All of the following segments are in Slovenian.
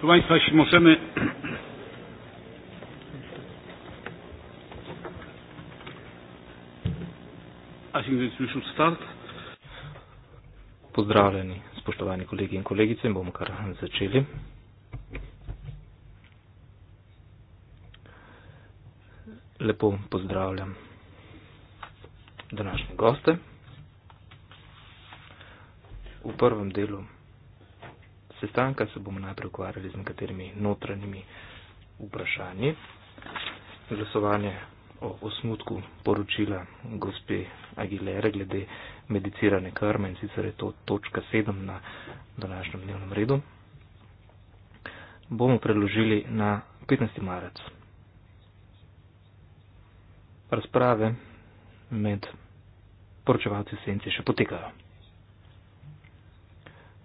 Proszę Państwa, jeśli możemy. Pozdravljeni, spoštovani kolegi in kolegice, bomo kar začeli. Lepo pozdravljam današnje goste. V prvem delu sestanka se bomo najprej ukvarjali z nekaterimi notranjimi vprašanji. Glasovanje o osnutku poročila gospe Aguilere glede medicirane karme in sicer je to točka 7 na današnjem dnevnem redu, bomo predložili na 15. marec. Razprave med poročevalci sence še potekajo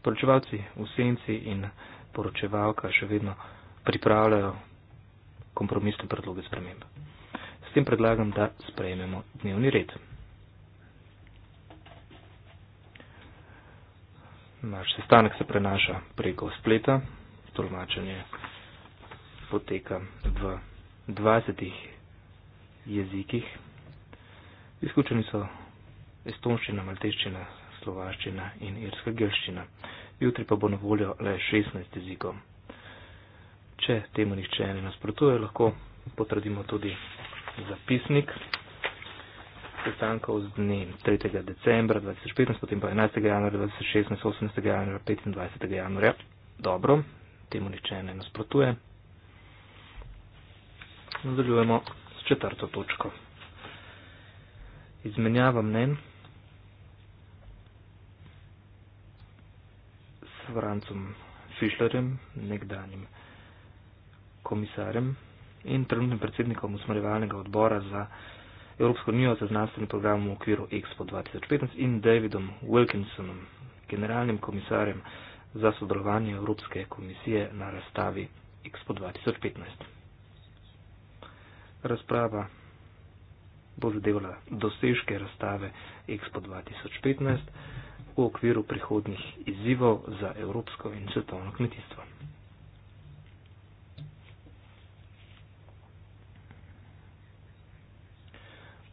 poročevalci v senci in poročevalka še vedno pripravljajo kompromisne predloge sprememb. S tem predlagam, da sprejmemo dnevni red. Naš sestanek se prenaša preko spleta, tolmačenje poteka v 20 jezikih. Izključeni so estonščina, malteščina, slovaščina in irska gelščina jutri pa bo na voljo le 16 jezikov. Če temu nihče ne nasprotuje, lahko potrdimo tudi zapisnik sestankov z dne 3. decembra 2015, potem pa 11. januarja 2016, 18. januarja, 25. januarja. Dobro, temu nihče ne nasprotuje. Nadaljujemo s četrto točko. Izmenjava mnen. Францом Фишлерем, nekdanjim komisarjem in trenutnim predsednikom usmerjevalnega odbora za Evropsko unijo za znanstveni program v okviru Expo 2015 in Davidom Wilkinsonom, generalnim komisarjem za sodelovanje Evropske komisije na razstavi Expo 2015. Razprava bo zadevala dosežke razstave Expo 2015 v okviru prihodnih izzivov za evropsko in svetovno kmetijstvo.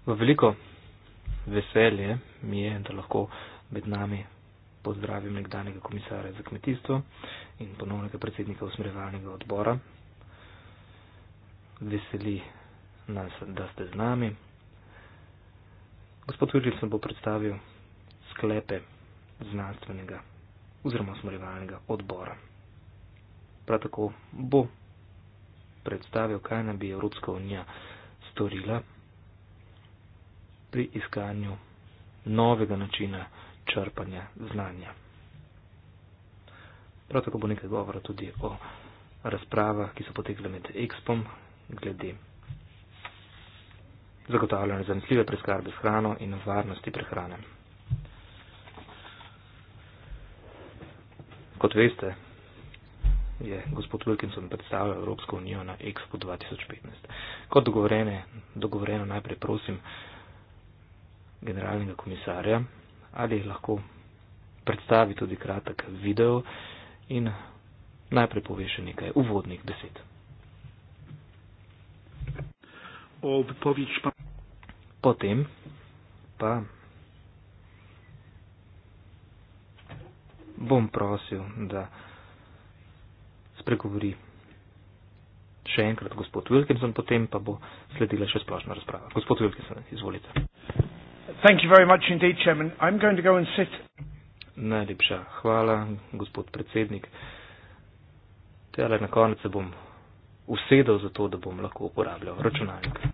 V veliko veselje mi je, da lahko med nami pozdravim nekdanjega komisarja za kmetijstvo in ponovnega predsednika usmerjevalnega odbora. Veseli nas, da ste z nami. Gospod Virgil sem bo predstavil sklepe znanstvenega oziroma usmerjevalnega odbora. Prav tako bo predstavil, kaj naj bi Evropska unija storila pri iskanju novega načina črpanja znanja. Prav tako bo nekaj govora tudi o razpravah, ki so potekle med Expom glede zagotavljanja zanesljive preskarbe s hrano in varnosti prehrane. Kot veste, je gospod Wilkinson predstavljal Evropsko unijo na Expo 2015. Kot dogovoreno najprej prosim generalnega komisarja, ali lahko predstavi tudi kratek video in najprej pove še nekaj uvodnih besed. Potem pa bom prosil, da spregovori še enkrat gospod Wilkinson, potem pa bo sledila še splošna razprava. Gospod Wilkinson, izvolite. Thank you very much indeed, Chairman. I'm going to go and sit. Najlepša hvala, gospod predsednik. Tele na konec se bom usedel za to, da bom lahko uporabljal računalnik.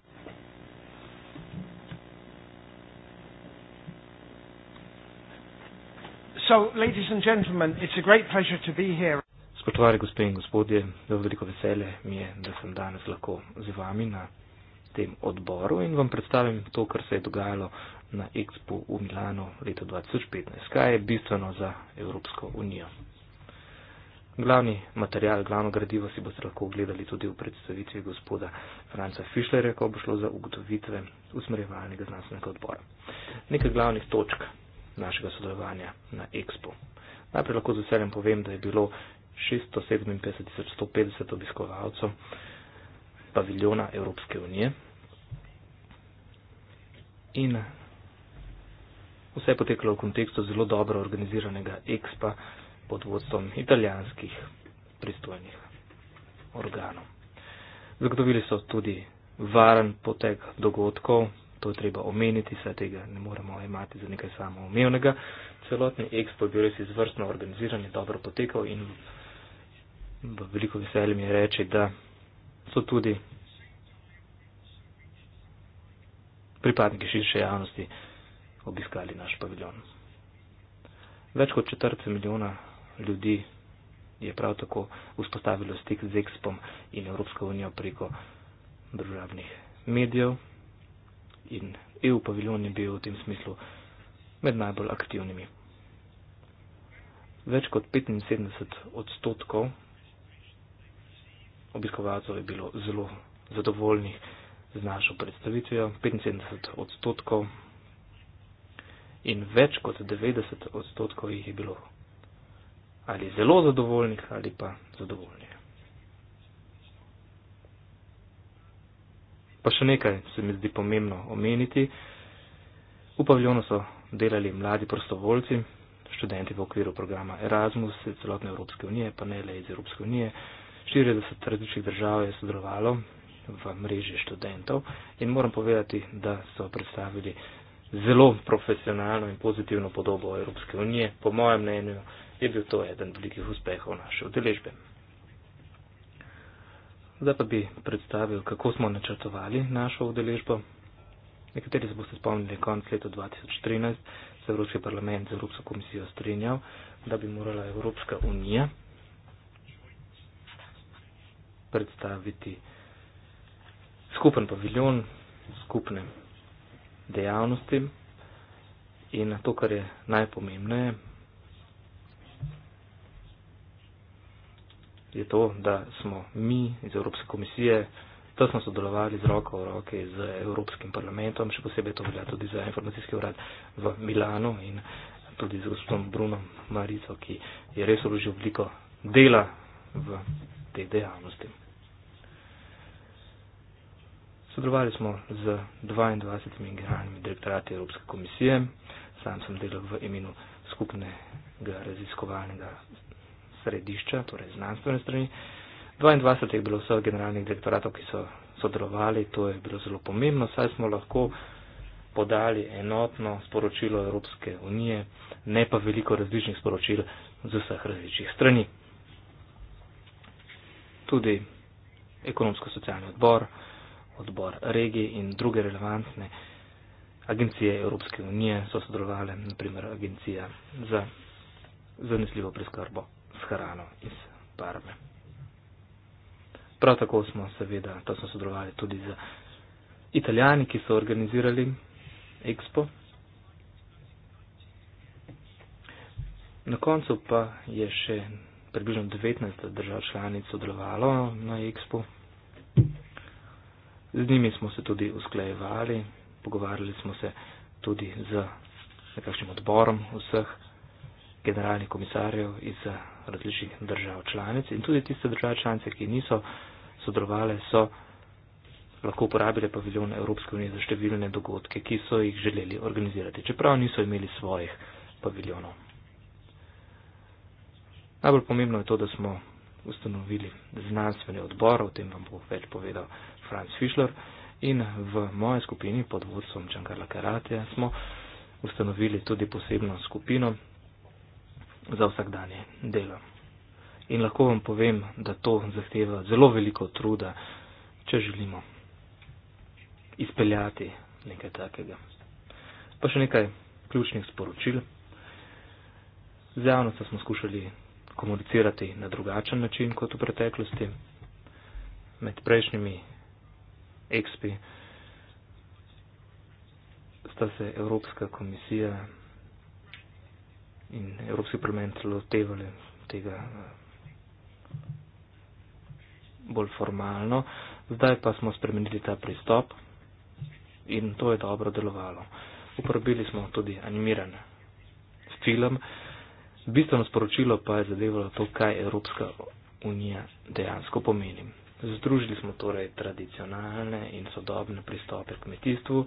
So, ladies and gentlemen, it's a great pleasure to be here. Spoštovani gospe in gospodje, veliko vesele mi je, da sem danes lahko z vami na tem odboru in vam predstavim to, kar se je dogajalo na Expo v Milano leta 2015. Kaj je bistveno za Evropsko unijo? Glavni material, glavno gradivo si boste lahko ogledali tudi v predstavitvi gospoda Franca Fischlerja, ko bo šlo za ugotovitve usmerjevalnega znanstvenega odbora. Nekaj glavnih točk našega sodelovanja na Expo. Najprej lahko z veseljem povem, da je bilo 657150 obiskovalcev paviljona Evropske unije. In vse je poteklo v kontekstu zelo dobro organiziranega Expa pod vodstvom italijanskih pristojnih organov. Zagotovili so tudi varen potek dogodkov, to treba omeniti, saj tega ne moremo imati za nekaj samoumevnega. Celotni ekspo je bil res izvrstno organiziran in dobro potekal in v veliko veselje mi je reči, da so tudi pripadniki širše javnosti obiskali naš paviljon. Več kot četrt milijona ljudi je prav tako vzpostavilo stik z ekspom in Evropsko unijo preko državnih medijev in EU paviljon je bil v tem smislu med najbolj aktivnimi. Več kot 75 odstotkov obiskovalcev je bilo zelo zadovoljnih z našo predstavitvijo, 75 odstotkov in več kot 90 odstotkov jih je bilo ali zelo zadovoljnih ali pa zadovoljnih. Pa še nekaj se mi zdi pomembno omeniti. V paviljonu so delali mladi prostovoljci, študenti v okviru programa Erasmus, celotne Evropske unije, pa ne le iz Evropske unije. 40 različnih držav je sodelovalo v mreži študentov in moram povedati, da so predstavili zelo profesionalno in pozitivno podobo Evropske unije. Po mojem mnenju je bil to eden velikih uspehov naše udeležbe. Zdaj pa bi predstavil, kako smo načrtovali našo udeležbo. Nekateri se boste spomnili, konc leta 2013 se Evropski parlament z Evropsko komisijo strinjal, da bi morala Evropska unija predstaviti skupen paviljon, skupne dejavnosti in to, kar je najpomembneje, je to, da smo mi iz Evropske komisije tesno sodelovali z roko v roke z Evropskim parlamentom, še posebej to velja tudi za informacijski urad v Milanu in tudi z gospodom Brunom Marico, ki je res vložil veliko dela v te dejavnosti. Sodelovali smo z 22 generalnimi direktorati Evropske komisije. Sam sem delal v imenu skupnega raziskovalnega središča, torej znanstvene strani. 22 je bilo vseh generalnih direktoratov, ki so sodelovali, to je bilo zelo pomembno, saj smo lahko podali enotno sporočilo Evropske unije, ne pa veliko različnih sporočil z vseh različnih strani. Tudi ekonomsko-socialni odbor, odbor regije in druge relevantne agencije Evropske unije so sodelovali, naprimer agencija za zanesljivo preskrbo hrano iz Parme. Prav tako smo seveda, to smo sodelovali tudi z italijani, ki so organizirali Expo. Na koncu pa je še približno 19 držav članic sodelovalo na Expo. Z njimi smo se tudi usklajevali, pogovarjali smo se tudi z nekakšnim odborom vseh generalnih komisarjev iz različnih držav članic in tudi tiste države članice, ki niso sodelovali, so lahko uporabile paviljon Evropske unije za številne dogodke, ki so jih želeli organizirati, čeprav niso imeli svojih paviljonov. Najbolj pomembno je to, da smo ustanovili znanstveni odbor, o tem vam bo več povedal Franz Fischler, in v moje skupini pod vodstvom Čankarla Karate smo ustanovili tudi posebno skupino, za vsakdanje delo. In lahko vam povem, da to zahteva zelo veliko truda, če želimo izpeljati nekaj takega. Pa še nekaj ključnih sporočil. Z javnostjo smo skušali komunicirati na drugačen način kot v preteklosti. Med prejšnjimi ekspi sta se Evropska komisija in Evropski parlament lotevali tega eh, bolj formalno. Zdaj pa smo spremenili ta pristop in to je dobro delovalo. Uporabili smo tudi animiran film. Bistveno sporočilo pa je zadevalo to, kaj Evropska unija dejansko pomeni. Združili smo torej tradicionalne in sodobne pristope kmetijstvu.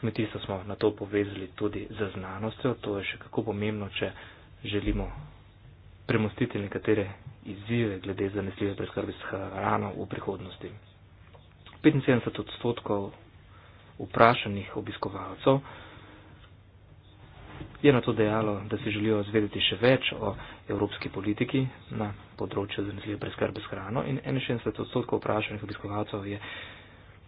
Kmetijstvo smo na to povezali tudi za znanostjo, to je še kako pomembno, če želimo premostiti nekatere izzive glede zanesljive preskrbe s hrano v prihodnosti. 75 odstotkov vprašanih obiskovalcev je na to dejalo, da si želijo zvedeti še več o evropski politiki na področju zanesljive preskrbe s hrano in 61 odstotkov vprašanih obiskovalcev je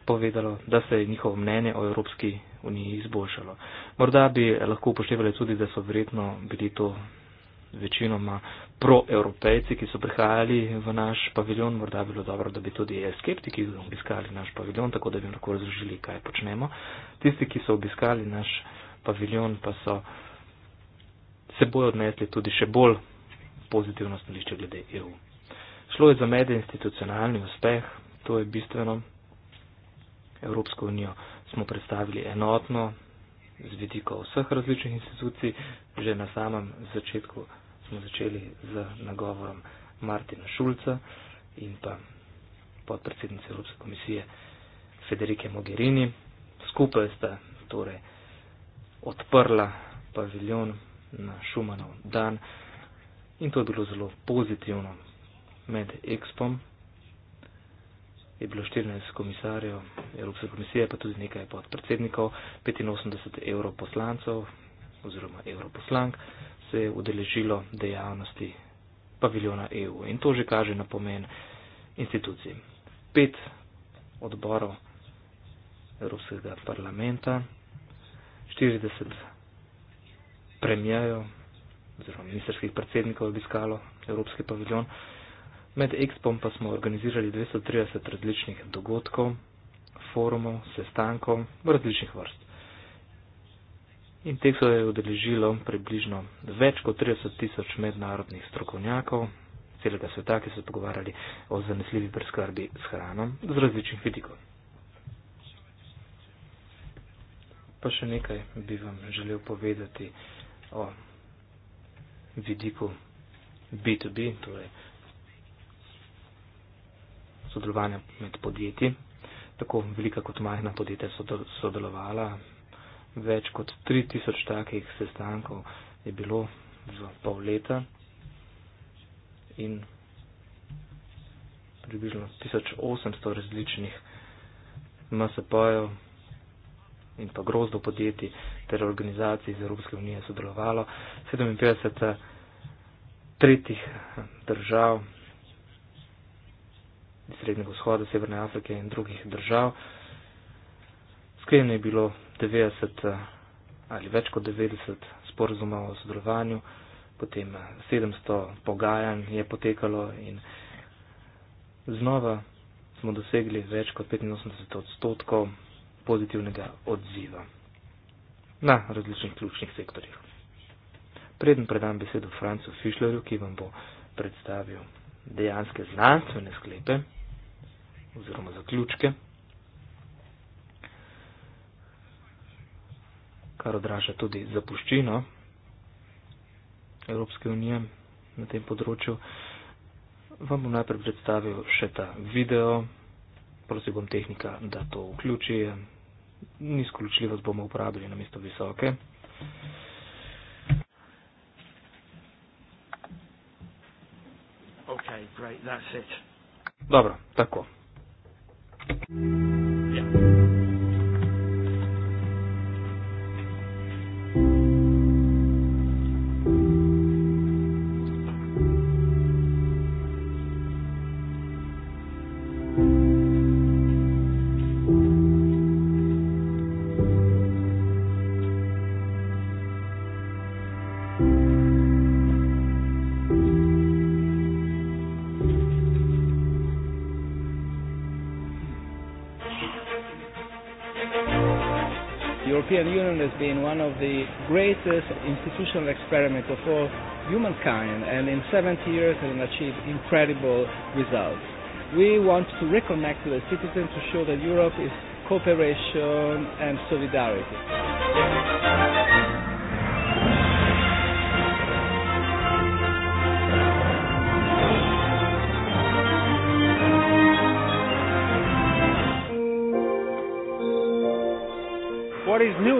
povedalo, da se je njihovo mnenje o Evropski uniji izboljšalo. Morda bi lahko upoštevali tudi, da so verjetno bili to večinoma proevropejci, ki so prihajali v naš paviljon. Morda bi bilo dobro, da bi tudi skeptiki obiskali naš paviljon, tako da bi jim lahko razložili, kaj počnemo. Tisti, ki so obiskali naš paviljon, pa so se bojo odnesli tudi še bolj pozitivno stališče glede EU. Šlo je za medinstitucionalni uspeh, to je bistveno. Evropsko unijo smo predstavili enotno z vidika vseh različnih institucij. Že na samem začetku smo začeli z nagovorom Martina Šulca in pa podpredsednice Evropske komisije Federike Mogherini. Skupaj sta torej odprla paviljon na Šumanov dan in to je bilo zelo pozitivno med ekspom je bilo 14 komisarjev Evropske komisije, pa tudi nekaj podpredsednikov, 85 evrov poslancov oziroma evroposlank se je udeležilo dejavnosti paviljona EU in to že kaže na pomen institucij. Pet odborov Evropskega parlamenta, 40 premijajo oziroma ministerskih predsednikov obiskalo Evropski paviljon. Med Expom pa smo organizirali 230 različnih dogodkov, forumov, sestankov različnih vrst. In teh se je udeležilo približno več kot 30 tisoč mednarodnih strokovnjakov celega sveta, ki so pogovarjali o zanesljivi preskrbi s hrano z različnih vidikov. Pa še nekaj bi vam želel povedati o vidiku B2B, torej sodelovanja med podjetji. Tako velika kot majhna podjetja so sodelovala. Več kot 3000 takih sestankov je bilo v pol leta in približno 1800 različnih MSP-jev in pa grozdo podjetij ter organizacij iz Evropske unije sodelovalo. 57 tretjih eh, držav. Srednjega vzhoda, Severne Afrike in drugih držav. Sklenjeno je bilo 90 eh, ali več kot 90 sporozumov o sodelovanju, potem 700 eh, pogajanj je potekalo in znova smo dosegli več kot 85 odstotkov pozitivnega odziva na različnih ključnih sektorjih. Preden predam besedo Francu Fischlerju, ki vam bo predstavil dejanske znanstvene sklepe, oziroma zaključke, kar odraža tudi zapuščino Evropske unije na tem področju. Vam bom najprej predstavil še ta video, prosil bom tehnika, da to vključi, nizkoločljivost bomo uporabili na mesto visoke. Okay, great, that's it. Dobro, tako. Thank you. greatest institutional experiment of all humankind, and in 70 years it achieved incredible results. We want to reconnect with the citizens to show that Europe is cooperation and solidarity. Yeah.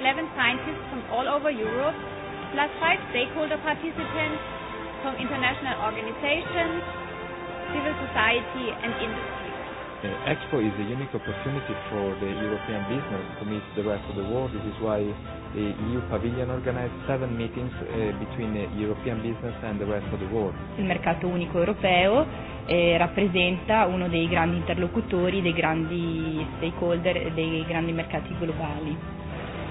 11 scientists from all over Europe, plus 5 stakeholder participants from international organizations, civil society, and industry. The uh, Expo is a unique opportunity for the European business to meet the rest of the world. This is why the EU Pavilion organized seven meetings uh, between the uh, European business and the rest of the world. Il mercato unico europeo eh, rappresenta uno dei grandi interlocutori, dei grandi stakeholder, dei grandi mercati globali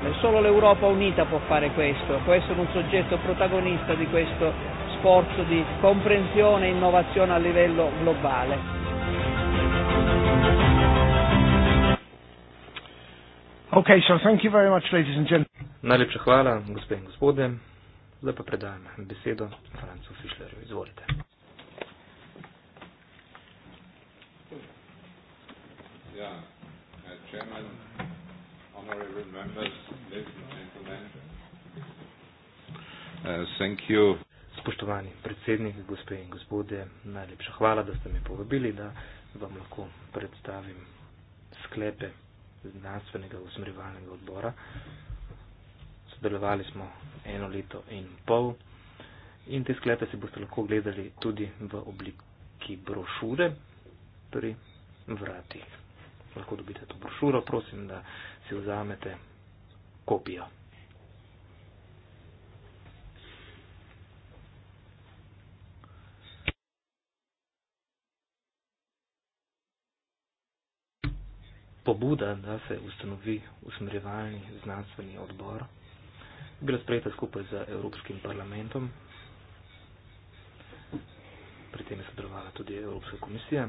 Eh, solo l'Europa unita può fare questo, può essere un soggetto protagonista di questo sforzo di comprensione e innovazione a livello globale. Ok, so thank you very much, ladies and gentlemen. Najlepša hvala, gospe in gospode. Zdaj pa predajam besedo Francu Fischlerju. Izvolite. Ja, yeah. uh, chairman, honorary members, Uh, thank you. Spoštovani predsednik, gospe in gospode, najlepša hvala, da ste me povabili, da vam lahko predstavim sklepe znanstvenega usmerjevalnega odbora. Sodelovali smo eno leto in pol in te sklepe si boste lahko gledali tudi v obliki brošure pri vratih. Lahko dobite to brošuro, prosim, da si vzamete kopijo. pobuda, da se ustanovi usmerjevalni znanstveni odbor, bila sprejeta skupaj z Evropskim parlamentom. Pri tem je sodelovala tudi Evropska komisija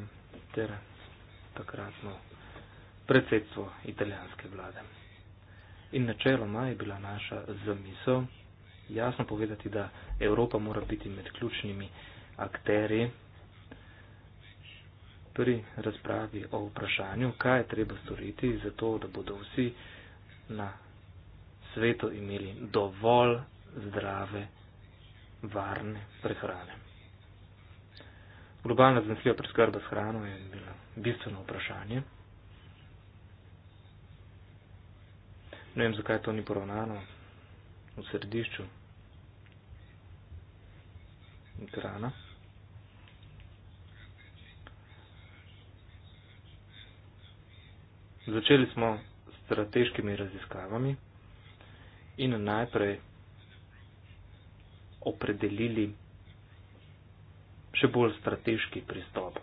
ter takratno predsedstvo italijanske vlade. In načeloma je bila naša zamisel jasno povedati, da Evropa mora biti med ključnimi akteri pri razpravi o vprašanju, kaj je treba storiti za to, da bodo vsi na svetu imeli dovolj zdrave, varne prehrane. Globalna zanesljiva preskrba s hrano je bilo bistveno vprašanje. Ne vem, zakaj to ni poravnano v središču ekrana. Začeli smo s strateškimi raziskavami in najprej opredelili še bolj strateški pristop.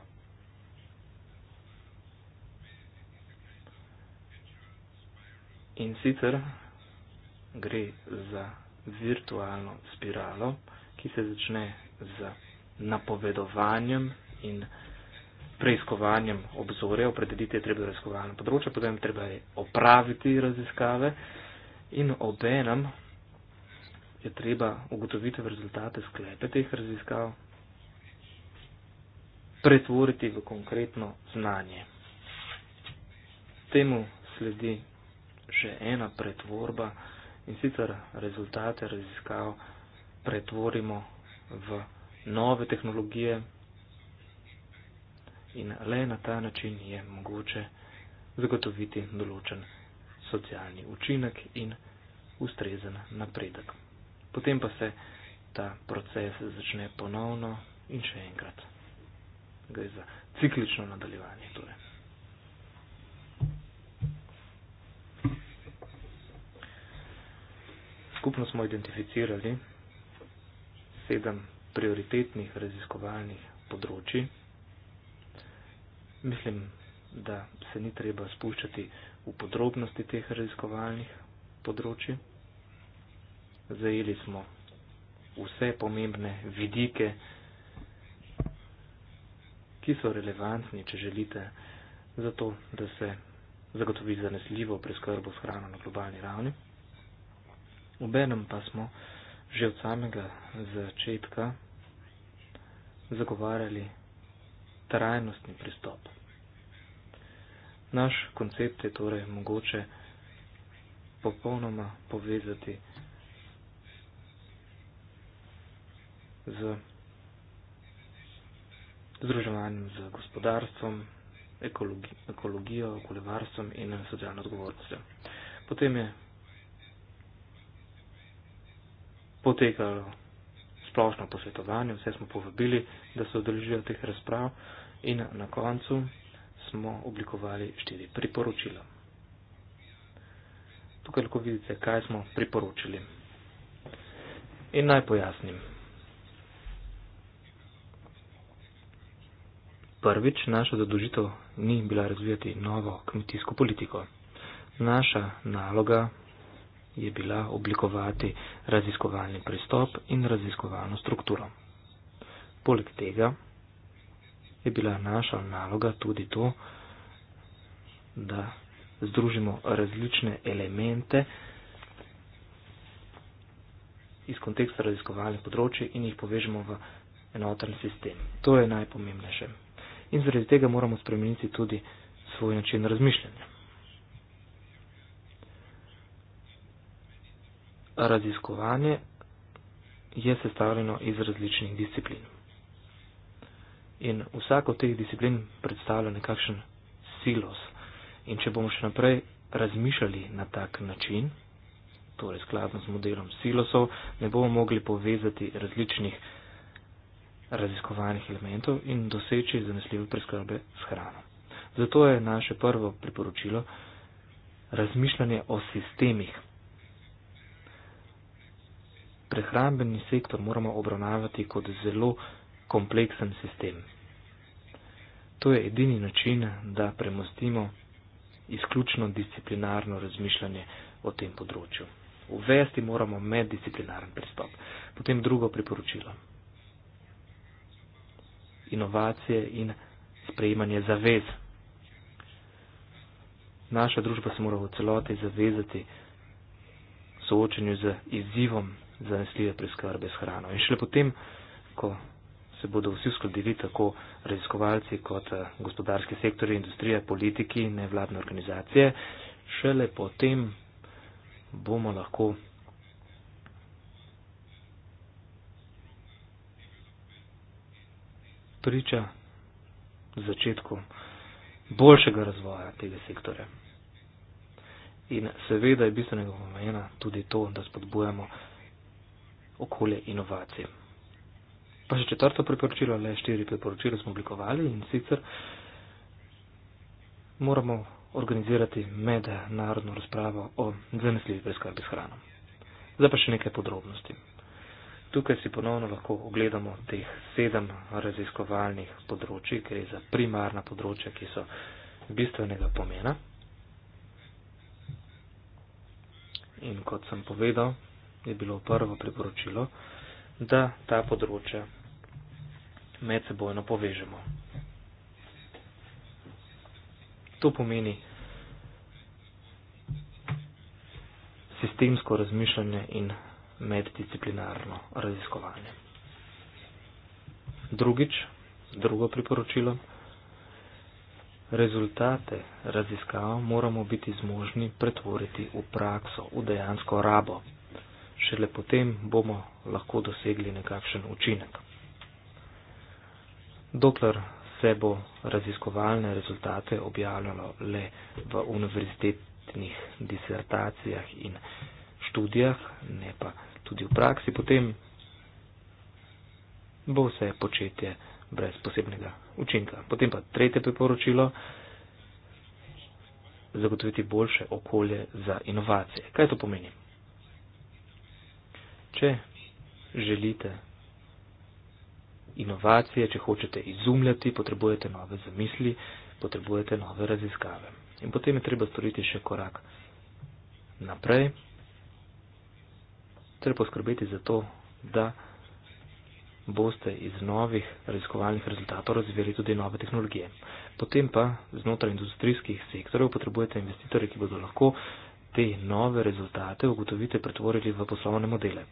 In sicer gre za virtualno spiralo, ki se začne z napovedovanjem in preiskovanjem obzorja, opredeliti je treba raziskovalno področje, potem treba je opraviti raziskave in obenem je treba ugotoviti rezultate sklepe teh raziskav, pretvoriti v konkretno znanje. Temu sledi še ena pretvorba in sicer rezultate raziskav pretvorimo v nove tehnologije, in le na ta način je mogoče zagotoviti določen socialni učinek in ustrezen napredek. Potem pa se ta proces začne ponovno in še enkrat. Gre za ciklično nadaljevanje. Torej. Skupno smo identificirali sedem prioritetnih raziskovalnih področji mislim, da se ni treba spuščati v podrobnosti teh raziskovalnih področji. Zajeli smo vse pomembne vidike, ki so relevantni, če želite, za to, da se zagotovi zanesljivo preskrbo s hrano na globalni ravni. Obenem pa smo že od samega začetka zagovarjali trajnostni pristop. Naš koncept je torej mogoče popolnoma povezati z združevanjem z gospodarstvom, ekologi ekologijo, okoljevarstvom in socialno odgovornostjo. Potem je potekalo splošno posvetovanje, vse smo povabili, da se odrežijo teh razprav in na koncu smo oblikovali štiri priporočila. Tukaj lahko vidite, kaj smo priporočili. In naj pojasnim. Prvič, naša zadožitev ni bila razvijati novo kmetijsko politiko. Naša naloga je bila oblikovati raziskovalni pristop in raziskovalno strukturo. Poleg tega je bila naša naloga tudi to, da združimo različne elemente iz konteksta raziskovalnih področji in jih povežemo v enoten sistem. To je najpomembnejše. In zaradi tega moramo spremeniti tudi svoj način razmišljanja. raziskovanje je sestavljeno iz različnih disciplin. In vsako od teh disciplin predstavlja nekakšen silos. In če bomo še naprej razmišljali na tak način, torej skladno z modelom silosov, ne bomo mogli povezati različnih raziskovanih elementov in doseči zanesljive preskrbe s hrano. Zato je naše prvo priporočilo razmišljanje o sistemih prehrambeni sektor moramo obravnavati kot zelo kompleksen sistem. To je edini način, da premostimo izključno disciplinarno razmišljanje o tem področju. Uvesti moramo meddisciplinaren pristop. Potem drugo priporočilo. Inovacije in sprejemanje zavez. Naša družba se mora v celoti zavezati soočenju z izzivom zanesljive preskrbe s hrano. In šele potem, ko se bodo vsi uskladili, tako raziskovalci kot eh, gospodarski sektor, industrija, politiki in nevladne organizacije, šele potem bomo lahko priča začetku boljšega razvoja tega sektorja. In seveda je bistvenega pomena tudi to, da spodbujamo okolje inovacij. Pa še četrto priporočilo, le štiri priporočila smo oblikovali in sicer moramo organizirati mednarodno razpravo o zanesljivi preskrbi s hrano. Zdaj pa še nekaj podrobnosti. Tukaj si ponovno lahko ogledamo teh sedem raziskovalnih področji, gre za primarna področja, ki so bistvenega pomena. In kot sem povedal, je bilo prvo priporočilo, da ta področja med sebojno povežemo. To pomeni sistemsko razmišljanje in meddisciplinarno raziskovanje. Drugič, drugo priporočilo, rezultate raziskav moramo biti zmožni pretvoriti v prakso, v dejansko rabo šele potem bomo lahko dosegli nekakšen učinek. Dokler se bo raziskovalne rezultate objavljalo le v univerzitetnih disertacijah in študijah, ne pa tudi v praksi, potem bo vse početje brez posebnega učinka. Potem pa tretje priporočilo, zagotoviti boljše okolje za inovacije. Kaj to pomeni? Če želite inovacije, če hočete izumljati, potrebujete nove zamisli, potrebujete nove raziskave. In potem je treba storiti še korak naprej, ter poskrbeti za to, da boste iz novih raziskovalnih rezultatov razvijali tudi nove tehnologije. Potem pa znotraj industrijskih sektorjev potrebujete investitorje, ki bodo lahko te nove rezultate, ugotovite, pretvorili v poslovne modele.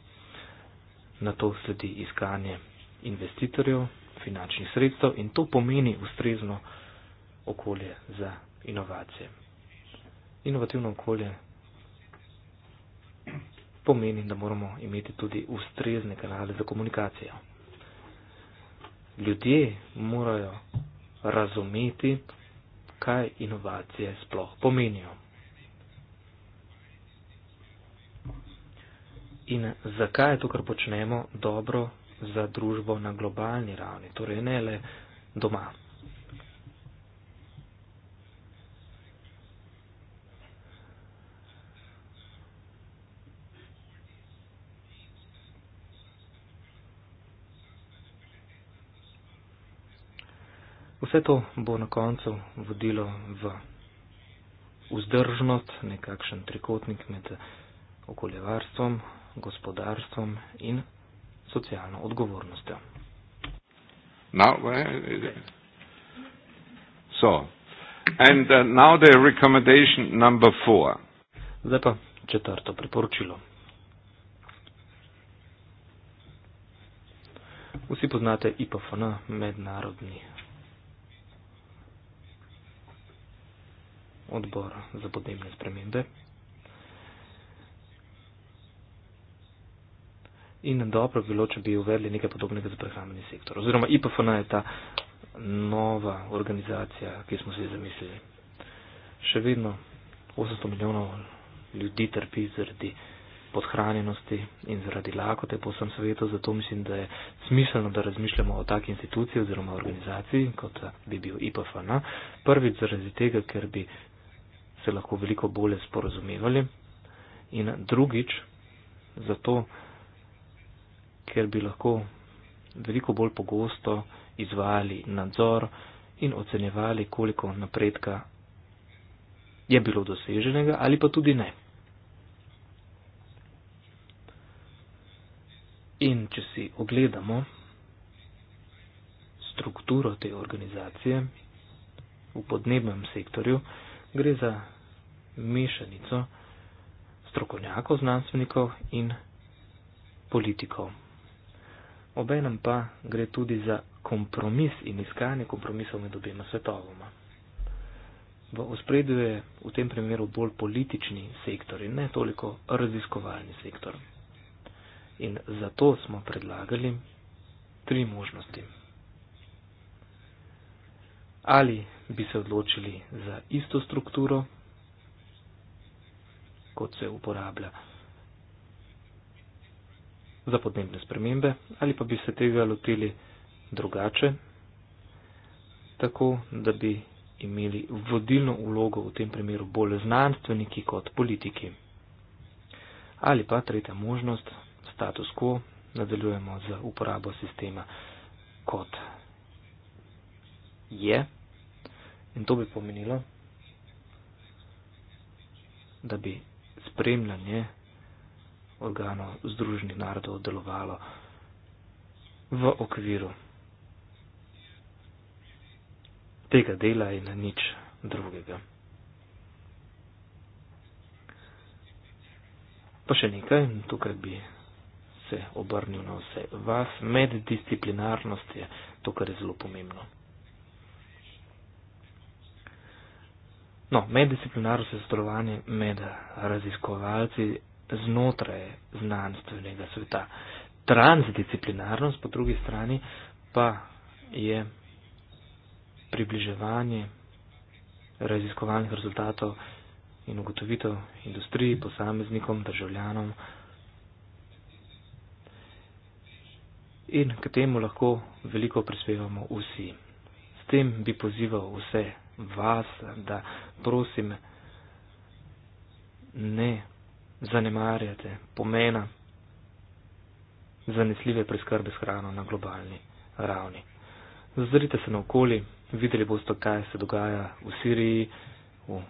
Na to sledi iskanje investitorjev, finančnih sredstev in to pomeni ustrezno okolje za inovacije. Inovativno okolje pomeni, da moramo imeti tudi ustrezne kanale za komunikacijo. Ljudje morajo razumeti, kaj inovacije sploh pomenijo. in zakaj je to, kar počnemo, dobro za družbo na globalni ravni, torej ne le doma. Vse to bo na koncu vodilo v vzdržnost, nekakšen trikotnik med okoljevarstvom, gospodarstvom in socialno odgovornostjo. Now, so, and, uh, now the recommendation number four. Zdaj pa četrto priporočilo. Vsi poznate IPFN, mednarodni odbor za podnebne spremembe. in dobro bi bilo, če bi uvedli nekaj podobnega za prehrambeni sektor. Oziroma IPFN je ta nova organizacija, ki smo si zamislili. Še vedno 800 milijonov ljudi trpi zaradi podhranjenosti in zaradi lakote po vsem svetu, zato mislim, da je smiselno, da razmišljamo o taki instituciji oziroma organizaciji, kot bi bil IPFN. Prvič zaradi tega, ker bi se lahko veliko bolje sporozumevali in drugič zato, ker bi lahko veliko bolj pogosto izvajali nadzor in ocenjevali, koliko napredka je bilo doseženega ali pa tudi ne. In če si ogledamo strukturo te organizacije v podnebnem sektorju, gre za mešanico strokovnjakov, znanstvenikov in politikov obenem pa gre tudi za kompromis in iskanje kompromisov med obema svetovoma. V ospredju je v tem primeru bolj politični sektor in ne toliko raziskovalni sektor. In zato smo predlagali tri možnosti. Ali bi se odločili za isto strukturo, kot se uporablja za podnebne spremembe ali pa bi se tega lotili drugače, tako da bi imeli vodilno ulogo v tem primeru bolj znanstveniki kot politiki. Ali pa tretja možnost, status quo, nadaljujemo z uporabo sistema kot je in to bi pomenilo, da bi spremljanje organov Združenih narodov delovalo v okviru tega dela in nič drugega. Pa še nekaj, tukaj bi se obrnil na vse vas. Meddisciplinarnost je to, kar je zelo pomembno. No, meddisciplinarnost je sodelovanje med raziskovalci, znotraj znanstvenega sveta. Transdisciplinarnost, po drugi strani, pa je približevanje raziskovalnih rezultatov in ugotovitev industriji, posameznikom, državljanom. In k temu lahko veliko prispevamo vsi. S tem bi pozival vse vas, da prosim ne zanemarjate pomena zanesljive preskrbe s hrano na globalni ravni. Zazrite se na okoli, videli boste, kaj se dogaja v Siriji, v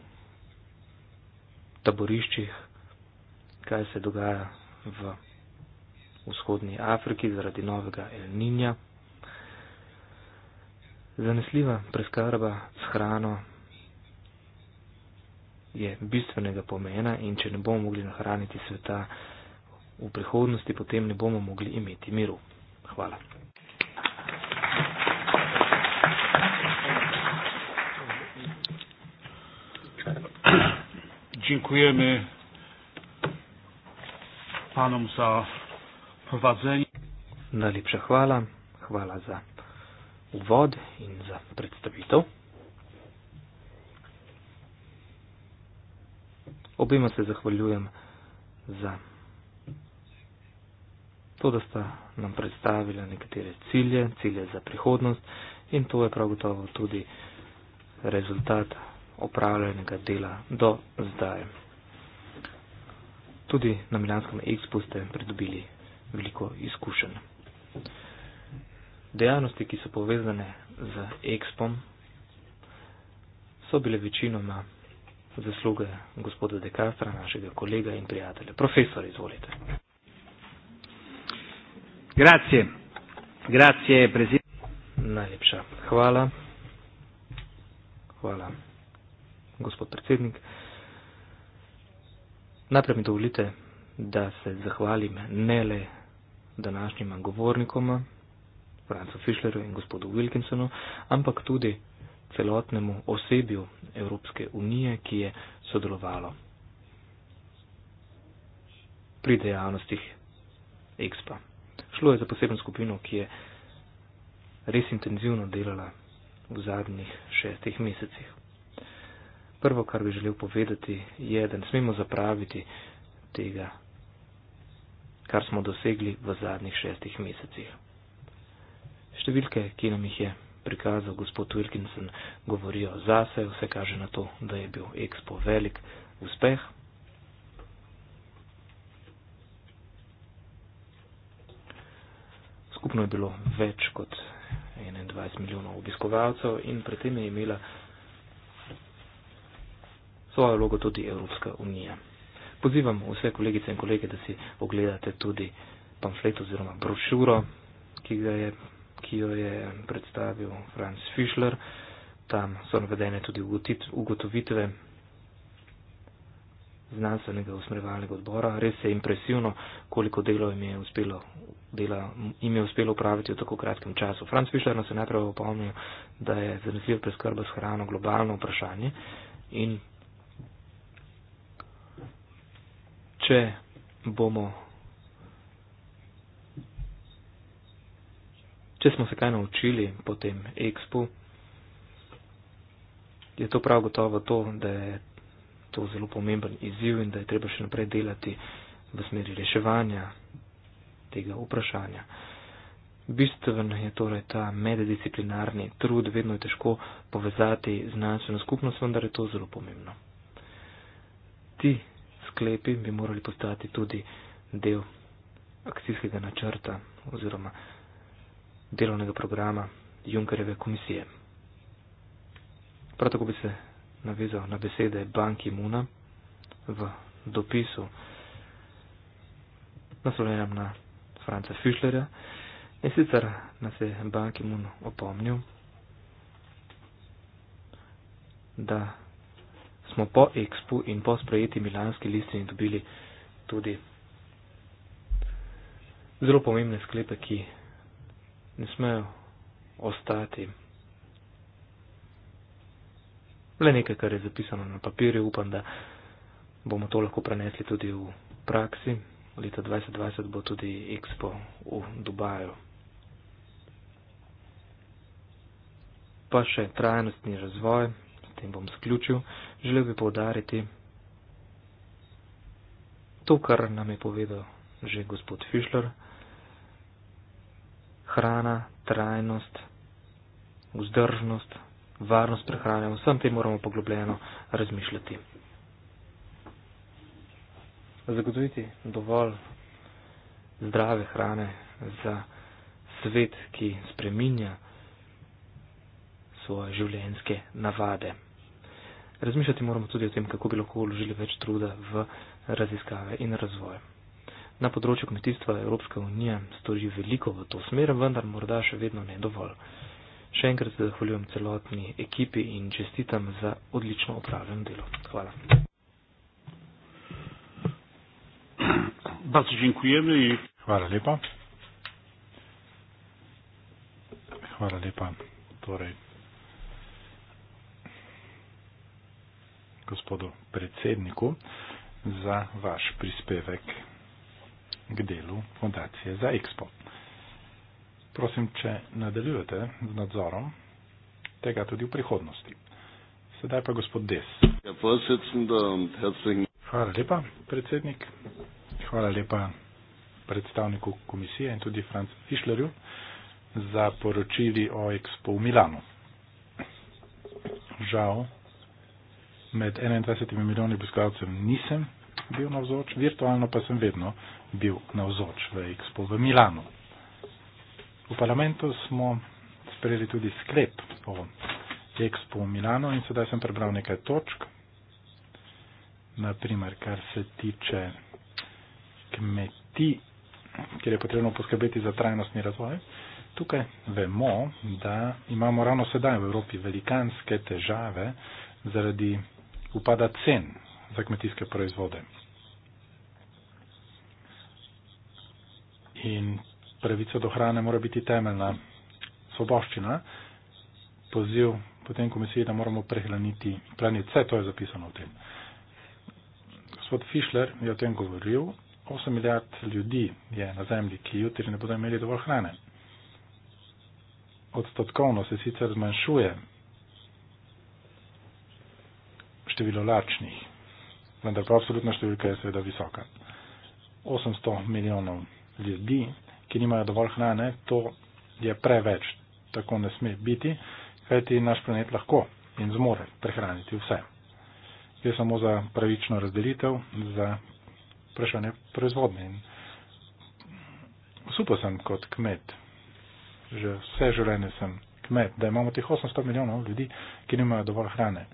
taboriščih, kaj se dogaja v vzhodni Afriki zaradi novega elninja. Zanesljiva preskrba s hrano je bistvenega pomena in če ne bomo mogli nahraniti sveta v prihodnosti, potem ne bomo mogli imeti miru. Hvala. Dziękujemy panom za prowadzenie. Najlepsza chwała, chwała za uwod i za przedstawitel. obima se zahvaljujem za to, da sta nam predstavila nekatere cilje, cilje za prihodnost in to je prav gotovo tudi rezultat opravljenega dela do zdaj. Tudi na Milanskem Expo ste pridobili veliko izkušenj. Dejavnosti, ki so povezane z Expom, so bile večinoma zasluge gospoda De Castra, našega kolega in prijatelja. Profesor, izvolite. Grazie. Grazie, prezident. Najlepša hvala. Hvala, gospod predsednik. Najprej mi dovolite, da se zahvalim ne le današnjima govornikoma, Francu Fischleru in gospodu Wilkinsonu, ampak tudi celotnemu osebju Evropske unije, ki je sodelovalo pri dejavnostih EXPA. Šlo je za posebno skupino, ki je res intenzivno delala v zadnjih šestih mesecih. Prvo, kar bi želel povedati, je, da ne smemo zapraviti tega, kar smo dosegli v zadnjih šestih mesecih. Številke, ki nam jih je prikazal gospod Wilkinson, govorijo zase, vse kaže na to, da je bil Expo velik uspeh. Skupno je bilo več kot 21 milijonov obiskovalcev in pri tem je imela svojo vlogo tudi Evropska unija. Pozivam vse kolegice in kolege, da si ogledate tudi pamflet oziroma brošuro, ki ga je ki jo je predstavil Franz Fischler. Tam so navedene tudi ugotovitve znanstvenega usmerjevalnega odbora. Res je impresivno, koliko delo jim je uspelo, dela, jim je uspelo upraviti v tako kratkem času. Franz Fischer nas je najprej opomnil, da je zanesljiv preskrba s hrano globalno vprašanje in če bomo Če smo se kaj naučili po tem ekspu, je to prav gotovo to, da je to zelo pomemben izziv in da je treba še naprej delati v smeri reševanja tega vprašanja. Bistven je torej ta meddisciplinarni trud, vedno je težko povezati znanstveno skupnost, vendar je to zelo pomembno. Ti sklepi bi morali postati tudi del akcijskega načrta oziroma delovnega programa Junkereve komisije. Prav tako bi se navezal na besede Banki Muna v dopisu naslovljenem na Franca Fischlerja in sicer nas je Banki Mun opomnil, da smo po Expo in po sprejeti milanski listini dobili tudi zelo pomembne sklepe, ki ne smejo ostati. Le nekaj, kar je zapisano na papirju, upam, da bomo to lahko prenesli tudi v praksi. Leta 2020 bo tudi Expo v Dubaju. Pa še trajnostni razvoj, s tem bom sključil. Želel bi povdariti to, kar nam je povedal že gospod Fischler hrana, trajnost, vzdržnost, varnost prehrane, vsem tem moramo poglobljeno razmišljati. Zagotoviti dovolj zdrave hrane za svet, ki spreminja svoje življenjske navade. Razmišljati moramo tudi o tem, kako bi lahko vložili več truda v raziskave in razvoj. Na področju kmetijstva Evropska unija stori veliko v to smer, vendar morda še vedno ne dovolj. Še enkrat se zahvaljujem celotni ekipi in čestitam za odlično opravljen delo. Hvala. Hvala lepa. Hvala lepa. Torej, gospodu predsedniku za vaš prispevek k delu fundacije za Expo. Prosim, če nadaljujete z nadzorom tega tudi v prihodnosti. Sedaj pa gospod Des. Ja, um, Hvala lepa, predsednik. Hvala lepa predstavniku komisije in tudi Franz Fischlerju za poročili o Expo v Milanu. Žal, med 21 milijoni obiskovalcev nisem bil navzoč, virtualno pa sem vedno bil navzoč v Expo v Milano. V parlamentu smo sprejeli tudi sklep o Expo v Milano in sedaj sem prebral nekaj točk, naprimer, kar se tiče kmeti, kjer je potrebno poskrbeti za trajnostni razvoj. Tukaj vemo, da imamo ravno sedaj v Evropi velikanske težave zaradi upada cen za kmetijske proizvode. In pravica do hrane mora biti temeljna svoboščina, poziv potem komisiji, da moramo prehraniti planet. Vse to je zapisano v tem. Gospod Fischler je o tem govoril. 8 milijard ljudi je na zemlji, ki jutri ne bodo imeli dovolj hrane. Odstotkovno se sicer zmanjšuje število lačnih, vendar pa absolutna številka je seveda visoka. 800 milijonov ljudi, ki nimajo dovolj hrane, to je preveč, tako ne sme biti, kajti naš planet lahko in zmore prehraniti vse. Gre samo za pravično razdelitev, za vprašanje proizvodne. Supo sem kot kmet, že vse življenje sem kmet, da imamo teh 800 milijonov ljudi, ki nimajo dovolj hrane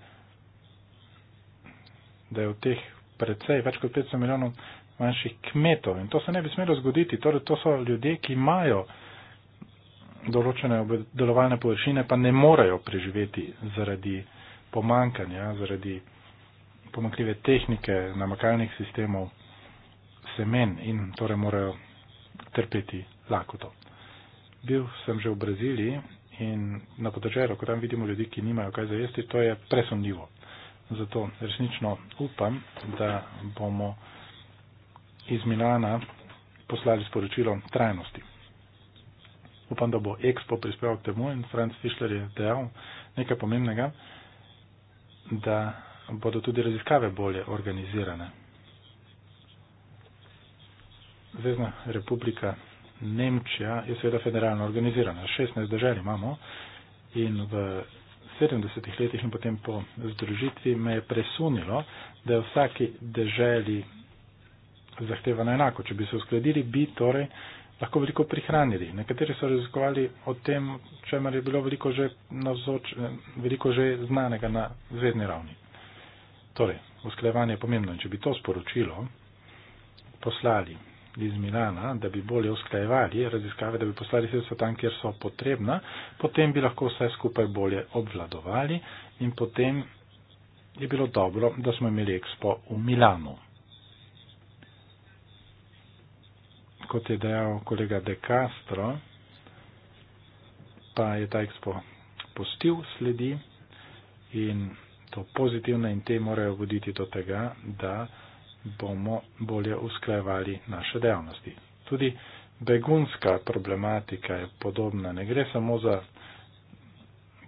da je v teh precej več kot 500 milijonov manjših kmetov. In to se ne bi smelo zgoditi. Torej, to so ljudje, ki imajo določene obdelovalne površine, pa ne morejo preživeti zaradi pomankanja, zaradi pomankljive tehnike namakalnih sistemov semen in torej morajo trpeti lakoto. Bil sem že v Braziliji in na podeželju, ko tam vidimo ljudi, ki nimajo kaj za jesti, to je presunljivo. Zato resnično upam, da bomo iz Milana poslali sporočilo trajnosti. Upam, da bo Expo prispeval k temu in Franz Fischler je dejal nekaj pomembnega, da bodo tudi raziskave bolje organizirane. Zvezdna republika Nemčija je seveda federalno organizirana. 16 držav imamo in v 70 letih in potem po združitvi me je presunilo, da je vsaki deželi zahteva na enako. Če bi se uskladili, bi torej lahko veliko prihranili. Nekateri so raziskovali o tem, čemer je bilo veliko že, navzoč, veliko že znanega na zvezdni ravni. Torej, usklajevanje je pomembno in če bi to sporočilo poslali iz Milana, da bi bolje usklajevali raziskave, da bi poslali sredstva tam, kjer so potrebna, potem bi lahko vse skupaj bolje obvladovali in potem je bilo dobro, da smo imeli ekspo v Milanu. Kot je dejal kolega De Castro, pa je ta ekspo postil sledi in to pozitivno in te morajo voditi do tega, da bomo bolje usklajevali naše dejavnosti. Tudi begunska problematika je podobna. Ne gre samo za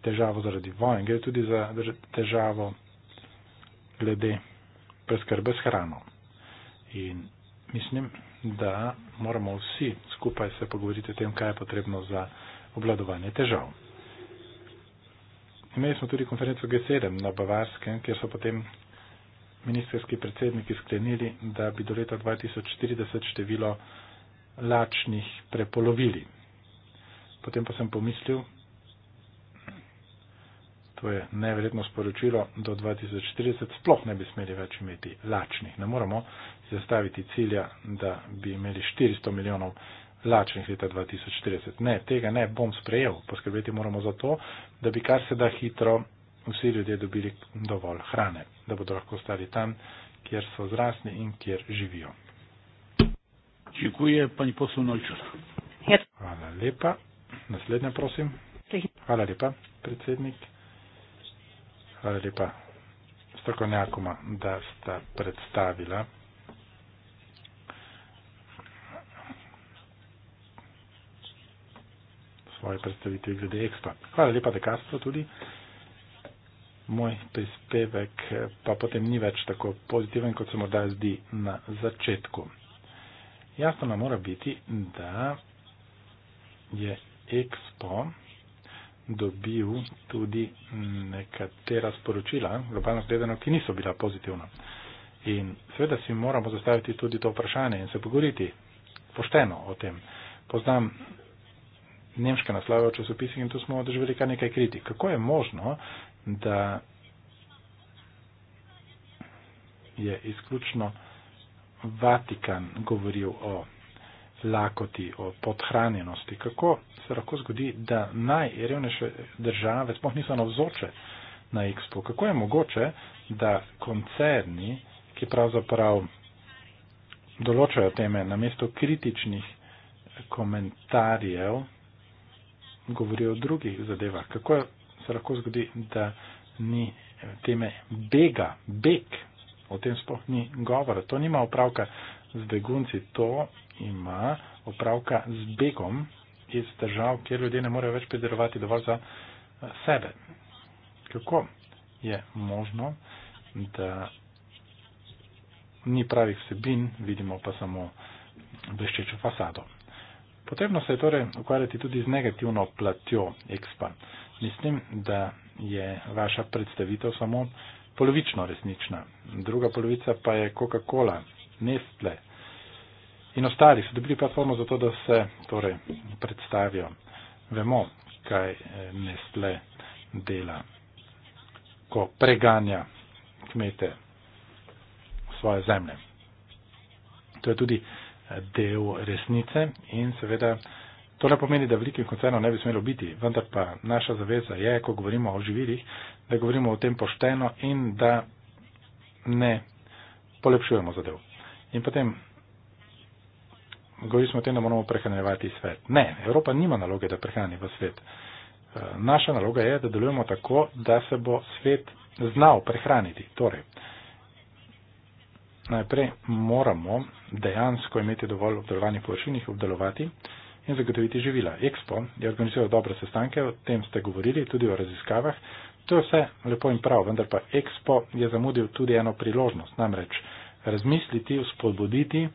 težavo zaradi vojn, gre tudi za težavo glede preskrbe s hrano. In mislim, da moramo vsi skupaj se pogovoriti o tem, kaj je potrebno za obladovanje težav. Imeli smo tudi konferenco G7 na Bavarskem, kjer so potem ministerski predsedniki sklenili, da bi do leta 2040 število lačnih prepolovili. Potem pa sem pomislil, to je neverjetno sporočilo, do 2040 sploh ne bi smeli več imeti lačnih. Ne moramo si zastaviti cilja, da bi imeli 400 milijonov lačnih leta 2040. Ne, tega ne bom sprejel. Poskrbeti moramo za to, da bi kar se da hitro vsi ljudje dobili dovolj hrane, da bodo lahko ostali tam, kjer so zrasli in kjer živijo. Čekuje pa ni poslovno čas. Ja- Hvala lepa. Naslednja, prosim. Hvala lepa, predsednik. Hvala lepa strokovnjakoma, da sta predstavila. svoje predstavitve glede EXPA. Hvala lepa, da kasto tudi moj prispevek eh, pa potem ni več tako pozitiven, kot se morda zdi na začetku. Jasno nam mora biti, da je Expo dobil tudi nekatera sporočila, globalno gledano, ki niso bila pozitivna. In seveda si moramo zastaviti tudi to vprašanje in se pogovoriti pošteno o tem. Poznam nemške naslove v časopisih in tu smo doživeli kar nekaj kritik. Kako je možno, da je izključno Vatikan govoril o lakoti, o podhranjenosti. Kako se lahko zgodi, da najrevnejše države sploh niso navzoče na Expo? Kako je mogoče, da koncerni, ki pravzaprav določajo teme na mesto kritičnih komentarjev, govorijo o drugih zadevah? Kako je se lahko zgodi, da ni teme bega, beg, o tem sploh ni govora. To nima opravka z begunci, to ima opravka z begom iz držav, kjer ljudje ne morejo več pridelovati dovolj za eh, sebe. Kako je možno, da ni pravih vsebin, vidimo pa samo bleščečo fasado. Potrebno se je torej ukvarjati tudi z negativno platjo ekspa. Mislim, da je vaša predstavitev samo polovično resnična. Druga polovica pa je Coca-Cola, Nestle in ostali so dobili platformo za to, da se torej, predstavijo. Vemo, kaj eh, Nestle dela, ko preganja kmete svoje zemlje. To je tudi eh, del resnice in seveda To ne pomeni, da velikih koncernov ne bi smelo biti, vendar pa naša zaveza je, ko govorimo o živilih, da govorimo o tem pošteno in da ne polepšujemo zadev. In potem govorili smo o tem, da moramo prehranjevati svet. Ne, Evropa nima naloge, da prehrani v svet. Eh, naša naloga je, da delujemo tako, da se bo svet znal prehraniti. Torej, najprej moramo dejansko imeti dovolj obdelovanih površin in jih obdelovati in zagotoviti živila. Expo je organiziral dobre sestanke, o tem ste govorili, tudi o raziskavah. To je vse lepo in prav, vendar pa Expo je zamudil tudi eno priložnost, namreč razmisliti, spodbuditi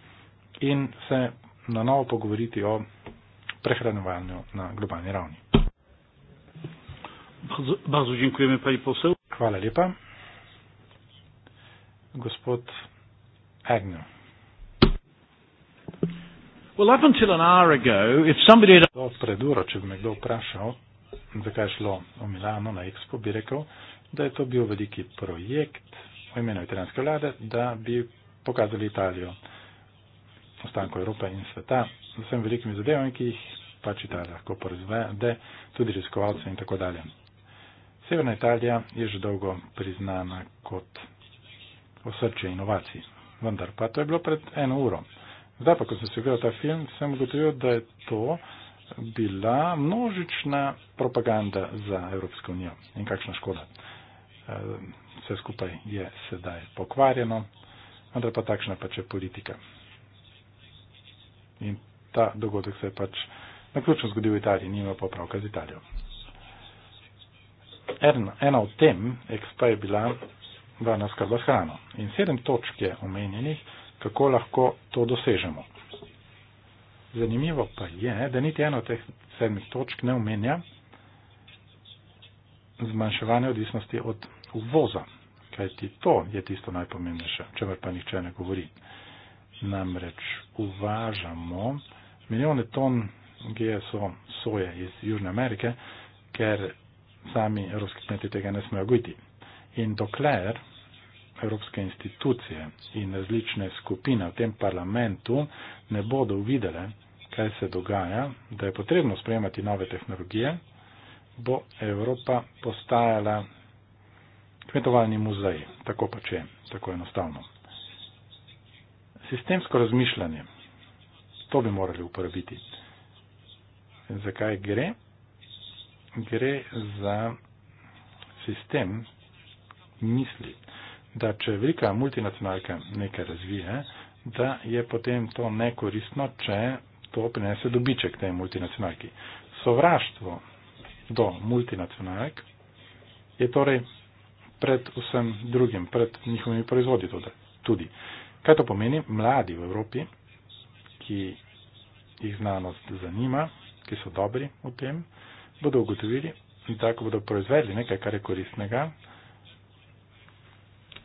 in se na novo pogovoriti o prehranovanju na globalni ravni. Bazo, žinkujeme pa in posel. Hvala lepa. Gospod Agnew. Do pred uro, če bi me kdo vprašal, zakaj je šlo v Milano na Expo, bi rekel, da je to bil veliki projekt v imenu italijanske vlade, da bi pokazali Italijo, ostanko Evrope in sveta, z vsemi velikimi zadevami, ki jih pač Italija lahko proizvede, tudi raziskovalce in tako dalje. Severna Italija je že dolgo priznana kot osrče inovacij, vendar pa to je bilo pred eno uro. Zdaj pa, ko sem si gledal ta film, sem ugotovil, da je to bila množična propaganda za Evropsko unijo in kakšna škoda. Eh, vse skupaj je sedaj pokvarjeno, vendar pa takšna pač je politika. In ta dogodek se je pač naključno zgodil v Italiji, nima pa pravka z Italijo. Erno, ena od tem, ekspa je bila varna skrba s hrano. In sedem točk je omenjenih kako lahko to dosežemo. Zanimivo pa je, da niti eno od teh sedmih točk ne omenja zmanjševanje odvisnosti od uvoza, kajti to je tisto najpomembnejše, če vr pa nihče ne govori. Namreč uvažamo milijone ton GSO soje iz Južne Amerike, ker sami evropski kmeti tega ne smejo gojiti. In dokler evropske institucije in različne skupine v tem parlamentu ne bodo videli, kaj se dogaja, da je potrebno sprejemati nove tehnologije, bo Evropa postajala kmetovalni muzej. Tako pa če, tako enostavno. Sistemsko razmišljanje, to bi morali uporabiti. In zakaj gre? Gre za sistem misli, da če velika multinacionalka nekaj razvije, da je potem to nekoristno, če to prinese dobiček tej multinacionalki. Sovraštvo do multinacionalk je torej pred vsem drugim, pred njihovimi proizvodi tudi. Kaj to pomeni? Mladi v Evropi, ki jih znanost zanima, ki so dobri v tem, bodo ugotovili, da ko bodo proizvedli nekaj, kar je koristnega,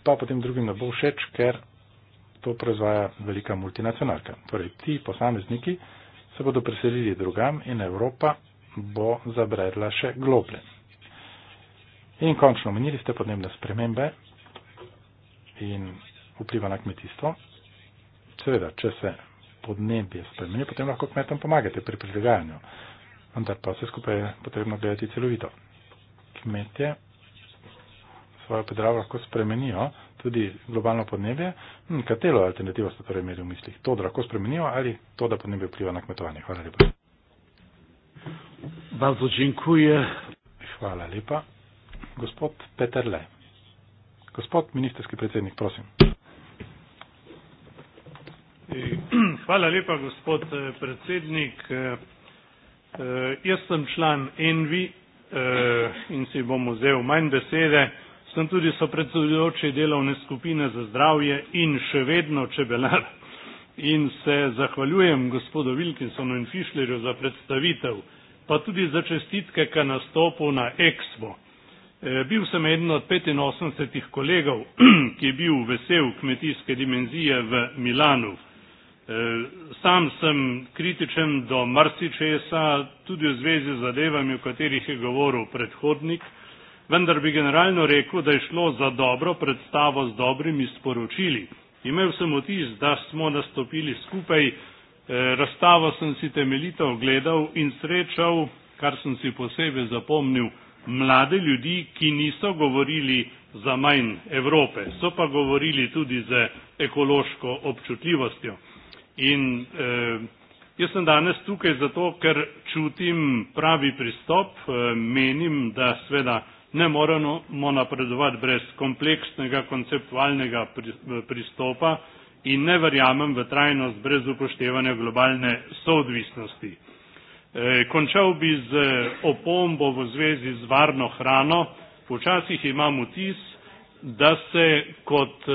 pa potem drugim ne bo všeč, ker to proizvaja velika multinacionalka. Torej, ti posamezniki se bodo preselili drugam in Evropa bo zabredla še globlje. In končno omenili ste podnebne spremembe in vpliva na kmetijstvo. Seveda, če se podnebje spremeni, potem lahko kmetom pomagate pri prilagajanju. Vendar pa vse skupaj je potrebno gledati celovito. Kmetje svojo pridravo lahko spremenijo, tudi globalno podnebje. Hm, katero alternativo ste torej imeli v mislih? To, da lahko spremenijo ali to, da podnebje vpliva na kmetovanje? Hvala lepa. Bardzo dziękuję. Hvala lepa. Gospod Peter Le. Gospod ministerski predsednik, prosim. Hvala lepa, gospod eh, predsednik. Eh, eh, jaz sem član Envi in si bom vzel manj besede sem tudi sopredsedujoči delovne skupine za zdravje in še vedno čebelar. In se zahvaljujem gospodu Wilkinsonu in Fischlerju za predstavitev, pa tudi za čestitke, ki nastopu na Expo. E, bil sem eden od 85 kolegov, ki je bil vesel kmetijske dimenzije v Milanu. E, sam sem kritičen do marsičesa, tudi v zvezi z zadevami, o katerih je govoril predhodnik vendar bi generalno rekel, da je šlo za dobro predstavo z dobrimi sporočili. Imel sem vtis, da smo nastopili skupaj, eh, razstavo sem si temeljito ogledal in srečal, kar sem si posebej zapomnil, mlade ljudi, ki niso govorili za manj Evrope, so pa govorili tudi za ekološko občutljivostjo. In eh, jaz sem danes tukaj zato, ker čutim pravi pristop, eh, menim, da sveda ne moramo napredovati brez kompleksnega konceptualnega eh, pristopa in ne verjamem v trajnost brez upoštevanja globalne soodvisnosti. Eh, končal bi z eh, opombo v zvezi z varno hrano. Včasih imam vtis, da se kot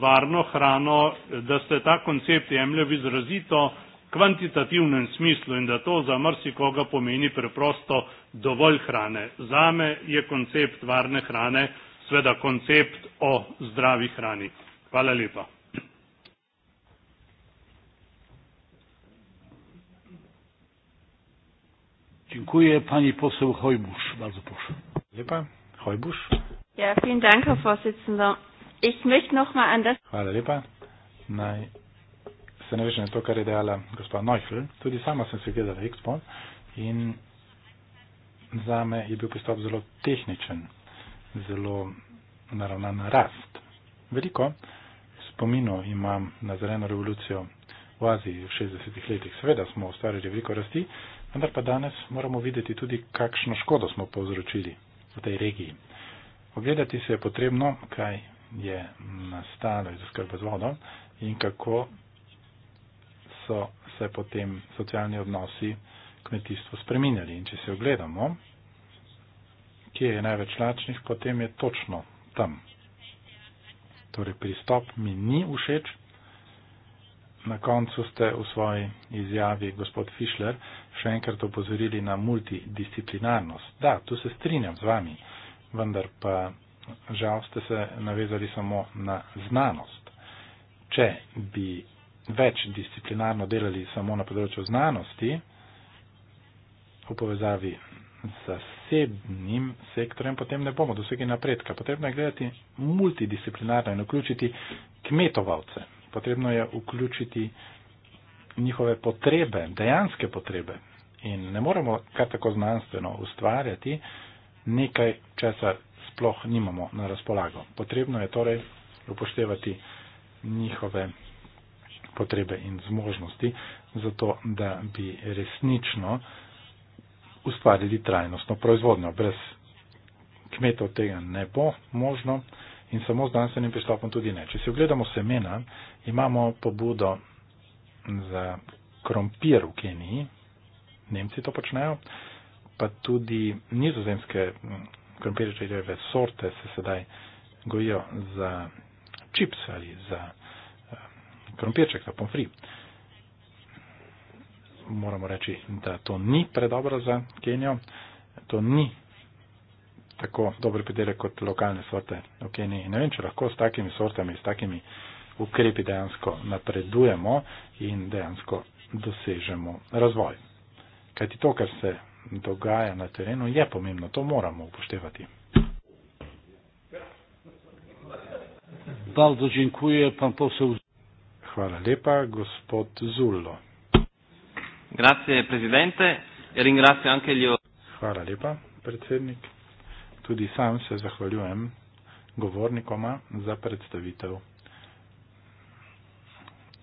varno hrano, da se ta koncept jemlje v izrazito kvantitativnem smislu in da to za marsikoga pomeni preprosto dovolj hrane. Za me je koncept varne hrane sveda koncept o zdravi hrani. Hvala lepa. Dziękuję pani poseł Hojbusz. Bardzo proszę. Lepa. Hojbusz. Ja, vielen Dank, Herr Vorsitzender. Ich möchte noch mal an das... Hvala lepa. Naj se ne na to, kar je dejala gospa Neufel. Tudi sama sem se gledala Expo in zame je bil pristop zelo tehničen, zelo naravnan na rast. Veliko spomino imam na zeleno revolucijo v Aziji v 60-ih letih. Seveda smo ustvarili veliko rasti, vendar pa danes moramo videti tudi, kakšno škodo smo povzročili v tej regiji. Ogledati se je potrebno, kaj je nastalo iz oskrbe z vodo in kako so se potem socialni odnosi kmetijstvo spreminjali. In če se ogledamo, kje je največ lačnih, potem je točno tam. Torej pristop mi ni všeč. Na koncu ste v svoji izjavi, gospod Fischler, še enkrat opozorili na multidisciplinarnost. Da, tu se strinjam z vami, vendar pa žal ste se navezali samo na znanost. Če bi večdisciplinarno delali samo na področju znanosti v povezavi z zasebnim sektorjem, potem ne bomo dosegli napredka. Potrebno je gledati multidisciplinarno in vključiti kmetovalce. Potrebno je vključiti njihove potrebe, dejanske potrebe. In ne moremo kar tako znanstveno ustvarjati nekaj, česar sploh nimamo na razpolago. Potrebno je torej upoštevati njihove potrebe in zmožnosti, zato da bi resnično ustvarili trajnostno proizvodnjo. Brez kmetov tega ne bo možno in samo z danstvenim pristopom tudi ne. Če si ogledamo semena, imamo pobudo za krompir v Keniji, Nemci to počnejo, pa tudi nizozemske krompirčeve sorte se sedaj gojijo za čips ali za krompirček, ta pomfri. Moramo reči, da to ni predobro za Kenijo, to ni tako dober pridelek kot lokalne sorte v Keniji. Ne vem, če lahko s takimi sortami, s takimi ukrepi dejansko napredujemo in dejansko dosežemo razvoj. Kajti to, kar se dogaja na terenu, je pomembno, to moramo upoštevati. Bardzo dziękuję. Pan poseł. Hvala lepa, gospod Zullo. E Hvala lepa, predsednik. Tudi sam se zahvaljujem govornikoma za predstavitev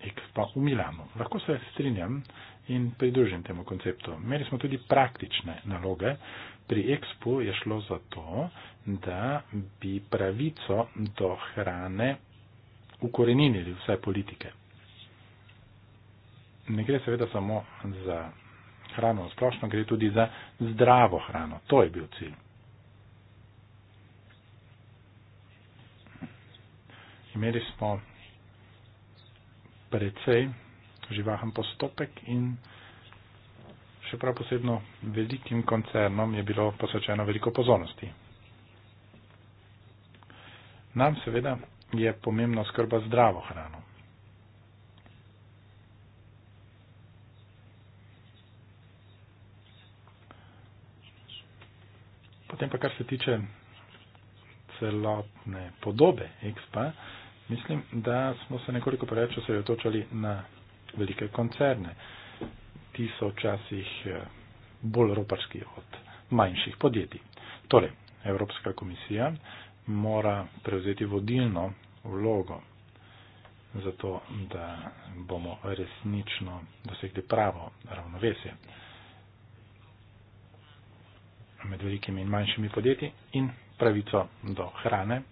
Expo v Milano. Lahko se strinjam in pridružim temu konceptu. Imeli smo tudi praktične naloge. Pri Expo je šlo za to, da bi pravico do hrane ukorenili vse politike ne gre seveda samo za hrano splošno, gre tudi za zdravo hrano. To je bil cilj. Imeli smo precej živahen postopek in še prav posebno velikim koncernom je bilo posvečeno veliko pozornosti. Nam seveda je pomembna skrba zdravo hrano. potem pa kar se tiče celotne podobe Expa, mislim, da smo se nekoliko preveč osredotočali na velike koncerne. Ti so včasih eh, bolj ropački od manjših podjetij. Torej, Evropska komisija mora prevzeti vodilno vlogo zato, da bomo resnično dosegli pravo ravnovesje med velikimi in manjšimi podjetji in pravico do hrane,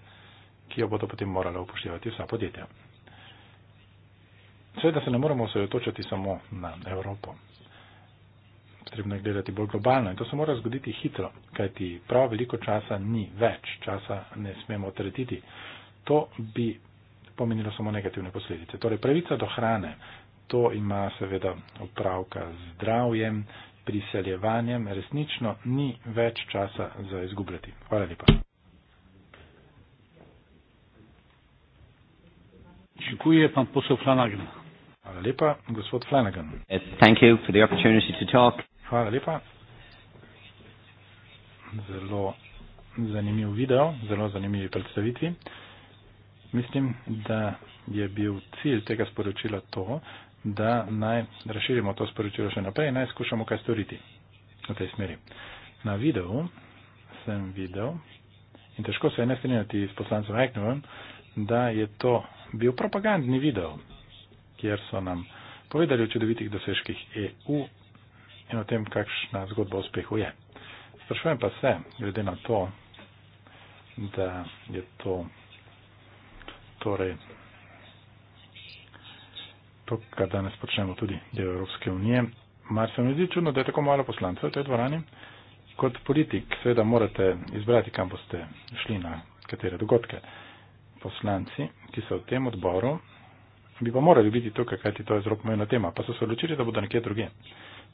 ki jo bodo potem morala upoštevati vsa podjetja. Seveda se ne moramo osredotočati samo na Evropo. Potrebno je gledati bolj globalno in to se mora zgoditi hitro, kajti prav veliko časa ni več, časa ne smemo tretiti. To bi pomenilo samo negativne posledice. Torej, pravica do hrane, to ima seveda opravka z zdravjem, priseljevanjem resnično ni več časa za izgubljati. Hvala lepa. Hvala lepa, gospod Flanagan. Thank you for the opportunity to talk. Hvala lepa. Zelo zanimiv video, zelo zanimivi predstavitvi. Mislim, da je bil cilj tega sporočila to, da naj razširimo to sporočilo še naprej in naj skušamo kaj storiti v tej smeri. Na videu sem videl in težko se je ne strinjati s poslancem Eknovem, da je to bil propagandni video, kjer so nam povedali o čudovitih dosežkih EU in o tem, kakšna zgodba o uspehu je. Sprašujem pa se, glede na to, da je to torej to, kar danes počnemo tudi del Evropske unije. Mar se mi zdi čudno, da je tako malo poslancev v tej dvorani? Kot politik seveda morate izbrati, kam boste šli na katere dogodke. Poslanci, ki so v tem odboru, bi pa morali biti tukaj, kajti to je zelo pomembna tema, pa so se odločili, da bodo nekje druge.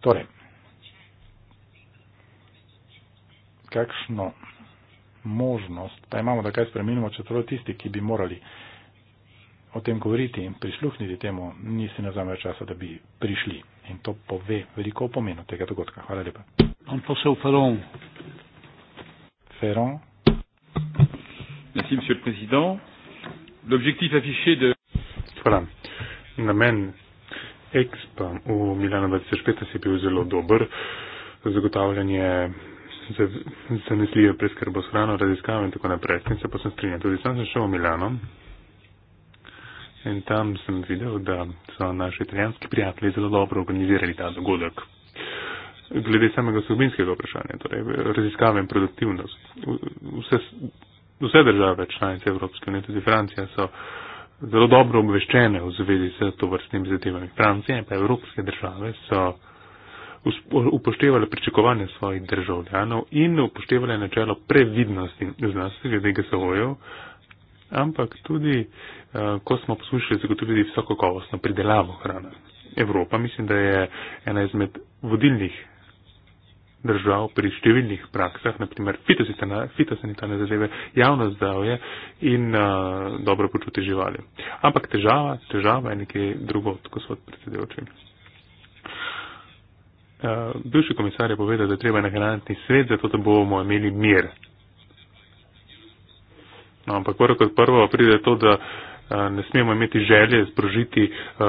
Torej, kakšno možnost pa imamo, da kaj spremenimo, če tudi tisti, ki bi morali o tem govoriti in prisluhniti temu, nisi ne vzame časa, da bi prišli. In to pove veliko o pomenu tega dogodka. Hvala lepa. On posel Feron. Feron. Merci, monsieur le président. L'objectif affiché de... Voilà. Namen Expo v Milano 2015 je bil zelo dober. Zagotavljanje zanesljive preskrbo s hrano, raziskave in tako naprej. In se pa sem strinjal. Tudi sam sem šel v Milano. In tam sem videl, da so naši italijanski prijatelji zelo dobro organizirali ta dogodek. Glede samega subinskega vprašanja, torej raziskave in produktivnost. Vse, vse države članice Evropske unije, tudi Francija, so zelo dobro obveščene v zvezi s to vrstnimi zadevami. Francija in pa Evropske države so upoštevali pričakovanje svojih državljanov in upoštevali načelo previdnosti, zlasti glede GSO-jev, ampak tudi, eh, ko smo poskušali zagotoviti visokokakovostno pridelavo hrane. Evropa mislim, da je ena izmed vodilnih držav pri številnih praksah, naprimer fitosanitarne zadeve, javno zdravje in uh, dobro počutje živali. Ampak težava, težava je nekaj drugo, gospod predsedujoči. Uh, bivši komisar je povedal, da treba nahraniti svet, zato da bomo imeli mir. No, ampak prvo kot prvo pride to, da eh, ne smemo imeti želje sprožiti uh,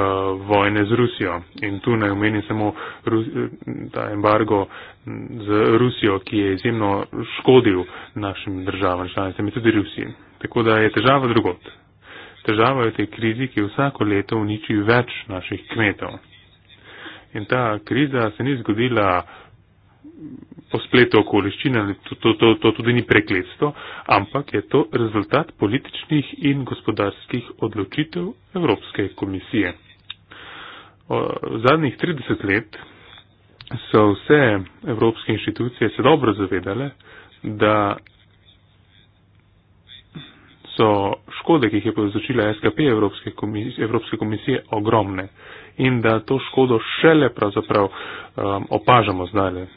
vojne z Rusijo. In tu naj omenim samo Ru eh, ta embargo z Rusijo, ki je izjemno škodil našim državam, članicam in tudi Rusiji. Tako da je težava drugot. Težava je te krizi, ki vsako leto uniči več naših kmetov. In ta kriza se ni zgodila po spletu okoliščin, to, to, to, to tudi ni prekletstvo, ampak je to rezultat političnih in gospodarskih odločitev Evropske komisije. O, zadnjih 30 let so vse evropske inštitucije se dobro zavedale, da so škode, ki jih je povzročila SKP Evropske komisije, Evropske komisije, ogromne in da to škodo šele pravzaprav um, opažamo zdaj,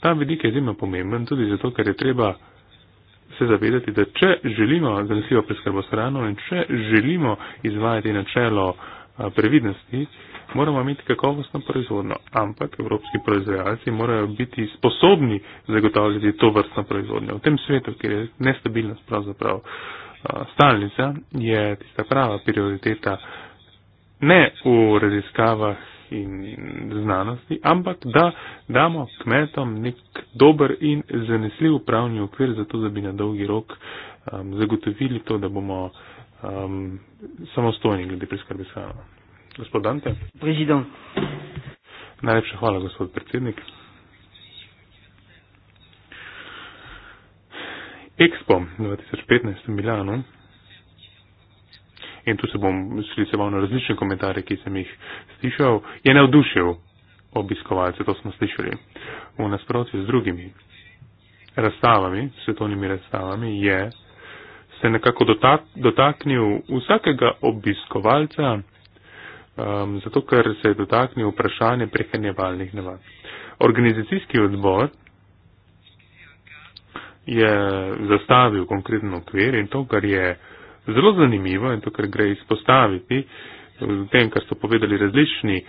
Ta vidik je izjemno pomemben tudi zato, ker je treba se zavedati, da če želimo zanesljivo preskrbo s hrano in če želimo izvajati načelo previdnosti, moramo imeti kakovostno proizvodno. Ampak evropski proizvajalci morajo biti sposobni zagotavljati to vrstno proizvodnjo. V tem svetu, kjer je nestabilnost pravzaprav stalnica, je tista prava prioriteta ne v raziskavah in, in znanosti, ampak da damo kmetom nek dober in zanesljiv upravni okvir, zato da bi na dolgi rok um, zagotovili to, da bomo um, samostojni glede priskrbi s hrano. Gospod Dante. Prezident. Najlepša hvala, gospod predsednik. Expo 2015 v Milano in tu se bom sliceval na različne komentarje, ki sem jih slišal, je navdušil obiskovalce, to smo slišali. V nasprotju z drugimi razstavami, svetovnimi razstavami, je se nekako dotak, dotaknil vsakega obiskovalca, um, zato ker se je dotaknil vprašanje prehranjevalnih navad. Organizacijski odbor je zastavil konkretno okvir in to, kar je uh, zelo zanimivo in to, kar gre izpostaviti, v tem, kar so povedali različni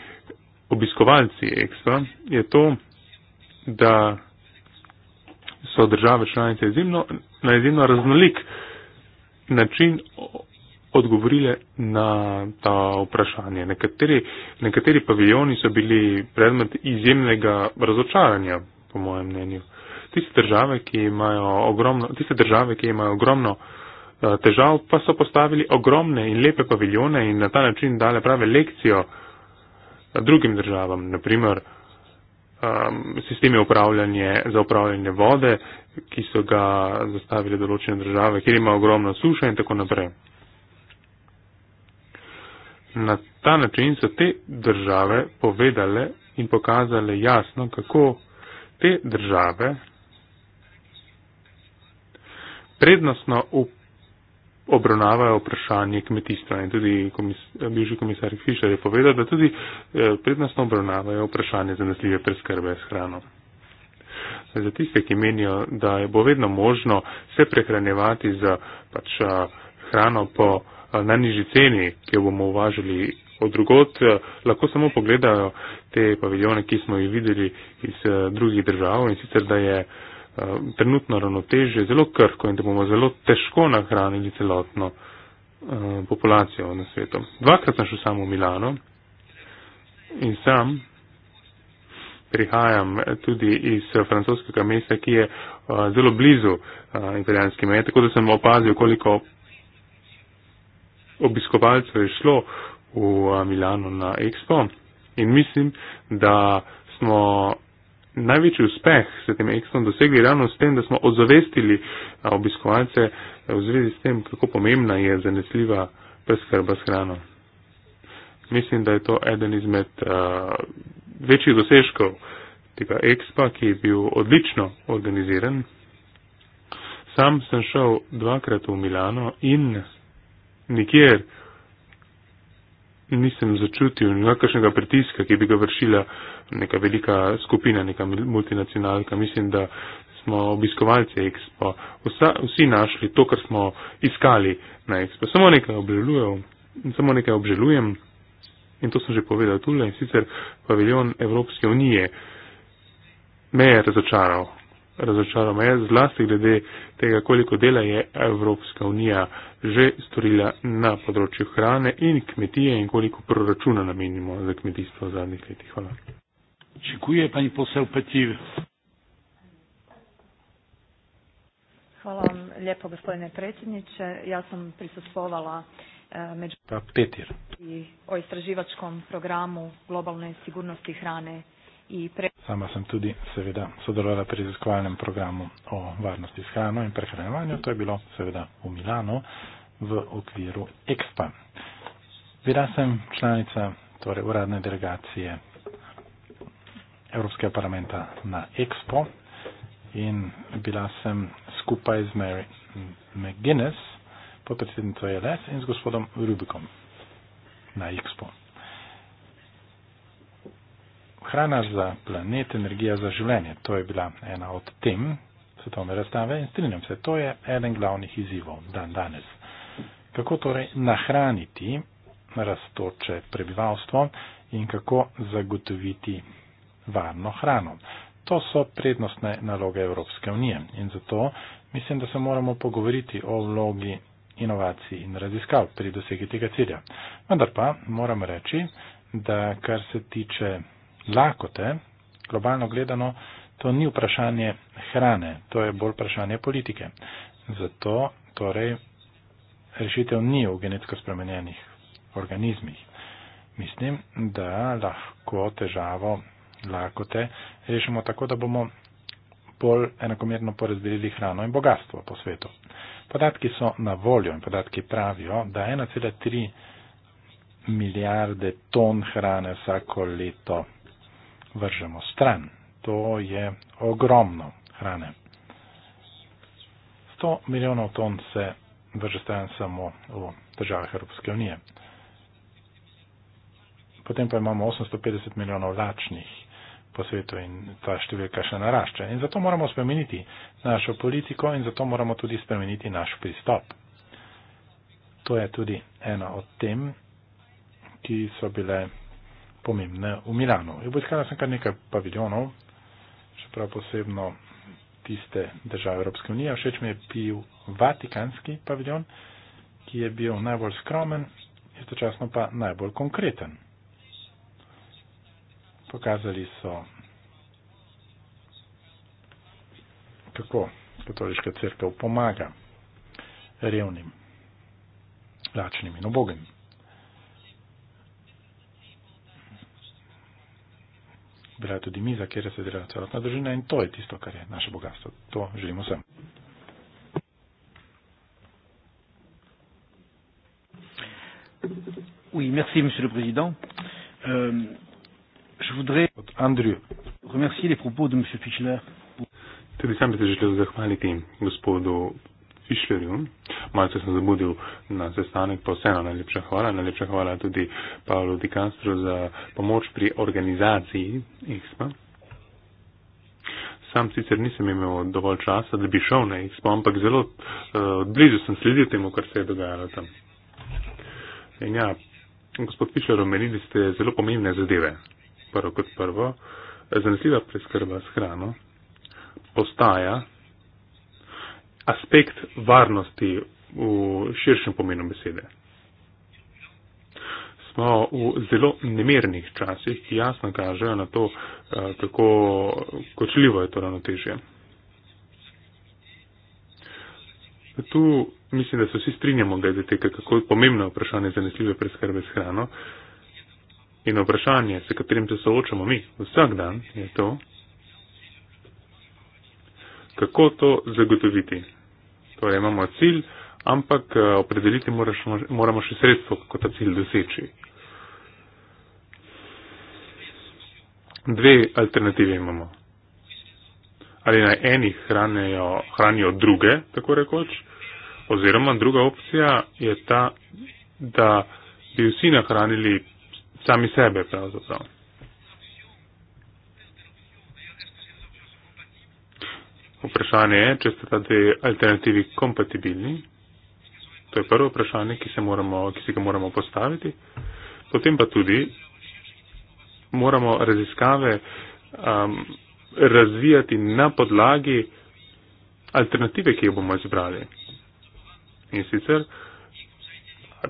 obiskovalci ekstra, je to, da so države članice izjemno, na izjemno raznolik način odgovorile na ta vprašanje. Nekateri, nekateri paviljoni so bili predmet izjemnega razočaranja, po mojem mnenju. Tiste države, ki imajo ogromno, tiste države, ki imajo ogromno Eh, težav, pa so postavili ogromne in lepe paviljone in na ta način dale prave lekcijo eh, drugim državam, naprimer um, ehm, sistemi upravljanje, za upravljanje vode, ki so ga zastavili določene države, kjer ima ogromno suša in tako naprej. Na ta način so te države povedale in pokazale jasno, kako te države prednostno upravljajo obravnavajo vprašanje kmetijstva. In tudi komis, bivši komisar Fišer je povedal, da tudi eh, prednostno obravnavajo vprašanje zanesljive preskrbe s hrano. Za tiste, ki menijo, da je bo vedno možno se prehranjevati za pač, eh, hrano po eh, najnižji ceni, ki jo bomo uvažali od drugot, lahko samo pogledajo te paviljone, ki smo jih videli iz drugih držav in sicer, da je uh, Eh, trenutno ravnotežje zelo krhko in da bomo zelo težko nahranili celotno eh, populacijo na svetu. Dvakrat sem šel samo v Milano in sam prihajam eh, tudi iz francoskega mesta, ki je zelo blizu italijanske meje, tako da sem opazil, koliko obiskovalcev je šlo v Milano na Expo in mislim, da smo največji uspeh s tem ekstrom dosegli ravno s tem, da smo ozavestili obiskovalce v zvezi s tem, kako pomembna je zanesljiva preskrba s hrano. Mislim, da je to eden izmed uh, večjih dosežkov tega ekspa, ki je bil odlično organiziran. Sam sem šel dvakrat v Milano in nikjer nisem začutil nekakšnega pritiska, ki bi ga vršila neka velika skupina, neka multinacionalka. Mislim, da smo obiskovalce Expo vsa, vsi našli to, kar smo iskali na Expo. Samo nekaj obžalujem, samo nekaj obžalujem in to sem že povedal tule, sicer paviljon Evropske unije me je razočaral razočaral me je zlasti glede tega, koliko dela je Evropska unija že storila na področju hrane in kmetije in koliko proračuna namenimo za kmetijstvo v zadnjih letih. Hvala. Čekuje pa in posel petiv. Hvala vam lijepo gospodine predsjedniče. Ja sam prisustvovala e, među... Petir. ...o istraživačkom programu globalne sigurnosti hrane Sama sem tudi seveda sodelovala pri raziskovalnem programu o varnosti s hrano in prehranjevanju. To je bilo seveda v Milano v okviru EXPA. Bila sem članica torej, uradne delegacije Evropskega parlamenta na EXPO in bila sem skupaj z Mary McGuinness, podpredsednico ELS in z gospodom Rubikom na EXPO hrana za planet, energija za življenje. To je bila ena od tem svetovne razstave in strinjam se, to je eden glavnih izzivov dan danes. Kako torej nahraniti rastoče prebivalstvo in kako zagotoviti varno hrano. To so prednostne naloge Evropske unije in zato mislim, da se moramo pogovoriti o vlogi inovacij in raziskav pri dosegi tega cilja. Vendar pa moram reči, da kar se tiče lakote, globalno gledano, to ni vprašanje hrane, to je bolj vprašanje politike. Zato torej rešitev ni v genetsko spremenjenih organizmih. Mislim, da lahko težavo lakote rešimo tako, da bomo bolj enakomerno porazdelili hrano in bogatstvo po svetu. Podatki so na voljo in podatki pravijo, da 1,3 milijarde ton hrane vsako leto vržemo stran. To je ogromno hrane. 100 milijonov ton se vrže stran samo v državah Evropske unije. Potem pa imamo 850 milijonov lačnih po svetu in ta številka še narašča. In zato moramo spremeniti našo politiko in zato moramo tudi spremeniti naš pristop. To je tudi ena od tem, ki so bile pomembne v Milano. Obiskala sem kar nekaj paviljonov, še prav posebno tiste države Evropske unije. Všeč mi je bil vatikanski paviljon, ki je bil najbolj skromen, istočasno pa najbolj konkreten. Pokazali so, kako katoliška crkva pomaga revnim, lačnim in obogim. bila je tudi miza, kjer je sedela celotna družina in to je tisto, kar je naše bogatstvo. To želimo vsem. Oui, merci, monsieur le président. Euh, je voudrais Andrew. remercier les propos de monsieur Fischler. Tudi sam bi se želel zahvaliti gospodu Išverju. Malce sem zamudil na sestanek, pa vseeno najlepša hvala. Najlepša hvala tudi Pavlu Di Castro za pomoč pri organizaciji EXPA. Sam sicer nisem imel dovolj časa, da bi šel na EXPO, ampak zelo uh, blizu sem sledil temu, kar se je dogajalo tam. In ja, gospod Fišer, omenili ste zelo pomembne zadeve. Prvo kot prvo, zanesljiva preskrba s hrano, postaja, aspekt varnosti v širšem pomenu besede. Smo v zelo nemernih časih, ki jasno kažejo na to, eh, kako kočljivo je to ravnotežje. Tu mislim, da se vsi strinjamo, da je tega kako pomembno vprašanje zanesljive preskrbe s hrano. In vprašanje, s katerim se soočamo mi vsak dan, je to, kako to zagotoviti, Torej imamo cilj, ampak eh, opredeliti moraš, moramo še sredstvo, kako ta cilj doseči. Dve alternative imamo. Ali naj enih hranijo, hranijo druge, tako rekoč, oziroma druga opcija je ta, da bi vsi nahranili sami sebe pravzaprav. Prav. Vprašanje je, če sta ta dve alternativi kompatibilni. To je prvo vprašanje, ki, se moramo, ki si ga moramo postaviti. Potem pa tudi moramo raziskave um, razvijati na podlagi alternative, ki jo bomo izbrali. In sicer,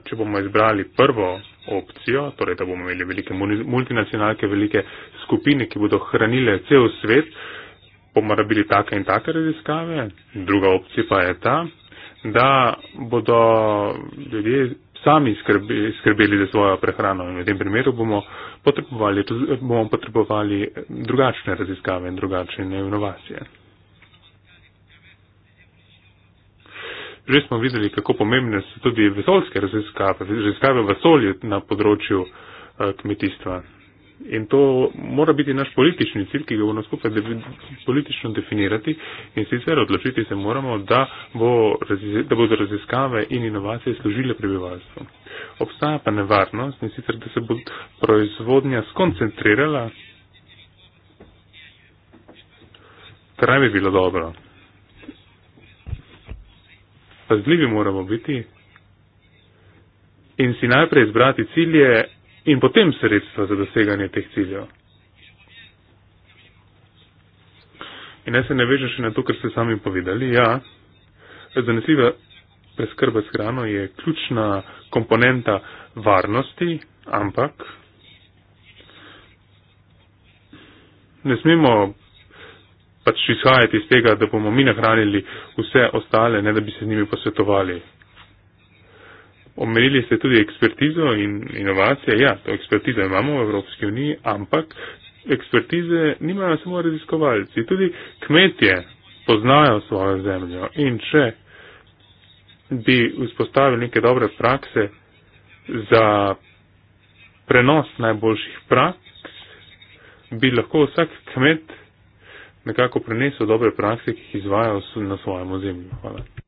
če bomo izbrali prvo opcijo, torej da bomo imeli velike multinacionalke, velike skupine, ki bodo hranile cel svet, uh, bomo naredili take in take raziskave, druga opcija pa je ta, da bodo ljudje sami skrbi, skrbeli za svojo prehrano in v tem primeru bomo potrebovali, bomo potrebovali drugačne raziskave in drugačne inovacije. Že smo videli, kako pomembne so tudi vesoljske raziskave, raziskave v vesolju na področju eh, kmetijstva. In to mora biti naš politični cilj, ki ga bomo skupaj de politično definirati in sicer odločiti se moramo, da, bo da bodo raziskave in inovacije služile prebivalstvu. Obstaja pa nevarnost in sicer, da se bo proizvodnja skoncentrirala, kar naj bi bilo dobro. Pazljivi moramo biti in si najprej izbrati cilje, in potem sredstva za doseganje teh ciljev. In jaz se ne vežem še na to, kar ste sami povedali. Ja, zanesljiva preskrba s hrano je ključna komponenta varnosti, ampak ne smemo pač izhajati iz tega, da bomo mi nahranili vse ostale, ne da bi se njimi posvetovali omenili ste tudi ekspertizo in inovacije. Ja, to ekspertizo imamo v Evropski uniji, ampak ekspertize nimajo samo raziskovalci. Tudi kmetje poznajo svojo zemljo in če bi vzpostavili neke dobre prakse za prenos najboljših praks, bi lahko vsak kmet nekako prenesel dobre prakse, ki jih izvaja na svojem ozemlju. Hvala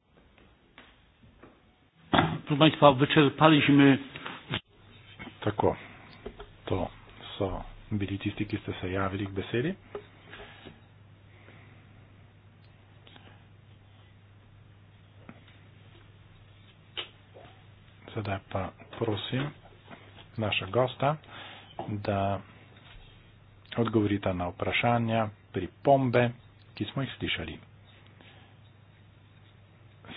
proszę Państwa, wyczerpaliśmy. Tak, to są byli ci, którzy się pojawili w besedzie. Zadaj pa prosim naša gosta, da odgovorita na vprašanja, pripombe, ki smo jih slišali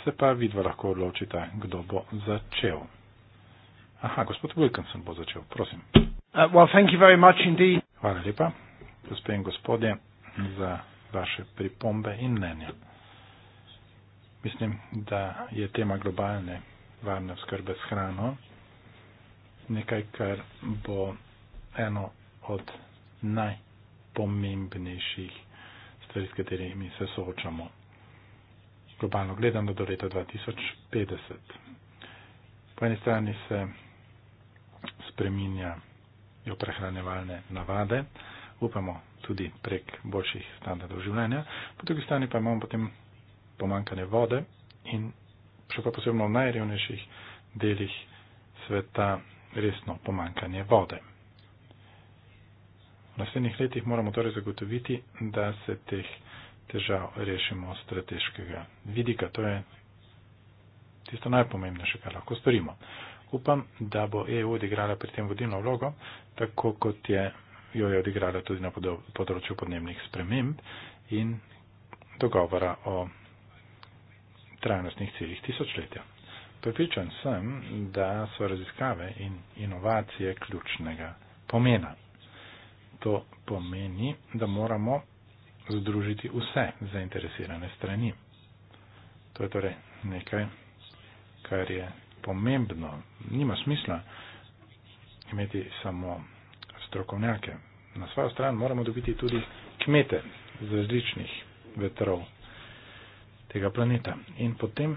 se pa vidva lahko odločite, kdo bo začel. Aha, gospod Wilkinson bo začel, prosim. Uh, well, thank you very much indeed. Hvala lepa, gospe in gospodje, za vaše pripombe in mnenja. Mislim, da je tema globalne varne skrbe s hrano nekaj, kar bo eno od najpomembnejših stvari, s katerimi se soočamo globalno gledano do leta 2050. Po eni strani se spreminjajo prehranevalne navade, upamo tudi prek boljših standardov življenja, po drugi strani pa imamo potem pomankanje vode in še pa posebno v najrevnejših delih sveta resno pomankanje vode. V naslednjih letih moramo torej zagotoviti, da se teh težav rešimo z strateškega vidika. To je tisto najpomembnejše, kar lahko storimo. Upam, da bo EU odigrala pri tem vodilno vlogo, tako kot je jo je odigrala tudi na področju podnebnih sprememb in dogovora o trajnostnih ciljih tisočletja. Pripričan sem, da so raziskave in inovacije ključnega pomena. To pomeni, da moramo združiti vse zainteresirane strani. To je torej nekaj, kar je pomembno. Nima smisla imeti samo strokovnjake. Na svojo stran moramo dobiti tudi kmete z različnih vetrov tega planeta. In potem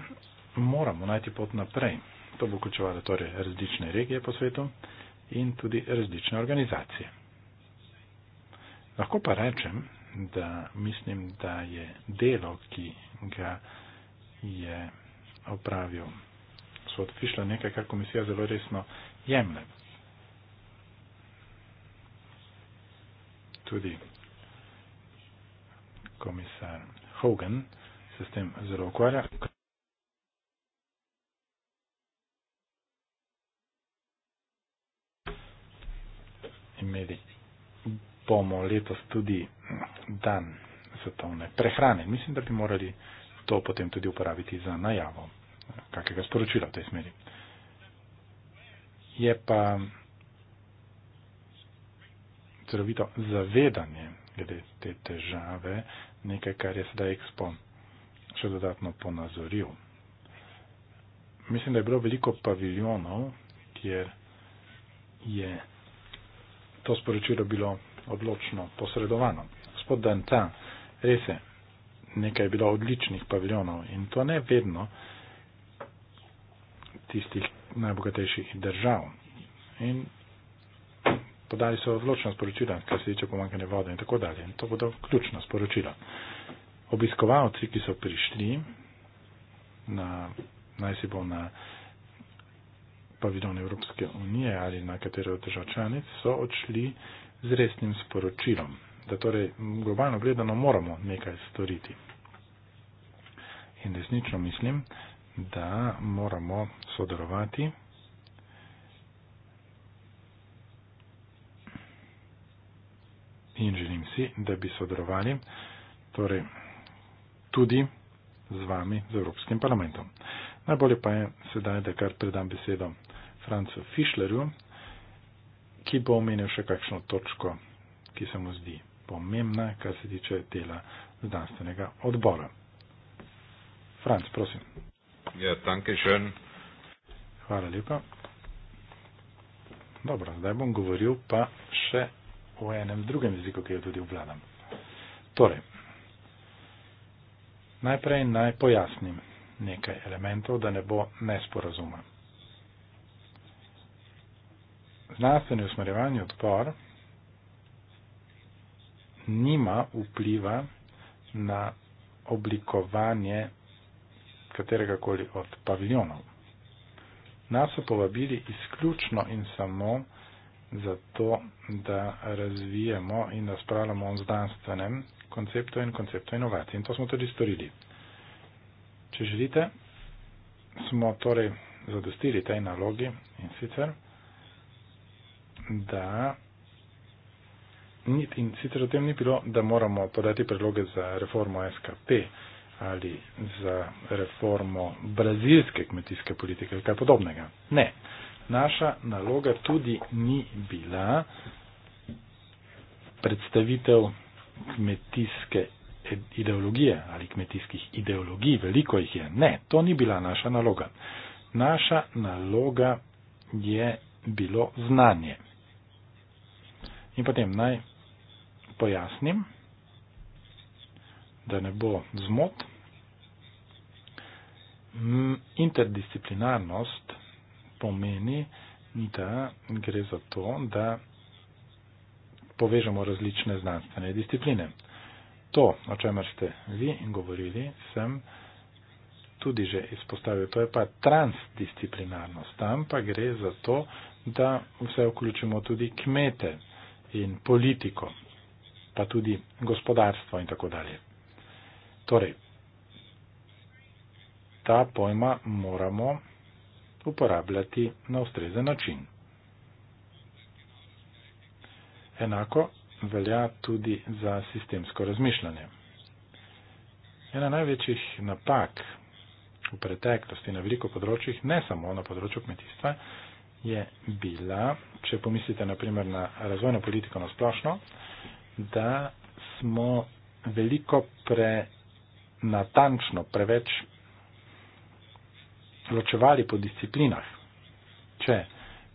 moramo najti pot naprej. To bo vključevalo torej različne regije po svetu in tudi različne organizacije. Lahko pa rečem, da mislim, da je delo, ki ga je opravil gospod Fišla, nekaj, kar komisija zelo resno jemlje. Tudi komisar Hogan se s tem zelo ukvarja. imeli bomo letos tudi dan svetovne prehrane. Mislim, da bi morali to potem tudi uporabiti za najavo kakega sporočila v tej smeri. Je pa celovito zavedanje glede te težave nekaj, kar je sedaj Expo še dodatno ponazoril. Mislim, da je bilo veliko paviljonov, kjer je to sporočilo bilo odločno posredovano gospod Danta, res je, nekaj je bilo odličnih paviljonov in to ne vedno tistih najbogatejših držav. In podali so odločna sporočila, kar se tiče pomankanja vode in tako dalje. In to bodo ključna sporočila. Obiskovalci, ki so prišli, na, naj si bo na paviljon Evropske unije ali na katero od držav članic, so odšli z resnim sporočilom da torej globalno gledano moramo nekaj storiti. In resnično mislim, da moramo sodelovati in želim si, da bi sodelovali torej, tudi z vami, z Evropskim parlamentom. Najbolje pa je sedaj, da kar predam besedo Francu Fischlerju, ki bo omenil še kakšno točko, ki se mu zdi pomembna, kar se tiče dela znanstvenega odbora. Franc, prosim. Ja, tanke žen. Hvala lepa. Dobro, zdaj bom govoril pa še o enem drugem jeziku, ki jo tudi obvladam. Torej, najprej naj pojasnim nekaj elementov, da ne bo nesporazuma. Znanstveni usmerjevanje odpor nima vpliva na oblikovanje kateregakoli od paviljonov. Nas so povabili izključno in samo zato, da razvijemo in razpravljamo o znanstvenem konceptu in konceptu inovacij. In to smo tudi storili. Če želite, smo torej zadostili tej nalogi in sicer, da in sicer o tem ni bilo, da moramo podati predloge za reformo SKP ali za reformo brazilske kmetijske politike ali kaj podobnega. Ne, naša naloga tudi ni bila predstavitev kmetijske ideologije ali kmetijskih ideologij, veliko jih je. Ne, to ni bila naša naloga. Naša naloga je bilo znanje. In potem naj pojasnim, da ne bo zmot. Interdisciplinarnost pomeni, da gre za to, da povežemo različne znanstvene discipline. To, o čemer ste vi govorili, sem tudi že izpostavil. To je pa transdisciplinarnost. Tam pa gre za to, da vse vključimo tudi kmete, in politiko, pa tudi gospodarstvo in tako dalje. Torej, ta pojma moramo uporabljati na ustrezen način. Enako velja tudi za sistemsko razmišljanje. Ena največjih napak v preteklosti na veliko področjih, ne samo na področju kmetijstva, je bila, če pomislite naprimer na razvojno politiko na splošno, da smo veliko prenatančno, preveč ločevali po disciplinah. Če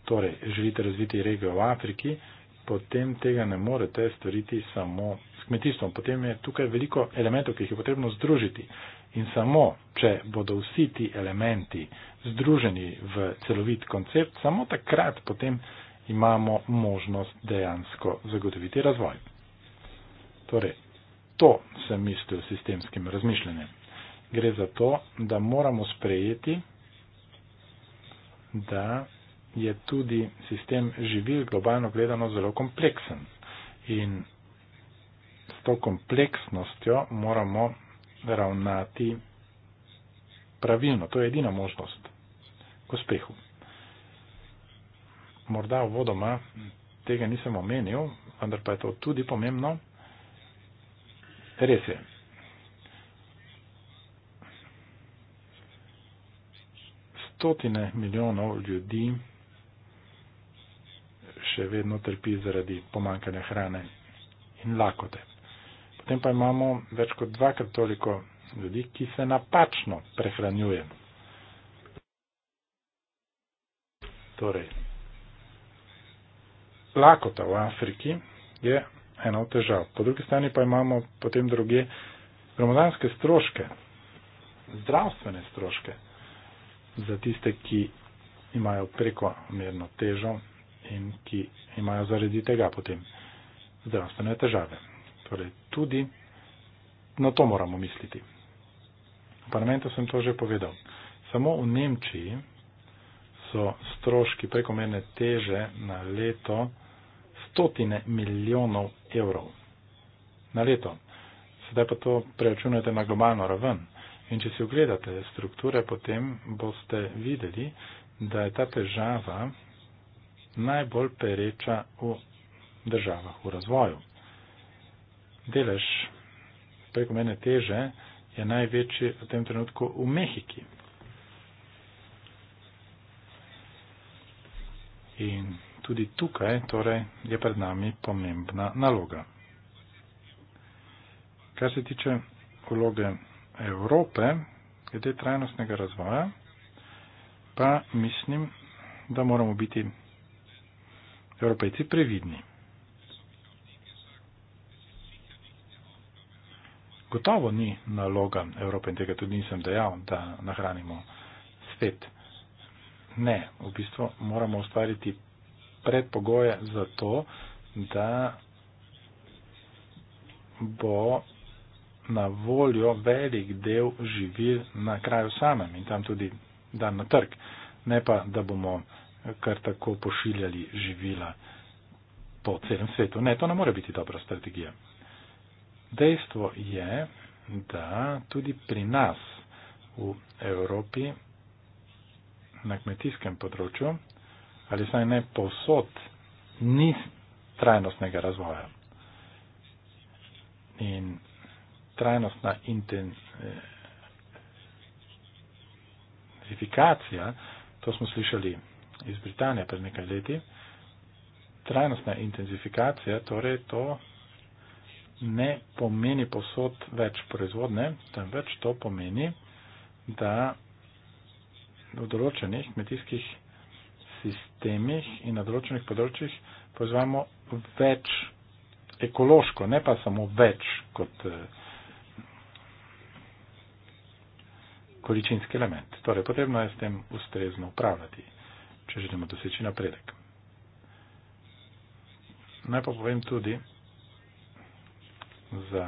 torej želite razviti regijo v Afriki, potem tega ne morete storiti samo s kmetijstvom. Potem je tukaj veliko elementov, ki jih je potrebno združiti. In samo, če bodo vsi ti elementi združeni v celovit koncept, samo takrat potem imamo možnost dejansko zagotoviti razvoj. Torej, to sem mislil s sistemskim razmišljanjem. Gre za to, da moramo sprejeti, da je tudi sistem živil globalno gledano zelo kompleksen. In s to kompleksnostjo moramo ravnati pravilno. To je edina možnost k uspehu. Morda v vodoma tega nisem omenil, vendar pa je to tudi pomembno. Res je. Stotine milijonov ljudi še vedno trpi zaradi pomankanja hrane in lakote. Potem pa imamo več kot dvakrat toliko ljudi, ki se napačno prehranjuje. Torej, lakota v Afriki je ena od težav. Po drugi strani pa imamo potem druge gromodanske stroške, zdravstvene stroške za tiste, ki imajo prekomerno težo in ki imajo zaradi tega potem zdravstvene težave. Torej, tudi na to moramo misliti. V parlamentu sem to že povedal. Samo v Nemčiji so stroški prekomerne teže na leto stotine milijonov evrov. Na leto. Sedaj pa to preračunujete na globalno raven. In če si ogledate strukture, potem boste videli, da je ta težava najbolj pereča v državah v razvoju delež prekomerne teže je največji v tem trenutku v Mehiki. In tudi tukaj torej, je pred nami pomembna naloga. Kar se tiče vloge Evrope glede trajnostnega razvoja, pa mislim, da moramo biti Evropejci previdni. gotovo ni naloga Evrope in tega tudi nisem dejal, da nahranimo svet. Ne, v bistvu moramo ustvariti predpogoje za to, da bo na voljo velik del živil na kraju samem in tam tudi dan na trg. Ne pa, da bomo kar tako pošiljali živila po celem svetu. Ne, to ne more biti dobra strategija. Dejstvo je, da tudi pri nas v Evropi na kmetijskem področju ali saj ne posod ni trajnostnega razvoja. In trajnostna intenzifikacija, eh, to smo slišali iz Britanije pred nekaj leti, trajnostna intenzifikacija, torej to ne pomeni posod več proizvodne, temveč to pomeni, da v določenih kmetijskih sistemih in na določenih področjih proizvajamo več ekološko, ne pa samo več kot eh, količinski element. Torej, potrebno je s tem ustrezno upravljati, če želimo doseči napredek. Naj pa povem tudi, za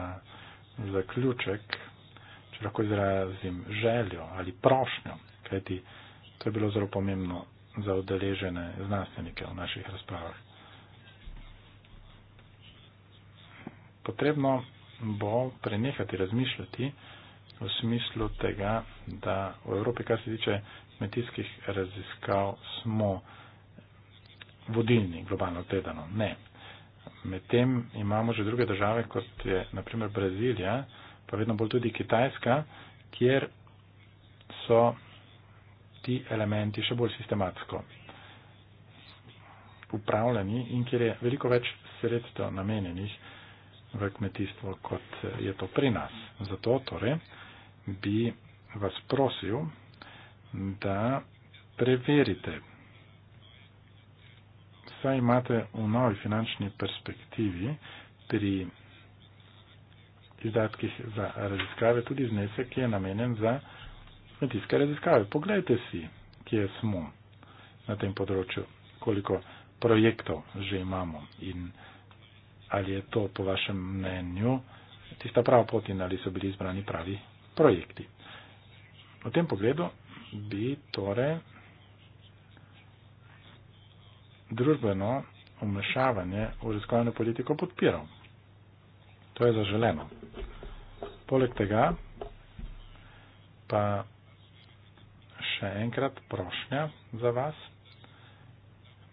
zaključek, če lahko izrazim željo ali prošnjo, kajti to je bilo zelo pomembno za odeležene znanstvenike v naših razpravah. Potrebno bo prenehati razmišljati v smislu tega, da v Evropi, kar se tiče kmetijskih raziskav, smo vodilni globalno gledano. Ne, Medtem imamo že druge države, kot je naprimer Brazilija, pa vedno bolj tudi Kitajska, kjer so ti elementi še bolj sistematsko upravljeni in kjer je veliko več sredstev namenjenih v kmetijstvo, kot je to pri nas. Zato torej bi vas prosil, da preverite saj imate v novi finančni perspektivi pri izdatkih za raziskave tudi znesek, ki je namenjen za kmetijske raziskave. Poglejte si, kje smo na tem področju, koliko projektov že imamo in ali je to po vašem mnenju tista prava pot in ali so bili izbrani pravi projekti. V tem pogledu bi torej družbeno vmešavanje v raziskovalno politiko podpiral. To je zaželeno. Poleg tega pa še enkrat prošnja za vas.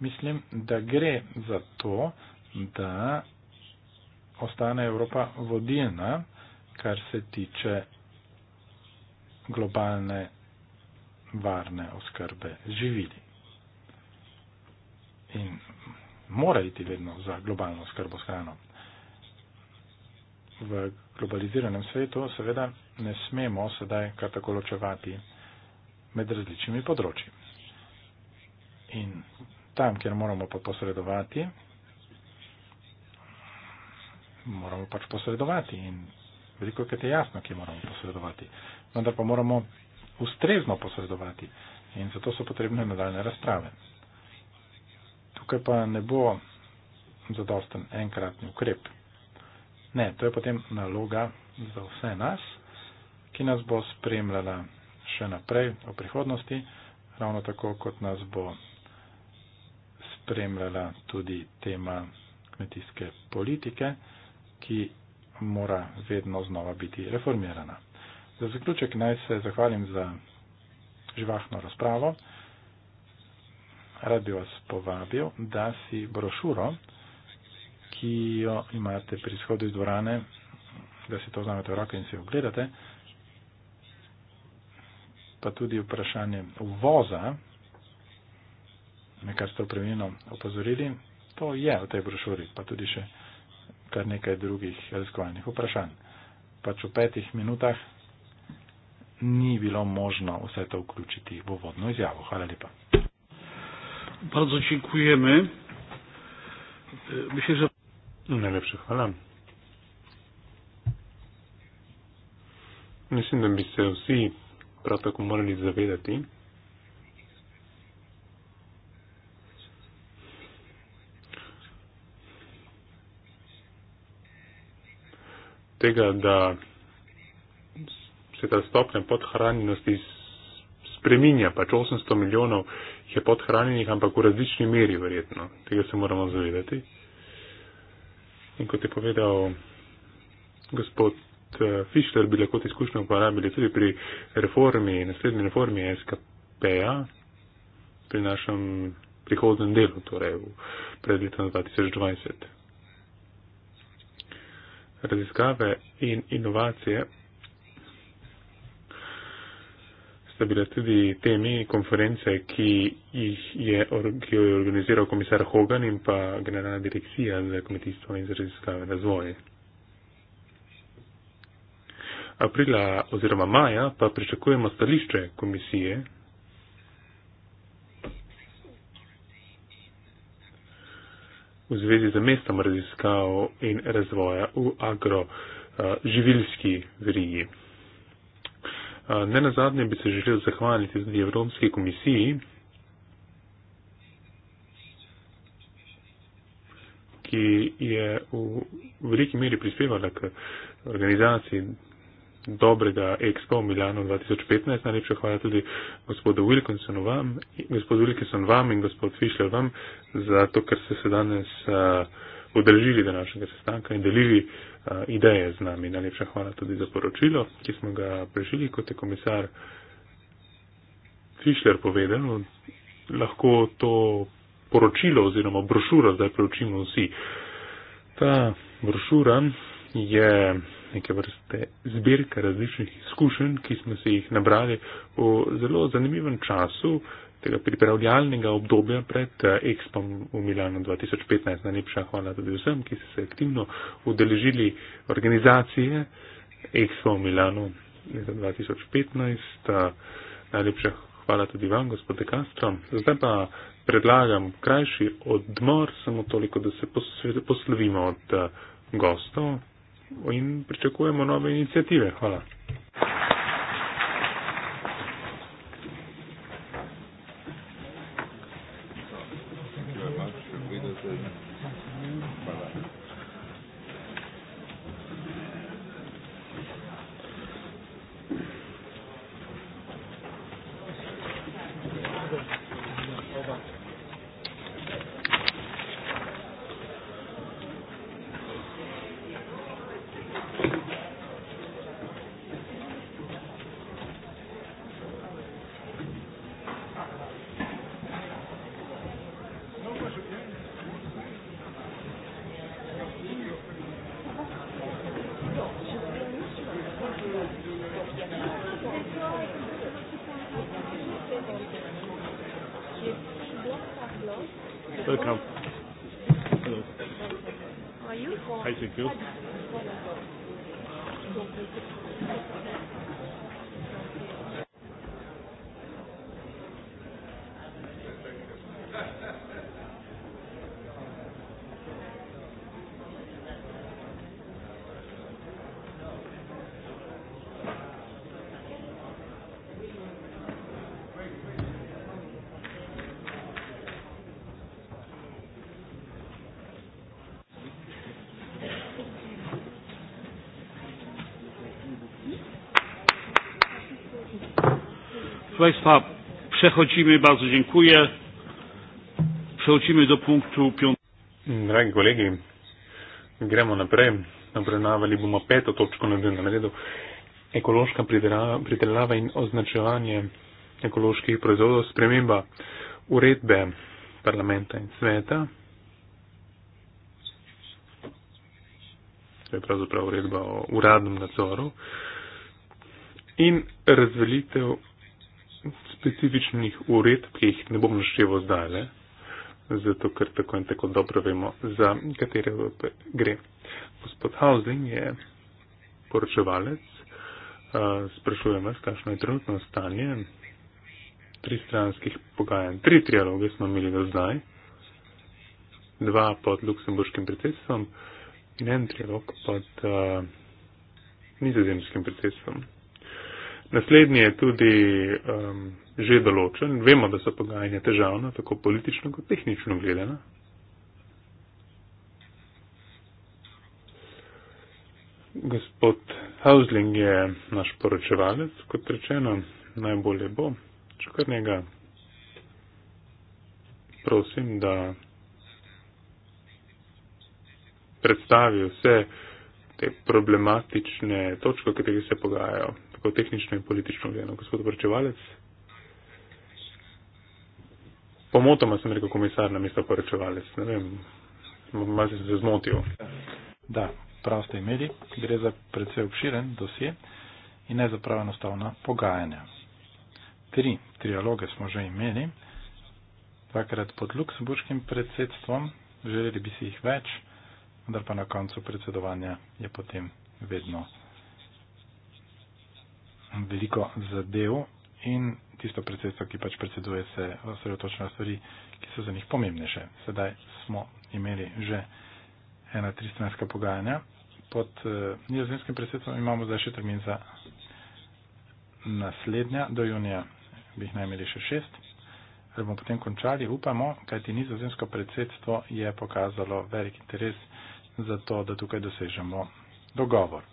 Mislim, da gre za to, da ostane Evropa vodilna, kar se tiče globalne varne oskrbe živili in mora iti vedno za globalno skrbo s hrano. V globaliziranem svetu seveda ne smemo sedaj katakoločevati med različnimi področji. In tam, kjer moramo pa posredovati, moramo pač posredovati in veliko krat je jasno, kje moramo posredovati. Vendar pa moramo ustrezno posredovati in zato so potrebne nadaljne razprave tukaj pa ne bo zadosten enkratni ukrep. Ne, to je potem naloga za vse nas, ki nas bo spremljala še naprej v prihodnosti, ravno tako kot nas bo spremljala tudi tema kmetijske politike, ki mora vedno znova biti reformirana. Za zaključek naj se zahvalim za živahno razpravo rad bi vas povabil, da si brošuro, ki jo imate pri izhodu iz dvorane, da si to vzamete v roke in si jo ogledate, pa tudi vprašanje uvoza, nekaj ste upravljeno opozorili, to je v tej brošuri, pa tudi še kar nekaj drugih raziskovalnih vprašanj. Pač v petih minutah ni bilo možno vse to vključiti v uvodno izjavo. Hvala lepa. Bardzo dziękujemy. E, myślę, że... No najlepsze chwala. Mislim, da bi se vsi prav tako morali zavedati. Tega, da se ta stopnja podhranjenosti spreminja, pač 800 milijonov je podhranjenih, ampak v različni meri verjetno. Tega se moramo zavedati. In kot je povedal gospod eh, Fischler, bi lahko te izkušnje uporabili tudi pri reformi, naslednji reformi SKP-a, pri našem prihodnem delu, torej pred letom 2020. Raziskave in inovacije sta bila tudi temi konference, ki jih je, ki jo je organiziral komisar Hogan in pa generalna direkcija za kmetijstvo in za raziskave razvoje. Aprila oziroma maja pa pričakujemo stališče komisije. V zvezi z mestom raziskav in razvoja v agroživilski eh, uh, verigi. Ne nazadnje bi se želel zahvaliti tudi Evropski komisiji, ki je v veliki meri prispevala k organizaciji dobrega Expo Milano 2015. Najlepša hvala tudi gospodu Wilkinsonu vam, gospod Wilkinson vam in gospod Fischler vam za to, kar ste se danes. Uh, udeležili današnjega sestanka in delili uh, ideje z nami. Najlepša hvala tudi za poročilo, ki smo ga prežili, kot je komisar Fischler povedal. Lahko to poročilo oziroma brošuro zdaj preučimo vsi. Ta brošura je neke vrste zbirka različnih izkušenj, ki smo se jih nabrali v zelo zanimivem času, tega pripravljalnega obdobja pred eh, Expo v Milano 2015. Najlepša hvala tudi vsem, ki ste se aktivno udeležili organizacije Expo v Milano leta 2015. Eh, najlepša hvala tudi vam, gospod De Castro. Zdaj pa predlagam krajši odmor, samo toliko, da se poslovimo od eh, gostov in pričakujemo nove inicijative. Hvala. Państwa, przechodzimy, bardzo dziękuję. Przechodzimy do punktu piątego. Dragi kolegi, gremo naprej. Obravnavali bomo peto točko na dnevnem redu. Ekološka pridelava in označevanje ekoloških proizvodov, sprememba uredbe parlamenta in sveta. To je pravzaprav uredba o uradnem nadzoru. In razvelitev specifičnih uredb, ki jih ne bom naštevo zdaj, le, zato ker tako in tako dobro vemo, za katere Evrope gre. Gospod Housing je poročevalec, sprašuje vas, kakšno je trenutno stanje tristranskih pogajanj. Tri trialoge smo imeli do zdaj, dva pod luksemburškim predsedstvom in en trialog pod uh, nizozemskim predsedstvom. Naslednji je tudi um, že določen. Vemo, da so pogajanja težavna, tako politično kot tehnično gledena. Gospod Hausling je naš poročevalec, kot rečeno, najbolje bo, če kar njega prosim, da predstavi vse te problematične točke, o katerih se pogajajo tako tehnično in politično gledano. Gospod poročevalec, pomotoma sem rekel komisar na mesto poročevalec, ne vem, malo se zmotil. Da, prav ste imeli, gre za predvsej obširen dosje in ne za prav enostavna pogajanja. Tri trialoge smo že imeli, dvakrat pod luksemburškim predsedstvom, želeli bi si jih več, vendar pa na koncu predsedovanja je potem vedno veliko zadev in tisto predsedstvo, ki pač predseduje, se osredotoča na stvari, ki so za njih pomembnejše. Sedaj smo imeli že ena tristranska pogajanja. Pod uh, nizozemskim predsedstvom imamo zdaj še termin za naslednja, do junija bi jih naj imeli še šest. Da bomo potem končali, upamo, kajti nizozemsko predsedstvo je pokazalo velik interes za to, da tukaj dosežemo dogovor.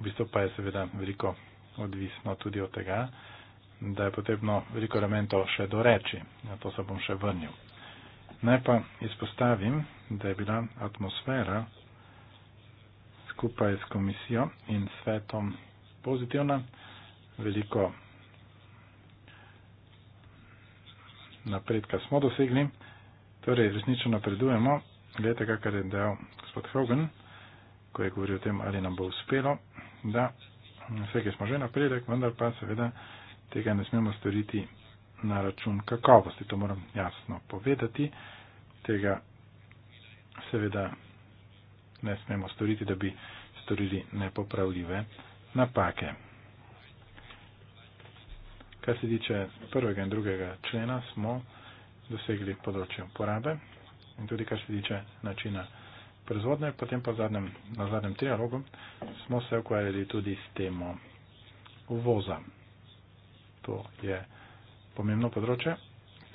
V bistvu pa je seveda veliko odvisno tudi od tega, da je potrebno veliko elementov še doreči. Na to se bom še vrnil. Naj pa izpostavim, da je bila atmosfera skupaj s komisijo in svetom pozitivna. Veliko napredka smo dosegli, torej resnično napredujemo. Gledajte, kar je dejal gospod Hogan, ko je govoril o tem, ali nam bo uspelo, da vse, ki smo že napredek, vendar pa seveda tega ne smemo storiti na račun kakovosti, to moram jasno povedati. Tega seveda ne smemo storiti, da bi storili nepopravljive napake. Kar se tiče prvega in drugega člena, smo dosegli področje uporabe in tudi kar se tiče načina proizvodnje, potem pa zadnjem, na zadnjem trialogu smo se ukvarjali tudi s temo uvoza. To je pomembno področje,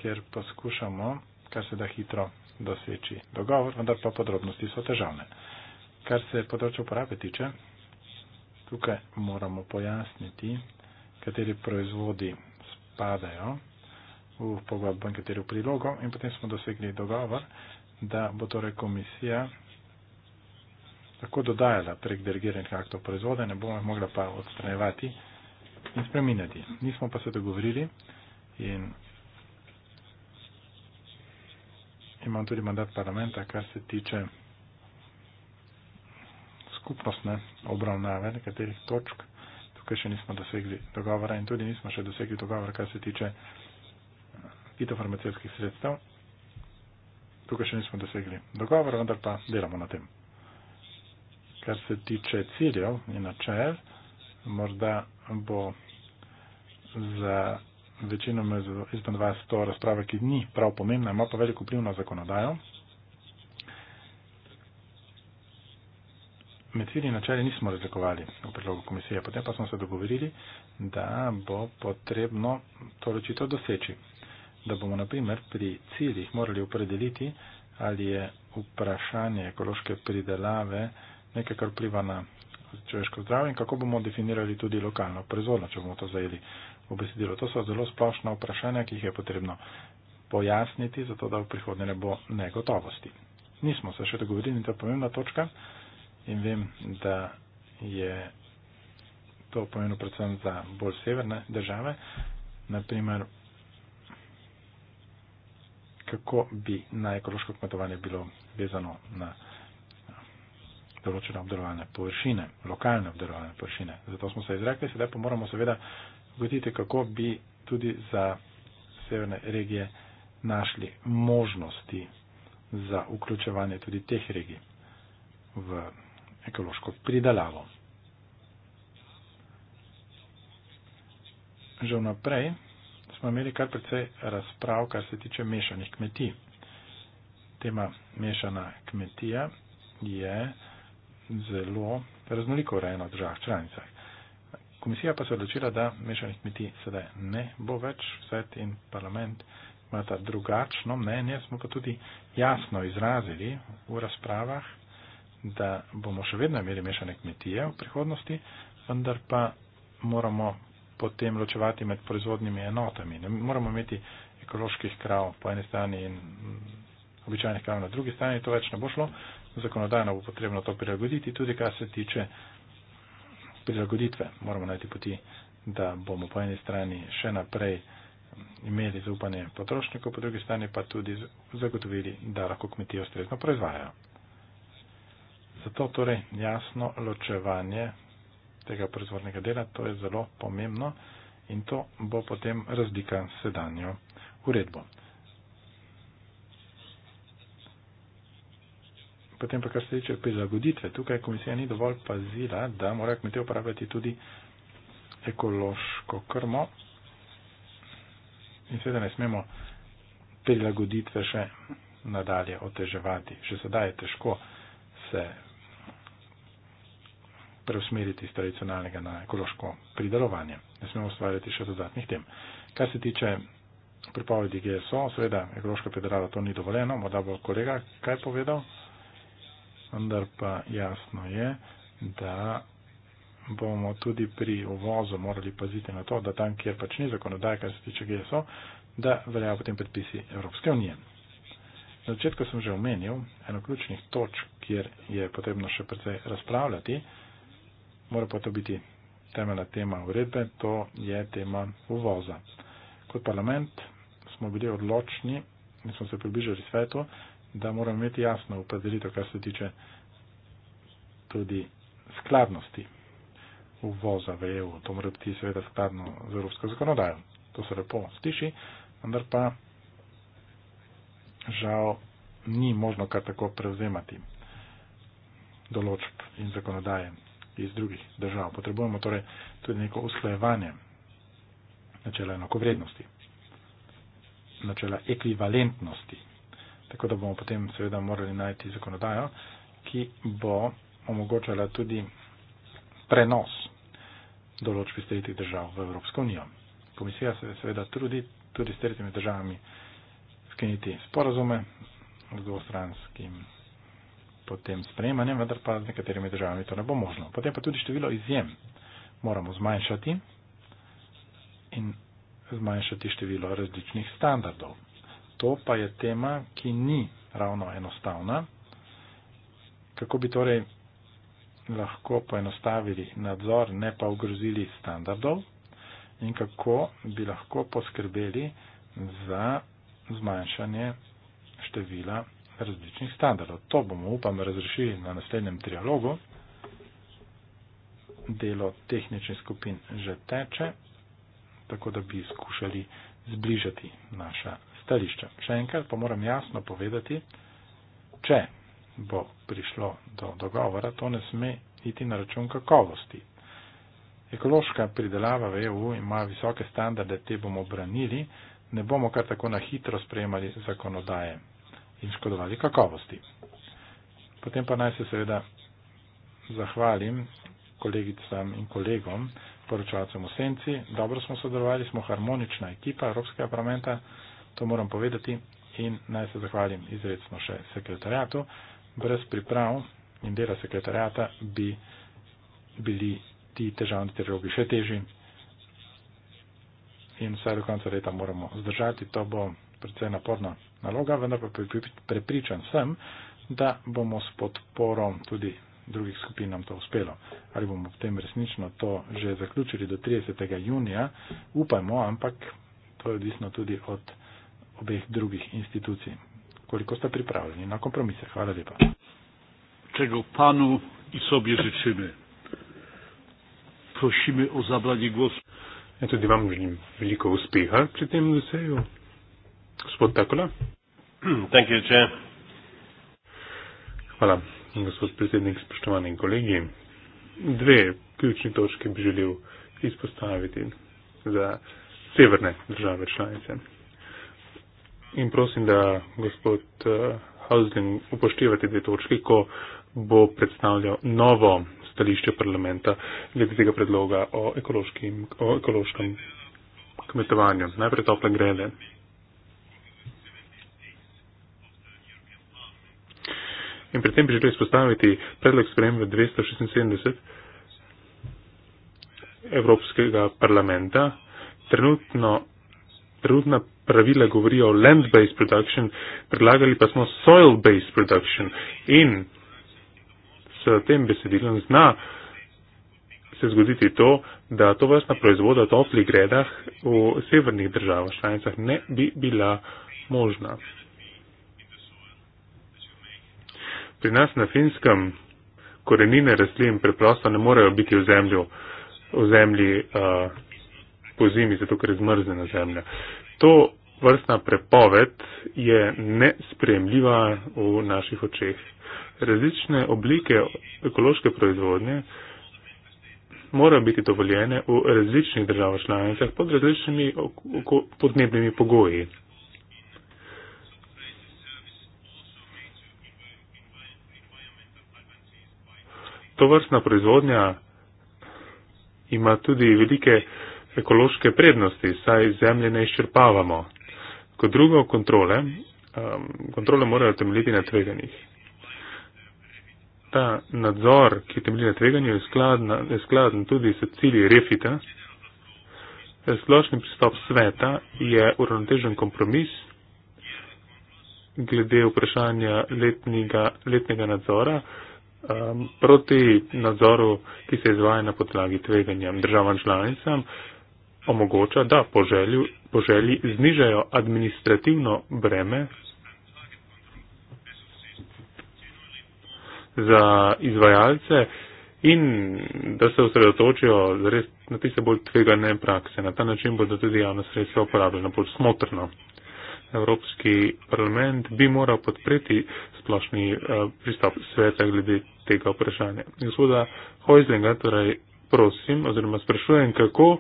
ker poskušamo, kar se da hitro doseči dogovor, vendar pa podrobnosti so težavne. Kar se področja uporabe tiče, tukaj moramo pojasniti, kateri proizvodi spadajo v pogodbo in katero prilogo in potem smo dosegli dogovor, da bo torej komisija lahko dodajala prek dirigiranih aktov proizvoda, ne bomo jih mogla pa odstranjevati in spreminjati. Nismo pa se dogovorili in imam tudi mandat parlamenta, kar se tiče skupnostne obravnave nekaterih točk. Tukaj še nismo dosegli dogovora in tudi nismo še dosegli dogovora, kar se tiče fitofarmacijskih sredstev. Tukaj še nismo dosegli dogovora, vendar pa delamo na tem kar se tiče ciljev in načel, morda bo za večino izmed vas to razprava, ki ni prav pomembna, ima pa veliko vpliv na zakonodajo. Med cilji in načeli nismo razlikovali v predlogu komisije, potem pa smo se dogovorili, da bo potrebno to ločitev doseči. Da bomo naprimer pri ciljih morali opredeliti, ali je vprašanje ekološke pridelave nekaj, kar pliva na človeško zdravje in kako bomo definirali tudi lokalno proizvodno, če bomo to zajeli v besedilo. To so zelo splošna vprašanja, ki jih je potrebno pojasniti, zato da v prihodnje ne bo negotovosti. Nismo se še dogovorili, to je pomembna točka in vem, da je to pomembno predvsem za bolj severne države. Naprimer, kako bi na ekološko kmetovanje bilo vezano na določene obdelovalne površine, lokalne obdelovalne površine. Zato smo se izrekli, sedaj pa moramo seveda ugotoviti, kako bi tudi za severne regije našli možnosti za vključevanje tudi teh regij v ekološko pridelavo. Že vnaprej smo imeli kar precej razprav, kar se tiče mešanih kmetij. Tema mešana kmetija je. Yeah zelo raznoliko urejeno v državah članicah. Komisija pa se je odločila, da mešanih kmetij sedaj ne bo več, svet in parlament imata drugačno mnenje, smo pa tudi jasno izrazili v razpravah, da bomo še vedno imeli mešane kmetije v prihodnosti, vendar pa moramo potem ločevati med proizvodnimi enotami. Ne moramo imeti ekoloških krav po eni strani in mm, običajnih krav na drugi strani, to več ne bo šlo, zakonodajno bo potrebno to prilagoditi, tudi kar se tiče prilagoditve. Moramo najti poti, da bomo po eni strani še naprej imeli zaupanje potrošnikov, po drugi strani pa tudi zagotovili, da lahko kmetijo ustrezno proizvajajo. Zato torej jasno ločevanje tega proizvodnega dela, to je zelo pomembno in to bo potem razlika sedanjo uredbo. Potem pa kar se tiče prilagoditve, tukaj komisija ni dovolj pazila, da mora kmetje uporabljati tudi ekološko krmo in seveda ne smemo prilagoditve še nadalje oteževati. Še sedaj je težko se preusmeriti iz tradicionalnega na ekološko pridelovanje. Ne smemo ustvarjati še dodatnih tem. Kar se tiče pripovedi GSO, seveda ekološka pridelava to ni dovoljeno, morda bo kolega kaj povedal vendar pa jasno je, da bomo tudi pri uvozu morali paziti na to, da tam, kjer pač ni zakonodaj, kar se tiče GSO, da veljajo potem predpisi Evropske unije. Na začetku sem že omenil eno ključnih točk, kjer je potrebno še precej razpravljati, mora pa to biti temeljna tema uredbe, to je tema uvoza. Kot parlament smo bili odločni in smo se približali svetu, da moram imeti jasno opredelitev, kar se tiče tudi skladnosti uvoza v EU. To mora biti seveda skladno z evropsko zakonodajo. To se lepo sliši, vendar pa žal ni možno kar tako prevzemati določb in zakonodaje iz drugih držav. Potrebujemo torej tudi neko usklajevanje načela enakovrednosti, načela ekvivalentnosti tako da bomo potem seveda morali najti zakonodajo, ki bo omogočala tudi prenos določb iz tretjih držav v Evropsko unijo. Komisija se seveda trudi tudi s tretjimi državami skeniti sporazume z dvostranskim potem sprejemanjem, vendar pa z nekaterimi državami to ne bo možno. Potem pa tudi število izjem moramo zmanjšati in zmanjšati število različnih standardov. To pa je tema, ki ni ravno enostavna. Kako bi torej lahko poenostavili nadzor, ne pa ogrozili standardov in kako bi lahko poskrbeli za zmanjšanje števila različnih standardov. To bomo, upam, razrešili na naslednjem trialogu. Delo tehničnih skupin že teče, tako da bi skušali zbližati naša stališča. Še enkrat pa moram jasno povedati, če bo prišlo do dogovora, to ne sme iti na račun kakovosti. Ekološka pridelava v EU ima visoke standarde, te bomo branili, ne bomo kar tako na hitro sprejemali zakonodaje in škodovali kakovosti. Potem pa naj se seveda zahvalim kolegicam in kolegom, poročavcem v Senci, dobro smo sodelovali, smo harmonična ekipa Evropskega parlamenta to moram povedati in naj se zahvalim izredno še sekretarjatu. Brez priprav in dela sekretarjata bi bili ti težavni trilogi še teži in vsaj do konca leta moramo zdržati. To bo predvsej naporna naloga, vendar pa prepričan sem, da bomo s podporo tudi drugih skupin nam to uspelo. Ali bomo v tem resnično to že zaključili do 30. junija, upajmo, ampak to je odvisno tudi od obeh drugih institucij. Koliko ste pripravljeni na kompromise? Hvala lepa. Čego panu i sobie życzymy. Prosimy o zabranie głosu. Ja tutaj mam już wielką uspiecha przy tym liceju. Spotakula. Thank you, Chair. Hvala, gospod predsednik, spoštovani kolegi. Dve ključne točke bi želel izpostaviti za severne države članice in prosim, da gospod Housling eh, upoštevate dve točke, ko bo predstavljal novo stališče parlamenta glede tega predloga o, o ekološkem kmetovanju. Najprej tople grede. In pri tem bi želel izpostaviti predlog sprejem v 276 Evropskega parlamenta. Trenutno trenutna pravila govorijo o land-based production, predlagali pa smo soil-based production. In s tem besedilom zna se zgoditi to, da to vrstna proizvoda v toplih gredah v severnih državah članicah ne bi bila možna. Pri nas na finskem korenine rastlin preprosto ne morejo biti v zemlju, v zemlji uh, po zimi, zato ker je zmrzena zemlja. To vrstna prepoved je nespremljiva v naših očeh. Različne oblike ekološke proizvodnje morajo biti dovoljene v različnih državah članicah pod različnimi podnebnimi pogoji. To vrstna proizvodnja ima tudi velike uh, ekološke prednosti, saj zemlje ne izčrpavamo. Kot drugo, kontrole. Kontrole morajo temeljiti na tveganjih. Ta nadzor, ki temelji na tveganju, je skladen, je skladen tudi s cilji refita. Splošni pristop sveta je uravnotežen kompromis glede vprašanja letnega, letnega nadzora um, proti nadzoru, ki se izvaja na podlagi tveganjem državam članicam, omogoča, da po želji, po želji znižajo administrativno breme za izvajalce in da se osredotočijo res na tiste bolj tvegane prakse. Na ta način bodo tudi javna sredstva uporabljena bolj smotrno. Evropski parlament bi moral podpreti splošni eh, pristop sveta glede tega vprašanja. Gospoda Hojzlinga torej prosim oziroma sprašujem, kako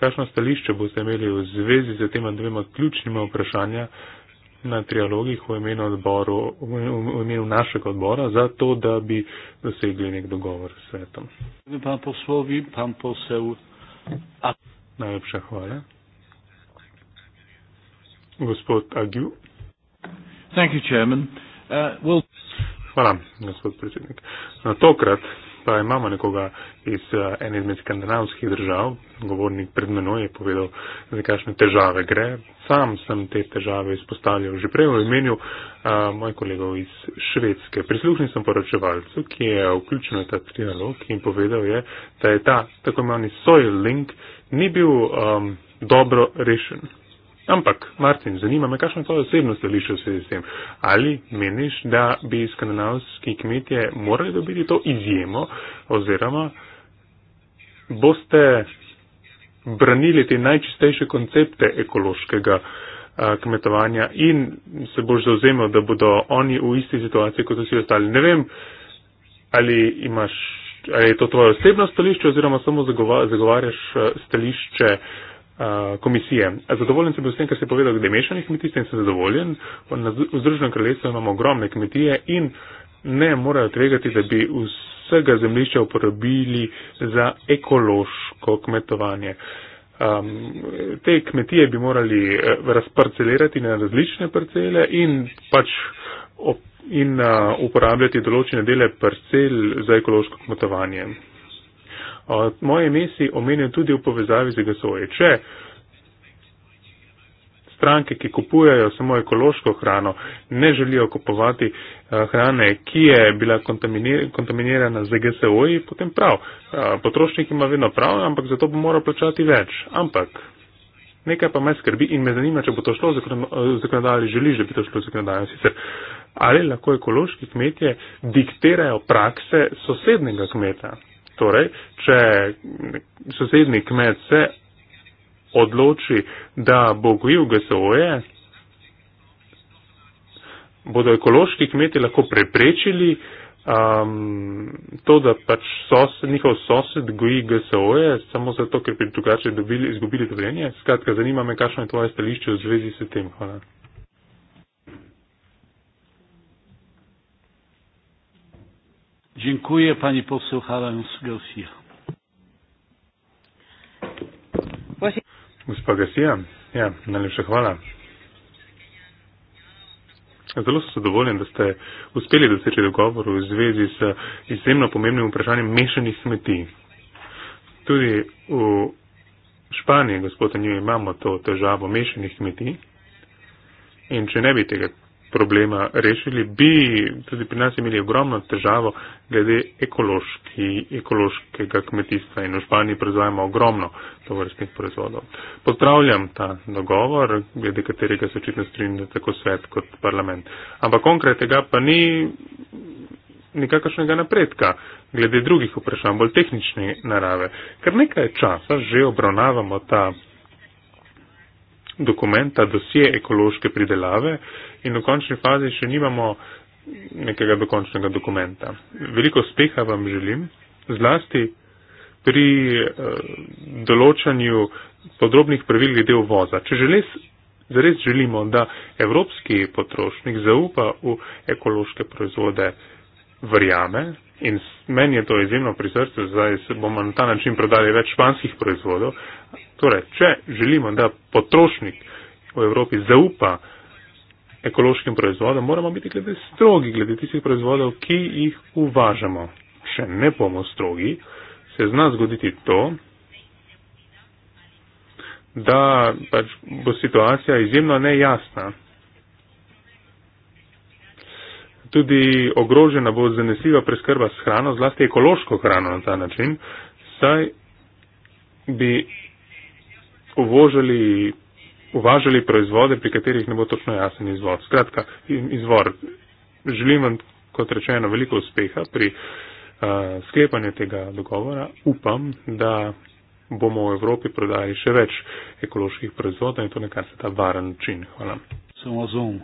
kakšno stališče boste imeli v zvezi z tema dvema ključnima vprašanja na trialogih v imenu, odboru, v imenu našega odbora za to, da bi dosegli nek dogovor s svetom. Pan poslovi, pan posel. A... Najlepša hvala. Gospod Agiu. Thank you, chairman. Uh, well... Hvala, gospod predsednik. Na tokrat pa imamo nekoga iz uh, ene izmed skandinavskih držav, govornik pred menoj je povedal, za kakšne težave gre. Sam sem te težave izpostavljal že prej v imenju uh, eh, moj kolegov iz Švedske. Prisluhnil sem poročevalcu, ki je vključen v ta trialog in povedal je, da je ta tako imenovani soil link ni bil um, dobro rešen. Ampak, Martin, zanima me, kakšno je tvoje osebno stališče v svezi s tem? Ali meniš, da bi skandinavski kmetje morali dobiti to izjemo oziroma boste branili te najčistejše koncepte ekološkega a, eh, kmetovanja in se boš zauzemal, da bodo oni v isti situaciji kot vsi ostali? Ne vem, ali imaš. Ali je to tvoje osebno stališče oziroma samo zagovarjaš eh, stališče? Eh, komisije. Zadovoljen sem bil s tem, kar ste povedali glede mešanih kmetijstva in sem zadovoljen. V Združenem kraljestvu imamo ogromne kmetije in ne morajo tvegati, da bi vsega zemljišča uporabili za ekološko kmetovanje. Um, te kmetije bi morali eh, razparcelirati na različne parcele in pač op, in, uh, uporabljati določene dele parcel za ekološko kmetovanje moje ime si omenjen tudi v povezavi z GSO-je. Če stranke, ki kupujajo samo ekološko hrano, ne želijo kupovati eh, hrane, ki je bila kontaminirana z GSO-ji, e, potem prav. Eh, potrošnik ima vedno prav, ampak zato bo moral plačati več. Ampak. Nekaj pa me skrbi in me zanima, če bo to šlo eh, zakonodajo ali želiš, da bi to šlo zakonodajo. Sicer, ali lahko ekološki kmetje dikterajo prakse sosednega kmeta? Torej, če sosednji kmet se odloči, da bo gojil GSO-je, bodo ekološki kmeti lahko preprečili um, to, da pač sosed, njihov sosed goji GSO-je, samo zato, ker bi drugače dobili, izgubili dovoljenje. Skratka, zanima me, kakšno je tvoje stališče v zvezi s tem. Hvala. Dziękuję pani poseł Halens Garcia. Gospa Garcia, ja, najlepša hvala. Zelo sem zadovoljen, da ste uspeli doseči dogovor v zvezi z izjemno pomembnim vprašanjem mešanih smeti. Tudi v Španiji, gospod Anjo, imamo to težavo mešanih smeti. In če ne bi tega problema rešili, bi tudi pri nas imeli ogromno težavo glede ekološki, ekološkega kmetijstva in v Španiji proizvajamo ogromno tovrstnih proizvodov. Pozdravljam ta dogovor, glede katerega se očitno strinja tako svet kot parlament. Ampak konkretnega pa ni nikakršnega napredka glede drugih vprašanj, bolj tehnične narave. Ker nekaj časa že obravnavamo ta dokumenta, dosje ekološke pridelave in v končni fazi še nimamo nekega dokončnega dokumenta. Veliko uspeha vam želim, zlasti pri uh, določanju podrobnih pravil glede uvoza. Če želes, zares želimo, da evropski potrošnik zaupa v ekološke proizvode, verjame, in meni je to izjemno pri srcu, zdaj bomo na ta način prodali več španskih proizvodov. Torej, če želimo, da potrošnik v Evropi zaupa ekološkim proizvodom, moramo biti glede strogi glede tistih proizvodov, ki jih uvažamo. Če ne bomo strogi, se zna zgoditi to, da pač bo situacija izjemno nejasna. tudi ogrožena bo zanesljiva preskrba s hrano, zlasti ekološko hrano na ta način, saj bi uvožali, uvažali proizvode, pri katerih ne bo točno jasen izvor. Skratka, izvor. Želim vam, kot rečeno, veliko uspeha pri uh, sklepanju tega dogovora. Upam, da bomo v Evropi prodajali še več ekoloških proizvodov in to nekaj se ta varen način. Hvala. Samo zum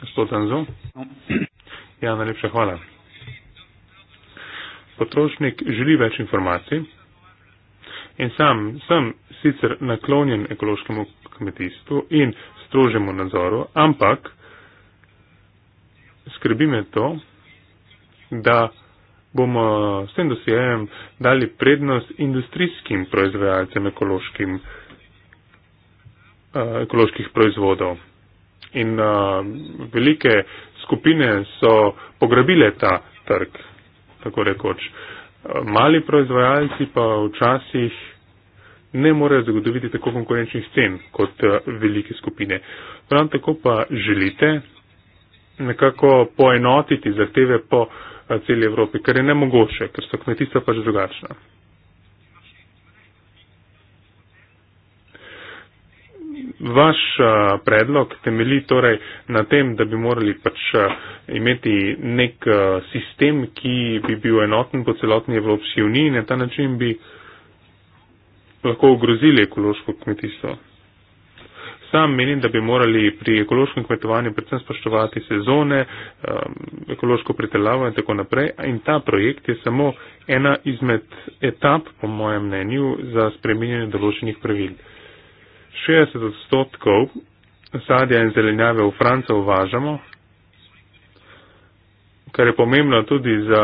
gospod Anzo. Ja, najlepša hvala. Potrošnik želi več informacij in sam sem sicer naklonjen ekološkemu kmetijstvu in strožemu nadzoru, ampak skrbi me to, da bomo s tem dosjejem dali prednost industrijskim proizvajalcem ekološkim, eh, ekoloških proizvodov in uh, velike skupine so pograbile ta trg, tako rekoč. Uh, mali proizvajalci pa včasih ne morejo zagotoviti tako konkurenčnih cen kot uh, velike skupine. Prav tako pa želite nekako poenotiti zahteve po uh, celi Evropi, kar je nemogoče, ker so kmetijstva pač drugačna. vaš predlog temeli torej na tem, da bi morali pač imeti nek sistem, ki bi bil enoten po celotni Evropski uniji in na ta način bi lahko ogrozili ekološko kmetijstvo. Sam menim, da bi morali pri ekološkem kmetovanju predvsem spoštovati sezone, ekološko pritelavo in tako naprej. In ta projekt je samo ena izmed etap, po mojem mnenju, za spreminjanje določenih pravil. 60 odstotkov sadja in zelenjave v Franco uvažamo, kar je pomembno tudi za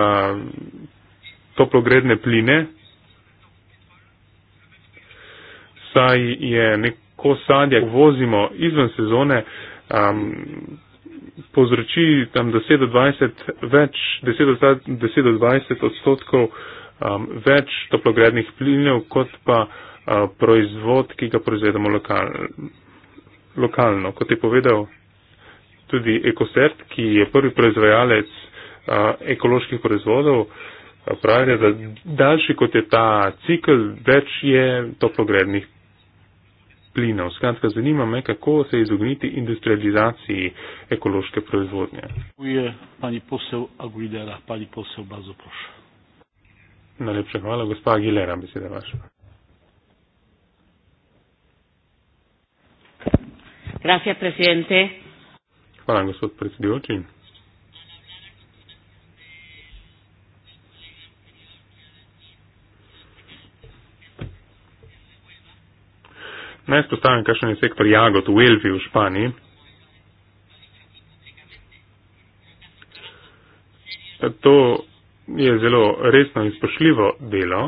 toplogredne pline, saj je neko sadje, ko vozimo izven sezone, um, povzroči tam 10 do 20, več, 10 do 20 odstotkov um, več toplogrednih plinov, kot pa proizvod, ki ga proizvedemo lokalno. lokalno. Kot je povedal tudi Ekosert, ki je prvi proizvajalec ekoloških proizvodov, pravi, da daljši kot je ta cikl, več je toplogrednih plinov. Skratka, zanima me, kako se izogniti industrializaciji ekološke proizvodnje. Je, pani posel Aguilera, pani posel Najlepša hvala, gospa Aguilera, mislim, da je vaša. Gracias, presidente. Hvala, gospod predsedujoči. Naj spostavim, kakšen je sektor jagod v Elvi v Španiji. To je zelo resno in spošljivo delo.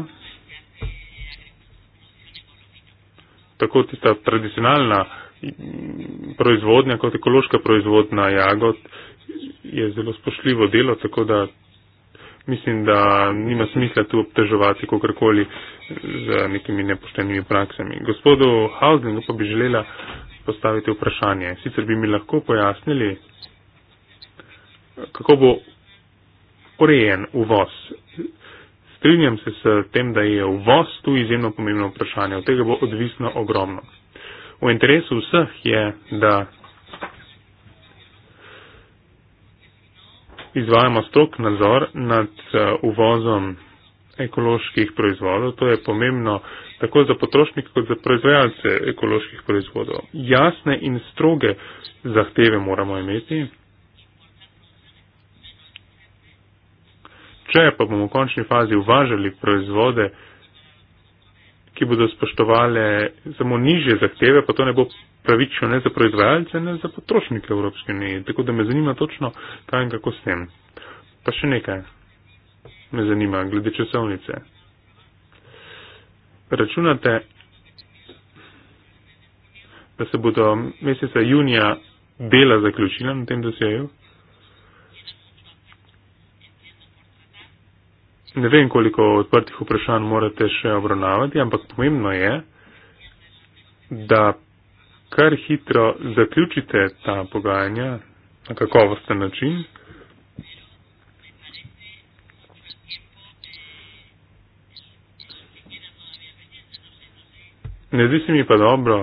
Tako tista tradicionalna proizvodnja, kot ekološka proizvodnja jagod, je zelo spošljivo delo, tako da mislim, da nima smisla tu obtežovati kogarkoli z nekimi nepoštenimi praksami. Gospodu Haldingu pa bi želela postaviti vprašanje. Sicer bi mi lahko pojasnili, kako bo urejen uvoz. Strinjam se s tem, da je uvoz tu izjemno pomembno vprašanje. Od tega bo odvisno ogromno. V interesu vseh je, da izvajamo strok nadzor nad eh, uvozom ekoloških proizvodov. To je pomembno tako za potrošnike kot za proizvajalce ekoloških proizvodov. Jasne in stroge zahteve moramo imeti. Če pa bomo v končni fazi uvažali proizvode, ki bodo spoštovali samo nižje zahteve, pa to ne bo pravično ne za proizvajalce, ne za potrošnike Evropske unije. Tako da me zanima točno, kaj in kako s tem. Pa še nekaj me zanima, glede časovnice. Računate, da se bodo meseca junija dela zaključila na tem dosjeju? ne vem, koliko odprtih vprašanj morate še obravnavati, ampak pomembno je, da kar hitro zaključite ta pogajanja na kakovosten način. Ne zdi se mi pa dobro,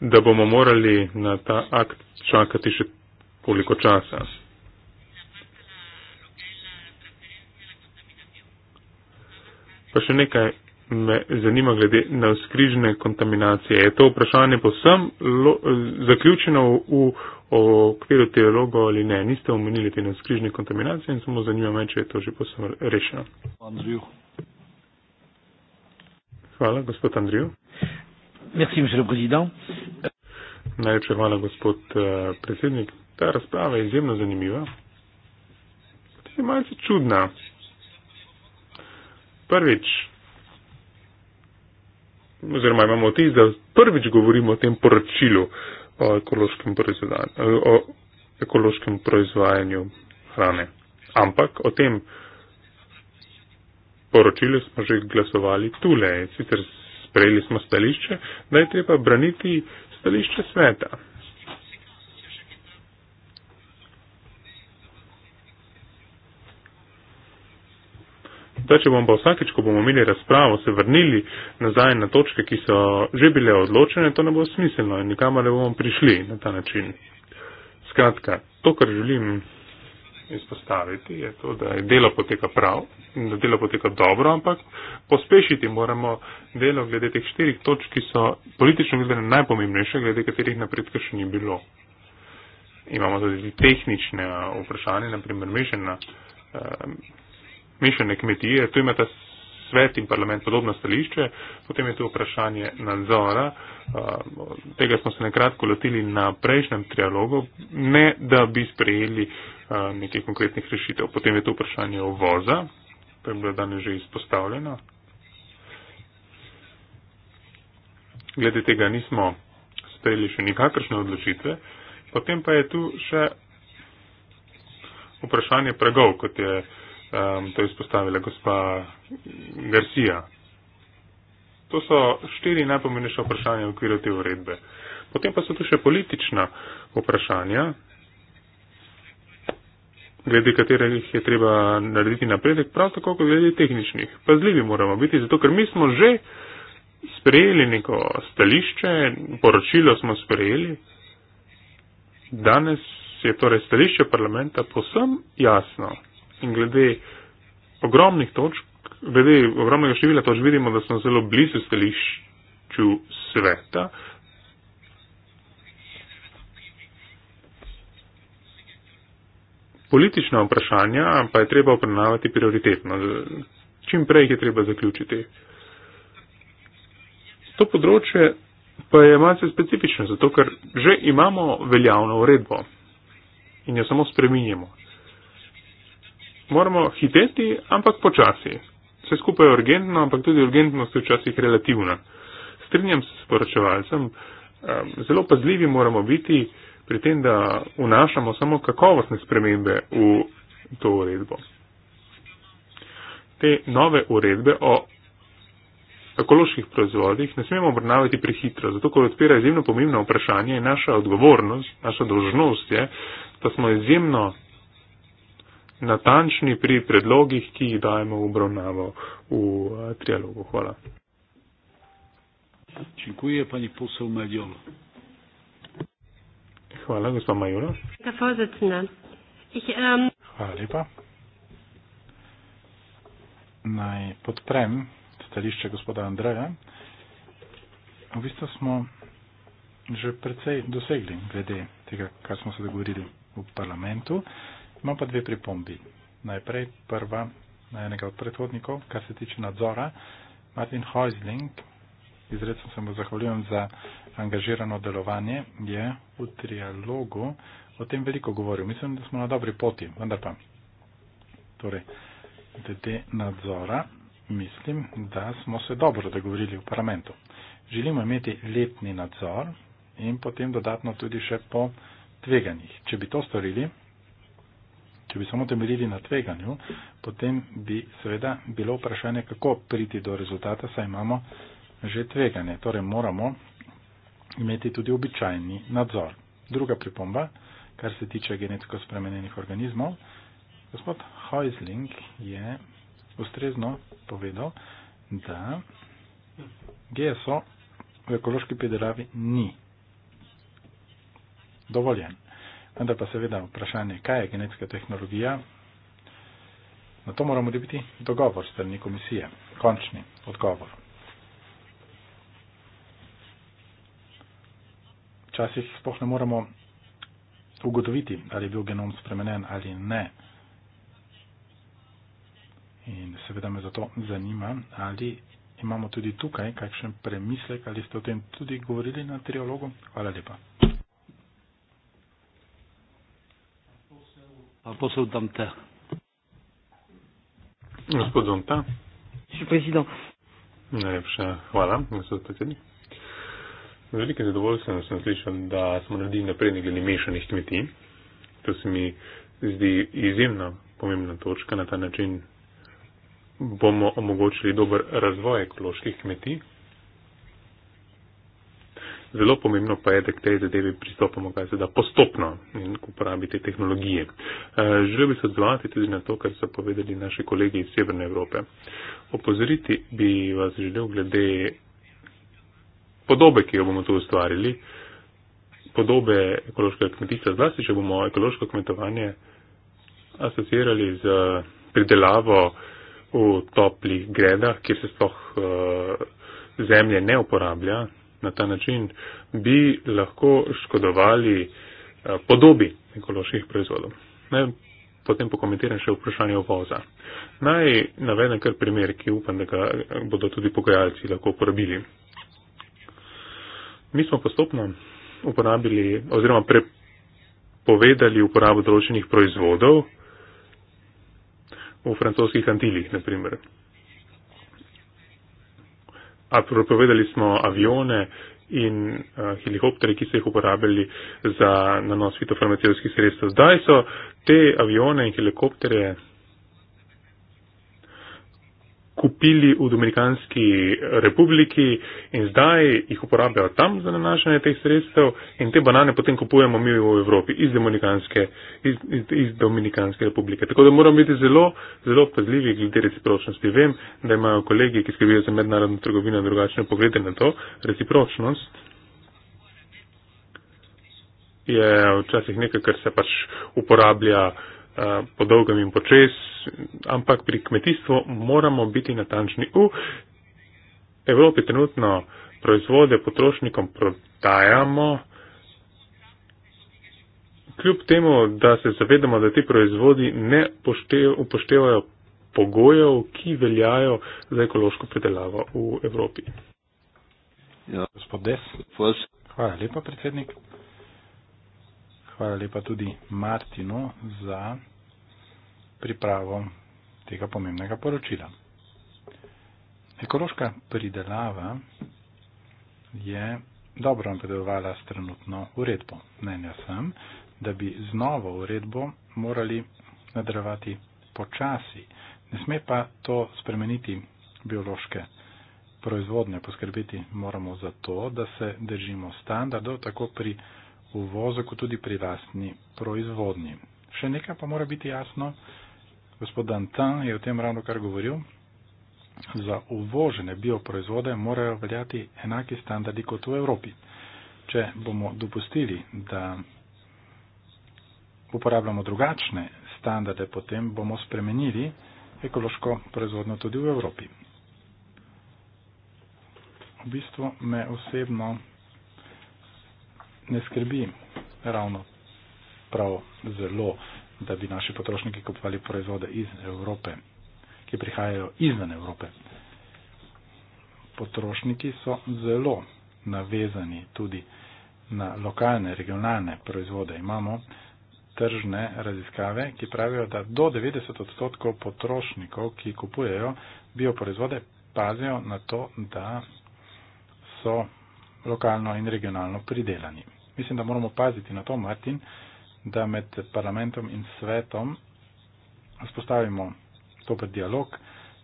da bomo morali na ta akt čakati še koliko časa. Pa še nekaj me zanima glede na skrižne kontaminacije. Je to vprašanje posem lo, zaključeno v, v okviru teologa ali ne? Niste omenili te na skrižne kontaminacije in samo zanima me, če je to že posem rešeno. Andriju. Hvala, gospod Andriju. Merci, monsieur le président. Najlepša hvala, gospod uh, predsednik. Ta razprava je izjemno zanimiva. Je malce čudna prvič, oziroma imamo vtis, da prvič govorimo o tem poročilu o ekološkem, o ekološkem proizvajanju hrane. Ampak o tem poročilu smo že glasovali tule, sicer sprejeli smo stališče, da je treba braniti stališče sveta. Zdaj, če bomo pa vsakeč, ko bomo imeli razpravo, se vrnili nazaj na točke, ki so že bile odločene, to ne bo smiselno in nikamor ne bomo prišli na ta način. Skratka, to, kar želim izpostaviti, je to, da je delo poteka prav in da delo poteka dobro, ampak pospešiti moramo delo glede teh štirih točk, ki so politično gledano najpomembnejše, glede katerih napredka še ni bilo. Imamo tudi tehnične vprašanja, naprimer mešena. Um, eh, mešane kmetije, tu imata svet in parlament podobno stališče, potem je tu vprašanje nadzora. Tega smo se nekratko lotili na prejšnjem trialogu, ne da bi sprejeli nekaj konkretnih rešitev. Potem je tu vprašanje ovoza, to je bilo danes že izpostavljeno. Glede tega nismo sprejeli še nikakršne odločitve. Potem pa je tu še vprašanje pregov, kot je uh, um, to je izpostavila gospa Garcia. To so štiri najpomenejša vprašanja v okviru te uredbe. Potem pa so tu še politična vprašanja, glede katerih je treba narediti napredek, prav tako kot glede tehničnih. Pazljivi moramo biti, zato ker mi smo že sprejeli neko stališče, poročilo smo sprejeli. Danes je torej stališče parlamenta posem jasno in glede ogromnih točk, glede ogromnega števila točk vidimo, da smo zelo blizu stališču sveta. Politična vprašanja pa je treba obravnavati prioritetno. Čim prej jih je treba zaključiti. To področje pa je malce specifično, zato ker že imamo veljavno uredbo in jo samo spreminjamo moramo hiteti, ampak počasi. Vse skupaj je urgentno, ampak tudi urgentnost je včasih relativna. Strinjam se s poročevalcem, zelo pazljivi moramo biti pri tem, da vnašamo samo kakovostne spremembe v to uredbo. Te nove uredbe o ekoloških proizvodih ne smemo obrnavati prehitro, zato ko odpira izjemno pomembno vprašanje in naša odgovornost, naša dožnost je, da smo izjemno natančni pri predlogih, ki jih dajemo v obravnavo v eh, trialogu. Hvala. Čekuje pani posel Majol. Hvala, gospa Majola. Ähm, Hvala lepa. Naj podprem stališče gospoda Andreja. V bistvu smo že precej dosegli glede tega, kar smo se dogovorili v parlamentu. Uh, Imam pa dve pripombi. Najprej prva na enega od predhodnikov, kar se tiče nadzora. Martin Heusling, izredno se mu zahvaljujem za angažirano delovanje, je v trialogu o tem veliko govoril. Mislim, da smo na dobri poti, vendar pa. Torej, glede nadzora, mislim, da smo se dobro dogovorili v parlamentu. Želimo imeti letni nadzor in potem dodatno tudi še po tveganjih. Če bi to storili, če bi samo temeljili na tveganju, potem bi seveda bilo vprašanje, kako priti do rezultata, saj imamo že tveganje. Torej moramo imeti tudi običajni nadzor. Druga pripomba, kar se tiče genetsko spremenjenih organizmov, gospod Heusling je ustrezno povedal, da GSO v ekološki pederavi ni dovoljen. Vendar pa seveda vprašanje, kaj je genetska tehnologija, na to moramo dobiti dogovor strani komisije, končni odgovor. Včasih spoh ne moramo ugotoviti, ali je bil genom spremenjen ali ne. In seveda me zato zanima, ali imamo tudi tukaj kakšen premislek, ali ste o tem tudi govorili na triologu. Hvala lepa. Monsieur Dantin. Monsieur Dantin. Monsieur le Président. Najlepša hvala, gospod predsednik. Z velikim zadovoljstvom sem slišal, da smo naredili napredne glede mešanih kmetij. To se mi zdi izjemna pomembna točka. Na ta način bomo omogočili dober razvoj ekoloških kmetij, Zelo pomembno pa je, da k tej zadevi pristopamo, kaj se da postopno in uporabiti tehnologije. Eh, želel bi se odzvati tudi na to, kar so povedali naši kolegi iz Severne Evrope. Opozoriti bi vas želel glede podobe, ki jo bomo tu ustvarili, podobe ekološkega kmetica, zlasti, če bomo ekološko kmetovanje asocirali z pridelavo v toplih gredah, kjer se sploh uh, zemlje ne uporablja, na ta način bi lahko škodovali eh, podobi ekoloških proizvodov. Naj potem pokomentiram še vprašanje uvoza. Naj navedem kar primer, ki upam, da ga eh, bodo tudi pogajalci lahko uporabili. Mi smo postopno uporabili oziroma prepovedali uporabo določenih proizvodov v francoskih antilih, na primer. Prepovedali smo avione in uh, helikopterje, ki so jih uporabljali za nanos fitofarmacijskih sredstev. Zdaj so te avione in helikopterje kupili v Dominikanski republiki in zdaj jih uporabljajo tam za nanašanje teh sredstev in te banane potem kupujemo mi v Evropi iz Dominikanske, iz, iz, iz Dominikanske republike. Tako da moramo biti zelo, zelo pazljivi glede recipročnosti. Vem, da imajo kolegi, ki skrbijo za mednarodno trgovino, drugačne poglede na to. Recipročnost je včasih nekaj, kar se pač uporablja. Eh, po dolgem in počes, ampak pri kmetijstvu moramo biti natančni. V Evropi trenutno proizvode potrošnikom prodajamo, kljub temu, da se zavedamo, da ti proizvodi ne upoštevajo pogojev, ki veljajo za ekološko predelavo v Evropi. Ja, gospod Des, hvala lepa, predsednik. Hvala lepa tudi Martinu za pripravo tega pomembnega poročila. Ekološka pridelava je dobro napredovala s trenutno uredbo. Mnenja sem, da bi z novo uredbo morali nadrevati počasi. Ne sme pa to spremeniti biološke proizvodnje. Poskrbeti moramo za to, da se držimo standardov tako pri uvozu, kot tudi pri lastni proizvodnji. Še nekaj pa mora biti jasno, gospod Antan je o tem ravno kar govoril, za uvožene bioproizvode morajo veljati enaki standardi kot v Evropi. Če bomo dopustili, da uporabljamo drugačne standarde, potem bomo spremenili ekološko proizvodnjo tudi v Evropi. V bistvu me osebno ne skrbi ravno prav zelo, da bi naši potrošniki kupovali proizvode iz Evrope, ki prihajajo izven Evrope. Potrošniki so zelo navezani tudi na lokalne, regionalne proizvode. Imamo tržne raziskave, ki pravijo, da do 90 odstotkov potrošnikov, ki kupujejo bioproizvode, pazijo na to, da so lokalno in regionalno pridelani mislim, da moramo paziti na to, Martin, da med parlamentom in svetom vzpostavimo dober dialog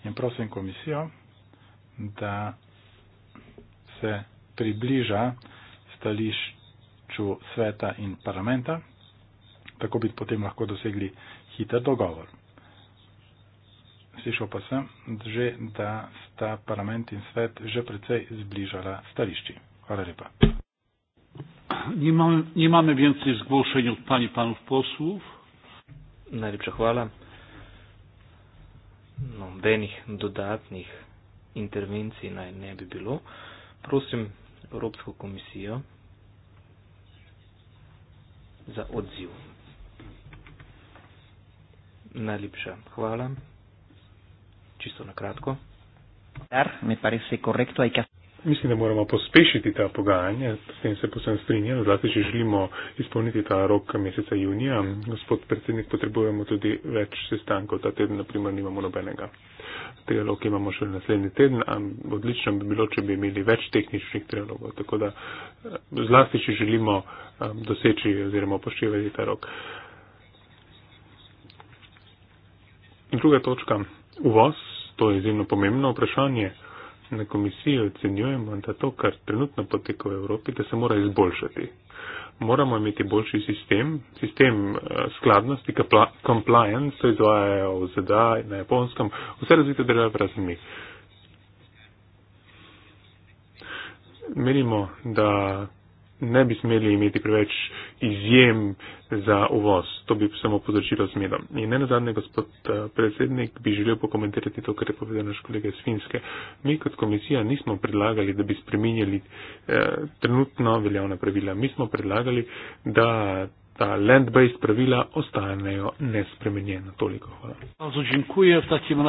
in prosim komisijo, da se približa stališču sveta in parlamenta, tako bi potem lahko dosegli hiter dogovor. Slišal pa sem že, da sta parlament in svet že precej zbližala stališči. Hvala lepa. Nie mamy, nie mamy więcej zgłoszeń od Pani Panów Posłów. Najlepsze chwale. No, żadnych dodatnich interwencji naj nie by było. Proszę Europejską Komisję za odzyw. Najlepsze chwale. Czysto na krótko. Me parece correcto, hay que mislim, da moramo pospešiti ta pogajanja, s tem se posebno strinjam, zlasti, če želimo izpolniti ta rok meseca junija. Gospod predsednik, potrebujemo tudi več sestankov, ta teden naprimer nimamo nobenega. Trialog imamo še naslednji teden, ampak odlično bi bilo, če bi imeli več tehničnih trialogov. Tako da eh, zlasti, če želimo eh, doseči oziroma poštevati ta rok. Druga točka. Uvoz, to je izjemno pomembno vprašanje na komisiji ocenjujemo, da to, kar trenutno poteka v Evropi, da se mora izboljšati. Moramo imeti boljši sistem, sistem eh, skladnosti, compliance, to izvajajo v ZDA, na japonskem, vse razvite države razen mi. Menimo, da ne bi smeli imeti preveč izjem za uvoz. To bi samo povzročilo zmedo. In ne nazadnje, gospod eh, predsednik, bi želel pokomentirati to, kar je povedal naš kolega iz Finske. Mi kot komisija nismo predlagali, da bi spreminjali eh, trenutno veljavna pravila. Mi smo predlagali, da ta land-based pravila ostanejo nespremenjena. Toliko hvala.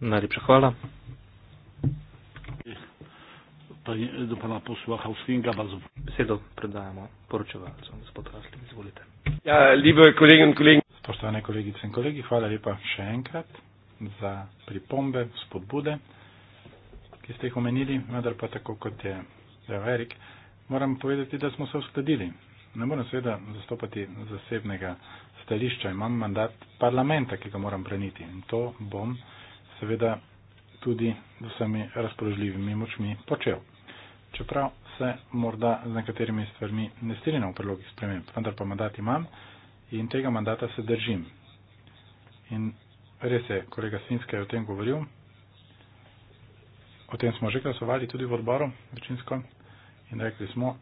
Najlepša hvala do pana posla Hauslinga. Bardzo Besedo predajamo poročevalcu, gospod Hauslink, izvolite. Ja, libe kolegi in kolegi. Spoštovane kolegice in kolegi, hvala lepa še enkrat za pripombe, spodbude, ki ste jih omenili, vendar pa tako kot je rekel Erik, moram povedati, da smo se uskladili. Ne moram seveda zastopati zasebnega stališča, imam mandat parlamenta, ki ga moram braniti in to bom seveda tudi z vsemi razpoložljivimi močmi počel čeprav se morda z nekaterimi stvarmi ne strinjam v predlogih sprememb, vendar pa mandat imam in tega mandata se držim. In res je, kolega Svinska je o tem govoril, o tem smo že glasovali tudi v odboru večinsko in rekli smo,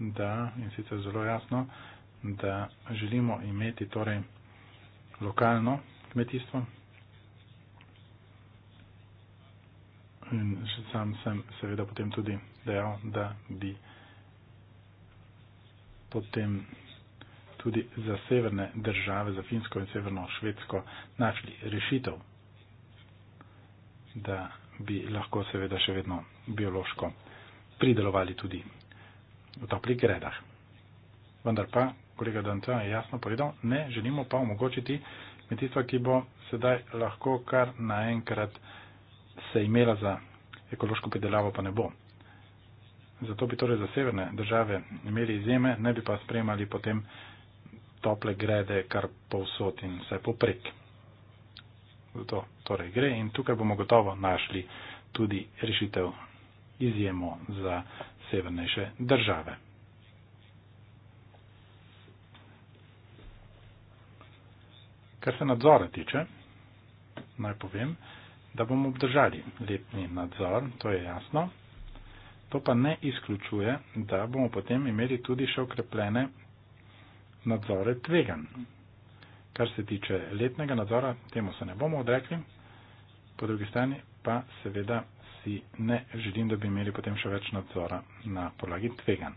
da in sicer zelo jasno, da želimo imeti torej lokalno kmetijstvo, In še sam sem seveda potem tudi dejal, da bi potem tudi za severne države, za Finsko in Severno Švedsko, našli rešitev, da bi lahko seveda še vedno biološko pridelovali tudi v toplih gredah. Vendar pa, kolega Danton je jasno povedal, ne, želimo pa omogočiti kmetijstvo, ki bo sedaj lahko kar naenkrat se imela za ekološko pridelavo, pa ne bo. Zato bi torej za severne države imeli izjeme, ne bi pa spremali potem tople grede kar povsod in vse poprek. Zato torej gre in tukaj bomo gotovo našli tudi rešitev izjemo za severnejše države. Kar se nadzora tiče, naj povem, da bomo obdržali letni nadzor, to je jasno. To pa ne izključuje, da bomo potem imeli tudi še okrepljene nadzore tvegan. Kar se tiče letnega nadzora, temu se ne bomo odrekli, po drugi strani pa seveda si ne želim, da bi imeli potem še več nadzora na podlagi tvegan.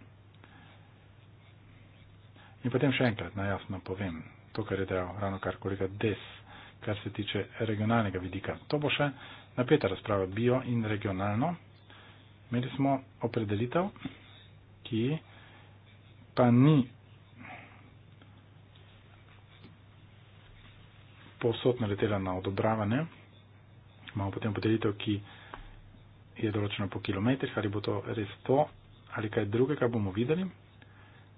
In potem še enkrat najjasno povem to, kar je dejal ravno kar kolega Des kar se tiče regionalnega vidika. To bo še napeta razprava bio in regionalno. Imeli smo opredelitev, ki pa ni povsod naletela na odobravanje. Imamo potem opredelitev, ki je določena po kilometrih, ali bo to res to, ali kaj drugega bomo videli.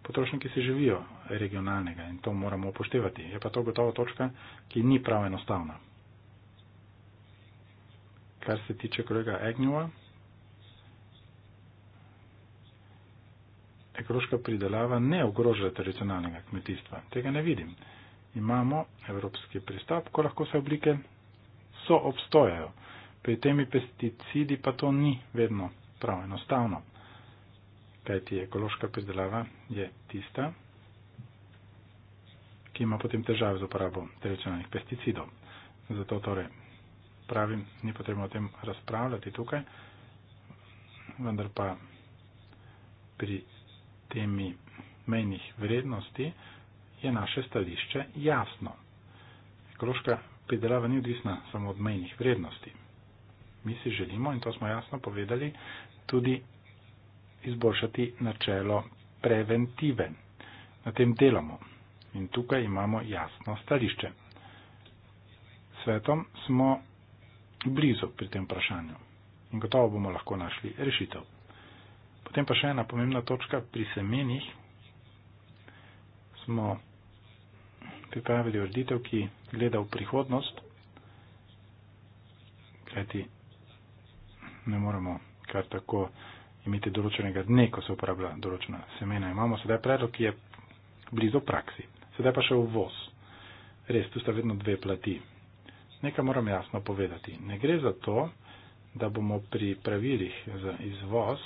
Potrošniki si želijo regionalnega in to moramo upoštevati. Je pa to gotovo točka, ki ni prav enostavna. Kar se tiče kolega Agnjova, ekološka pridelava ne ogroža tradicionalnega kmetijstva. Tega ne vidim. Imamo evropski pristop, ko lahko se oblike so obstojajo. Pri temi pesticidi pa to ni vedno prav enostavno. Kajti ekološka pridelava je tista, ki ima potem težave z uporabo tradicionalnih pesticidov. Zato torej pravim, ni potrebno o tem razpravljati tukaj, vendar pa pri temi mejnih vrednosti je naše stališče jasno. Ekološka pridelava ni odvisna samo od mejnih vrednosti. Mi si želimo, in to smo jasno povedali, tudi izboljšati načelo preventive. Na tem delamo. In tukaj imamo jasno stališče. Svetom smo blizu pri tem vprašanju in gotovo bomo lahko našli rešitev. Potem pa še ena pomembna točka pri semenih. Smo pripravili ureditev, ki gleda v prihodnost, kajti ne moremo kar tako imeti določenega dne, ko se uporablja določena semena. Imamo sedaj predlog, ki je blizu praksi. Sedaj pa še uvoz. Res, tu sta vedno dve plati. Nekaj moram jasno povedati. Ne gre za to, da bomo pri pravilih za izvoz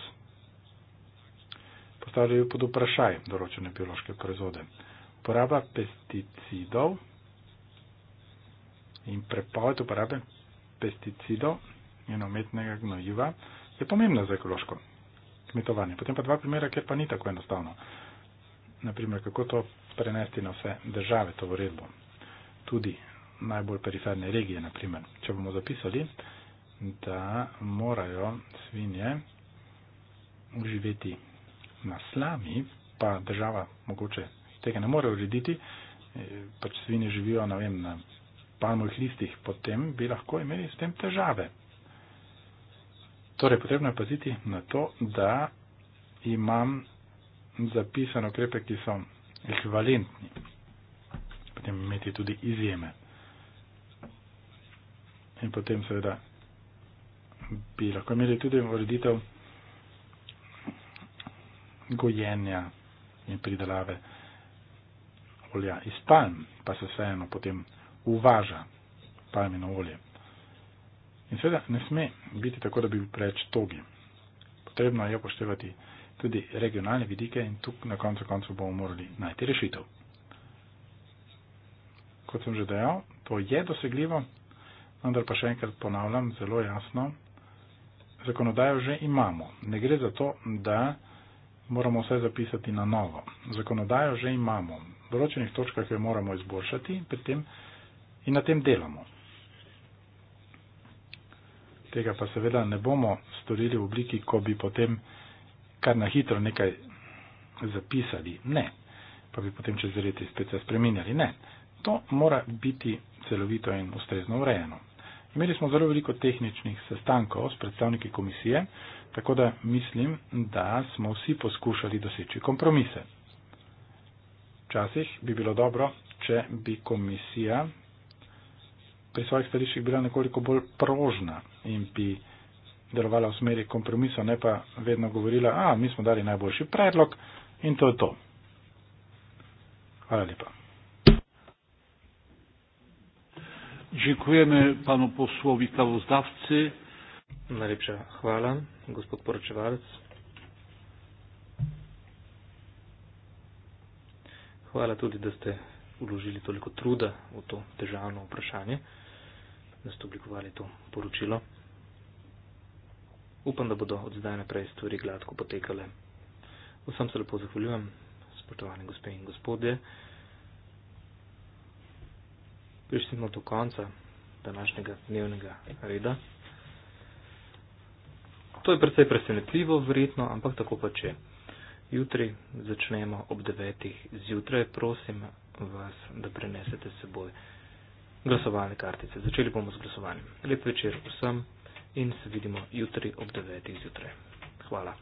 postavljali pod vprašaj določene biološke proizvode. Poraba pesticidov in prepoved uporabe pesticidov in umetnega gnojiva je pomembna za ekološko kmetovanje. Potem pa dva primera, ker pa ni tako enostavno. Naprimer, kako to prenesti na vse države to vredbo. Tudi najbolj periferne regije, naprimer. Če bomo zapisali, da morajo svinje uživeti na slami, pa država mogoče tega ne more urediti, eh, pač svinje živijo na, vem, na palmovih listih, potem bi lahko imeli s tem težave. Torej, potrebno je paziti na to, da imam zapisane ukrepe, ki so ekvivalentni. Potem imeti tudi izjeme. In potem seveda bi lahko imeli tudi ureditev gojenja in pridelave olja iz palm, pa se vseeno potem uvaža palmino olje. In seveda ne sme biti tako, da bi preč togi. Potrebno je upoštevati tudi regionalne vidike in tukaj na koncu koncu bomo morali najti rešitev. Kot sem že dejal, to je dosegljivo, vendar pa še enkrat ponavljam zelo jasno, zakonodajo že imamo. Ne gre za to, da moramo vse zapisati na novo. Zakonodajo že imamo. V določenih točkah jo moramo izboljšati tem, in na tem delamo. Tega pa seveda ne bomo storili v obliki, ko bi potem kar na hitro nekaj zapisali. Ne, pa bi potem čez leti spet se spremenjali. Ne, to mora biti celovito in ustrezno urejeno. Imeli smo zelo veliko tehničnih sestankov s predstavniki komisije, tako da mislim, da smo vsi poskušali doseči kompromise. Včasih bi bilo dobro, če bi komisija pri svojih stališčih bila nekoliko bolj prožna in bi delovala v smeri kompromisa, ne pa vedno govorila, a mi smo dali najboljši predlog in to je to. Hvala lepa. Žekujeme panu poslovi kavozdavci. Najlepša hvala, gospod poročevalec. Hvala tudi, da ste vložili toliko truda v to težavno vprašanje, da ste oblikovali to poročilo. Upam, da bodo od zdaj naprej stvari gladko potekale. Vsem se lepo zahvaljujem, spoštovane gospe in gospodje. Prišli smo do konca današnjega dnevnega reda. To je precej presenetljivo, verjetno, ampak tako pa če. Jutri začnemo ob devetih zjutraj, prosim vas, da prenesete seboj glasovalne kartice. Začeli bomo z glasovanjem. Lep večer vsem in se vidimo jutri ob 9. zjutraj. Hvala.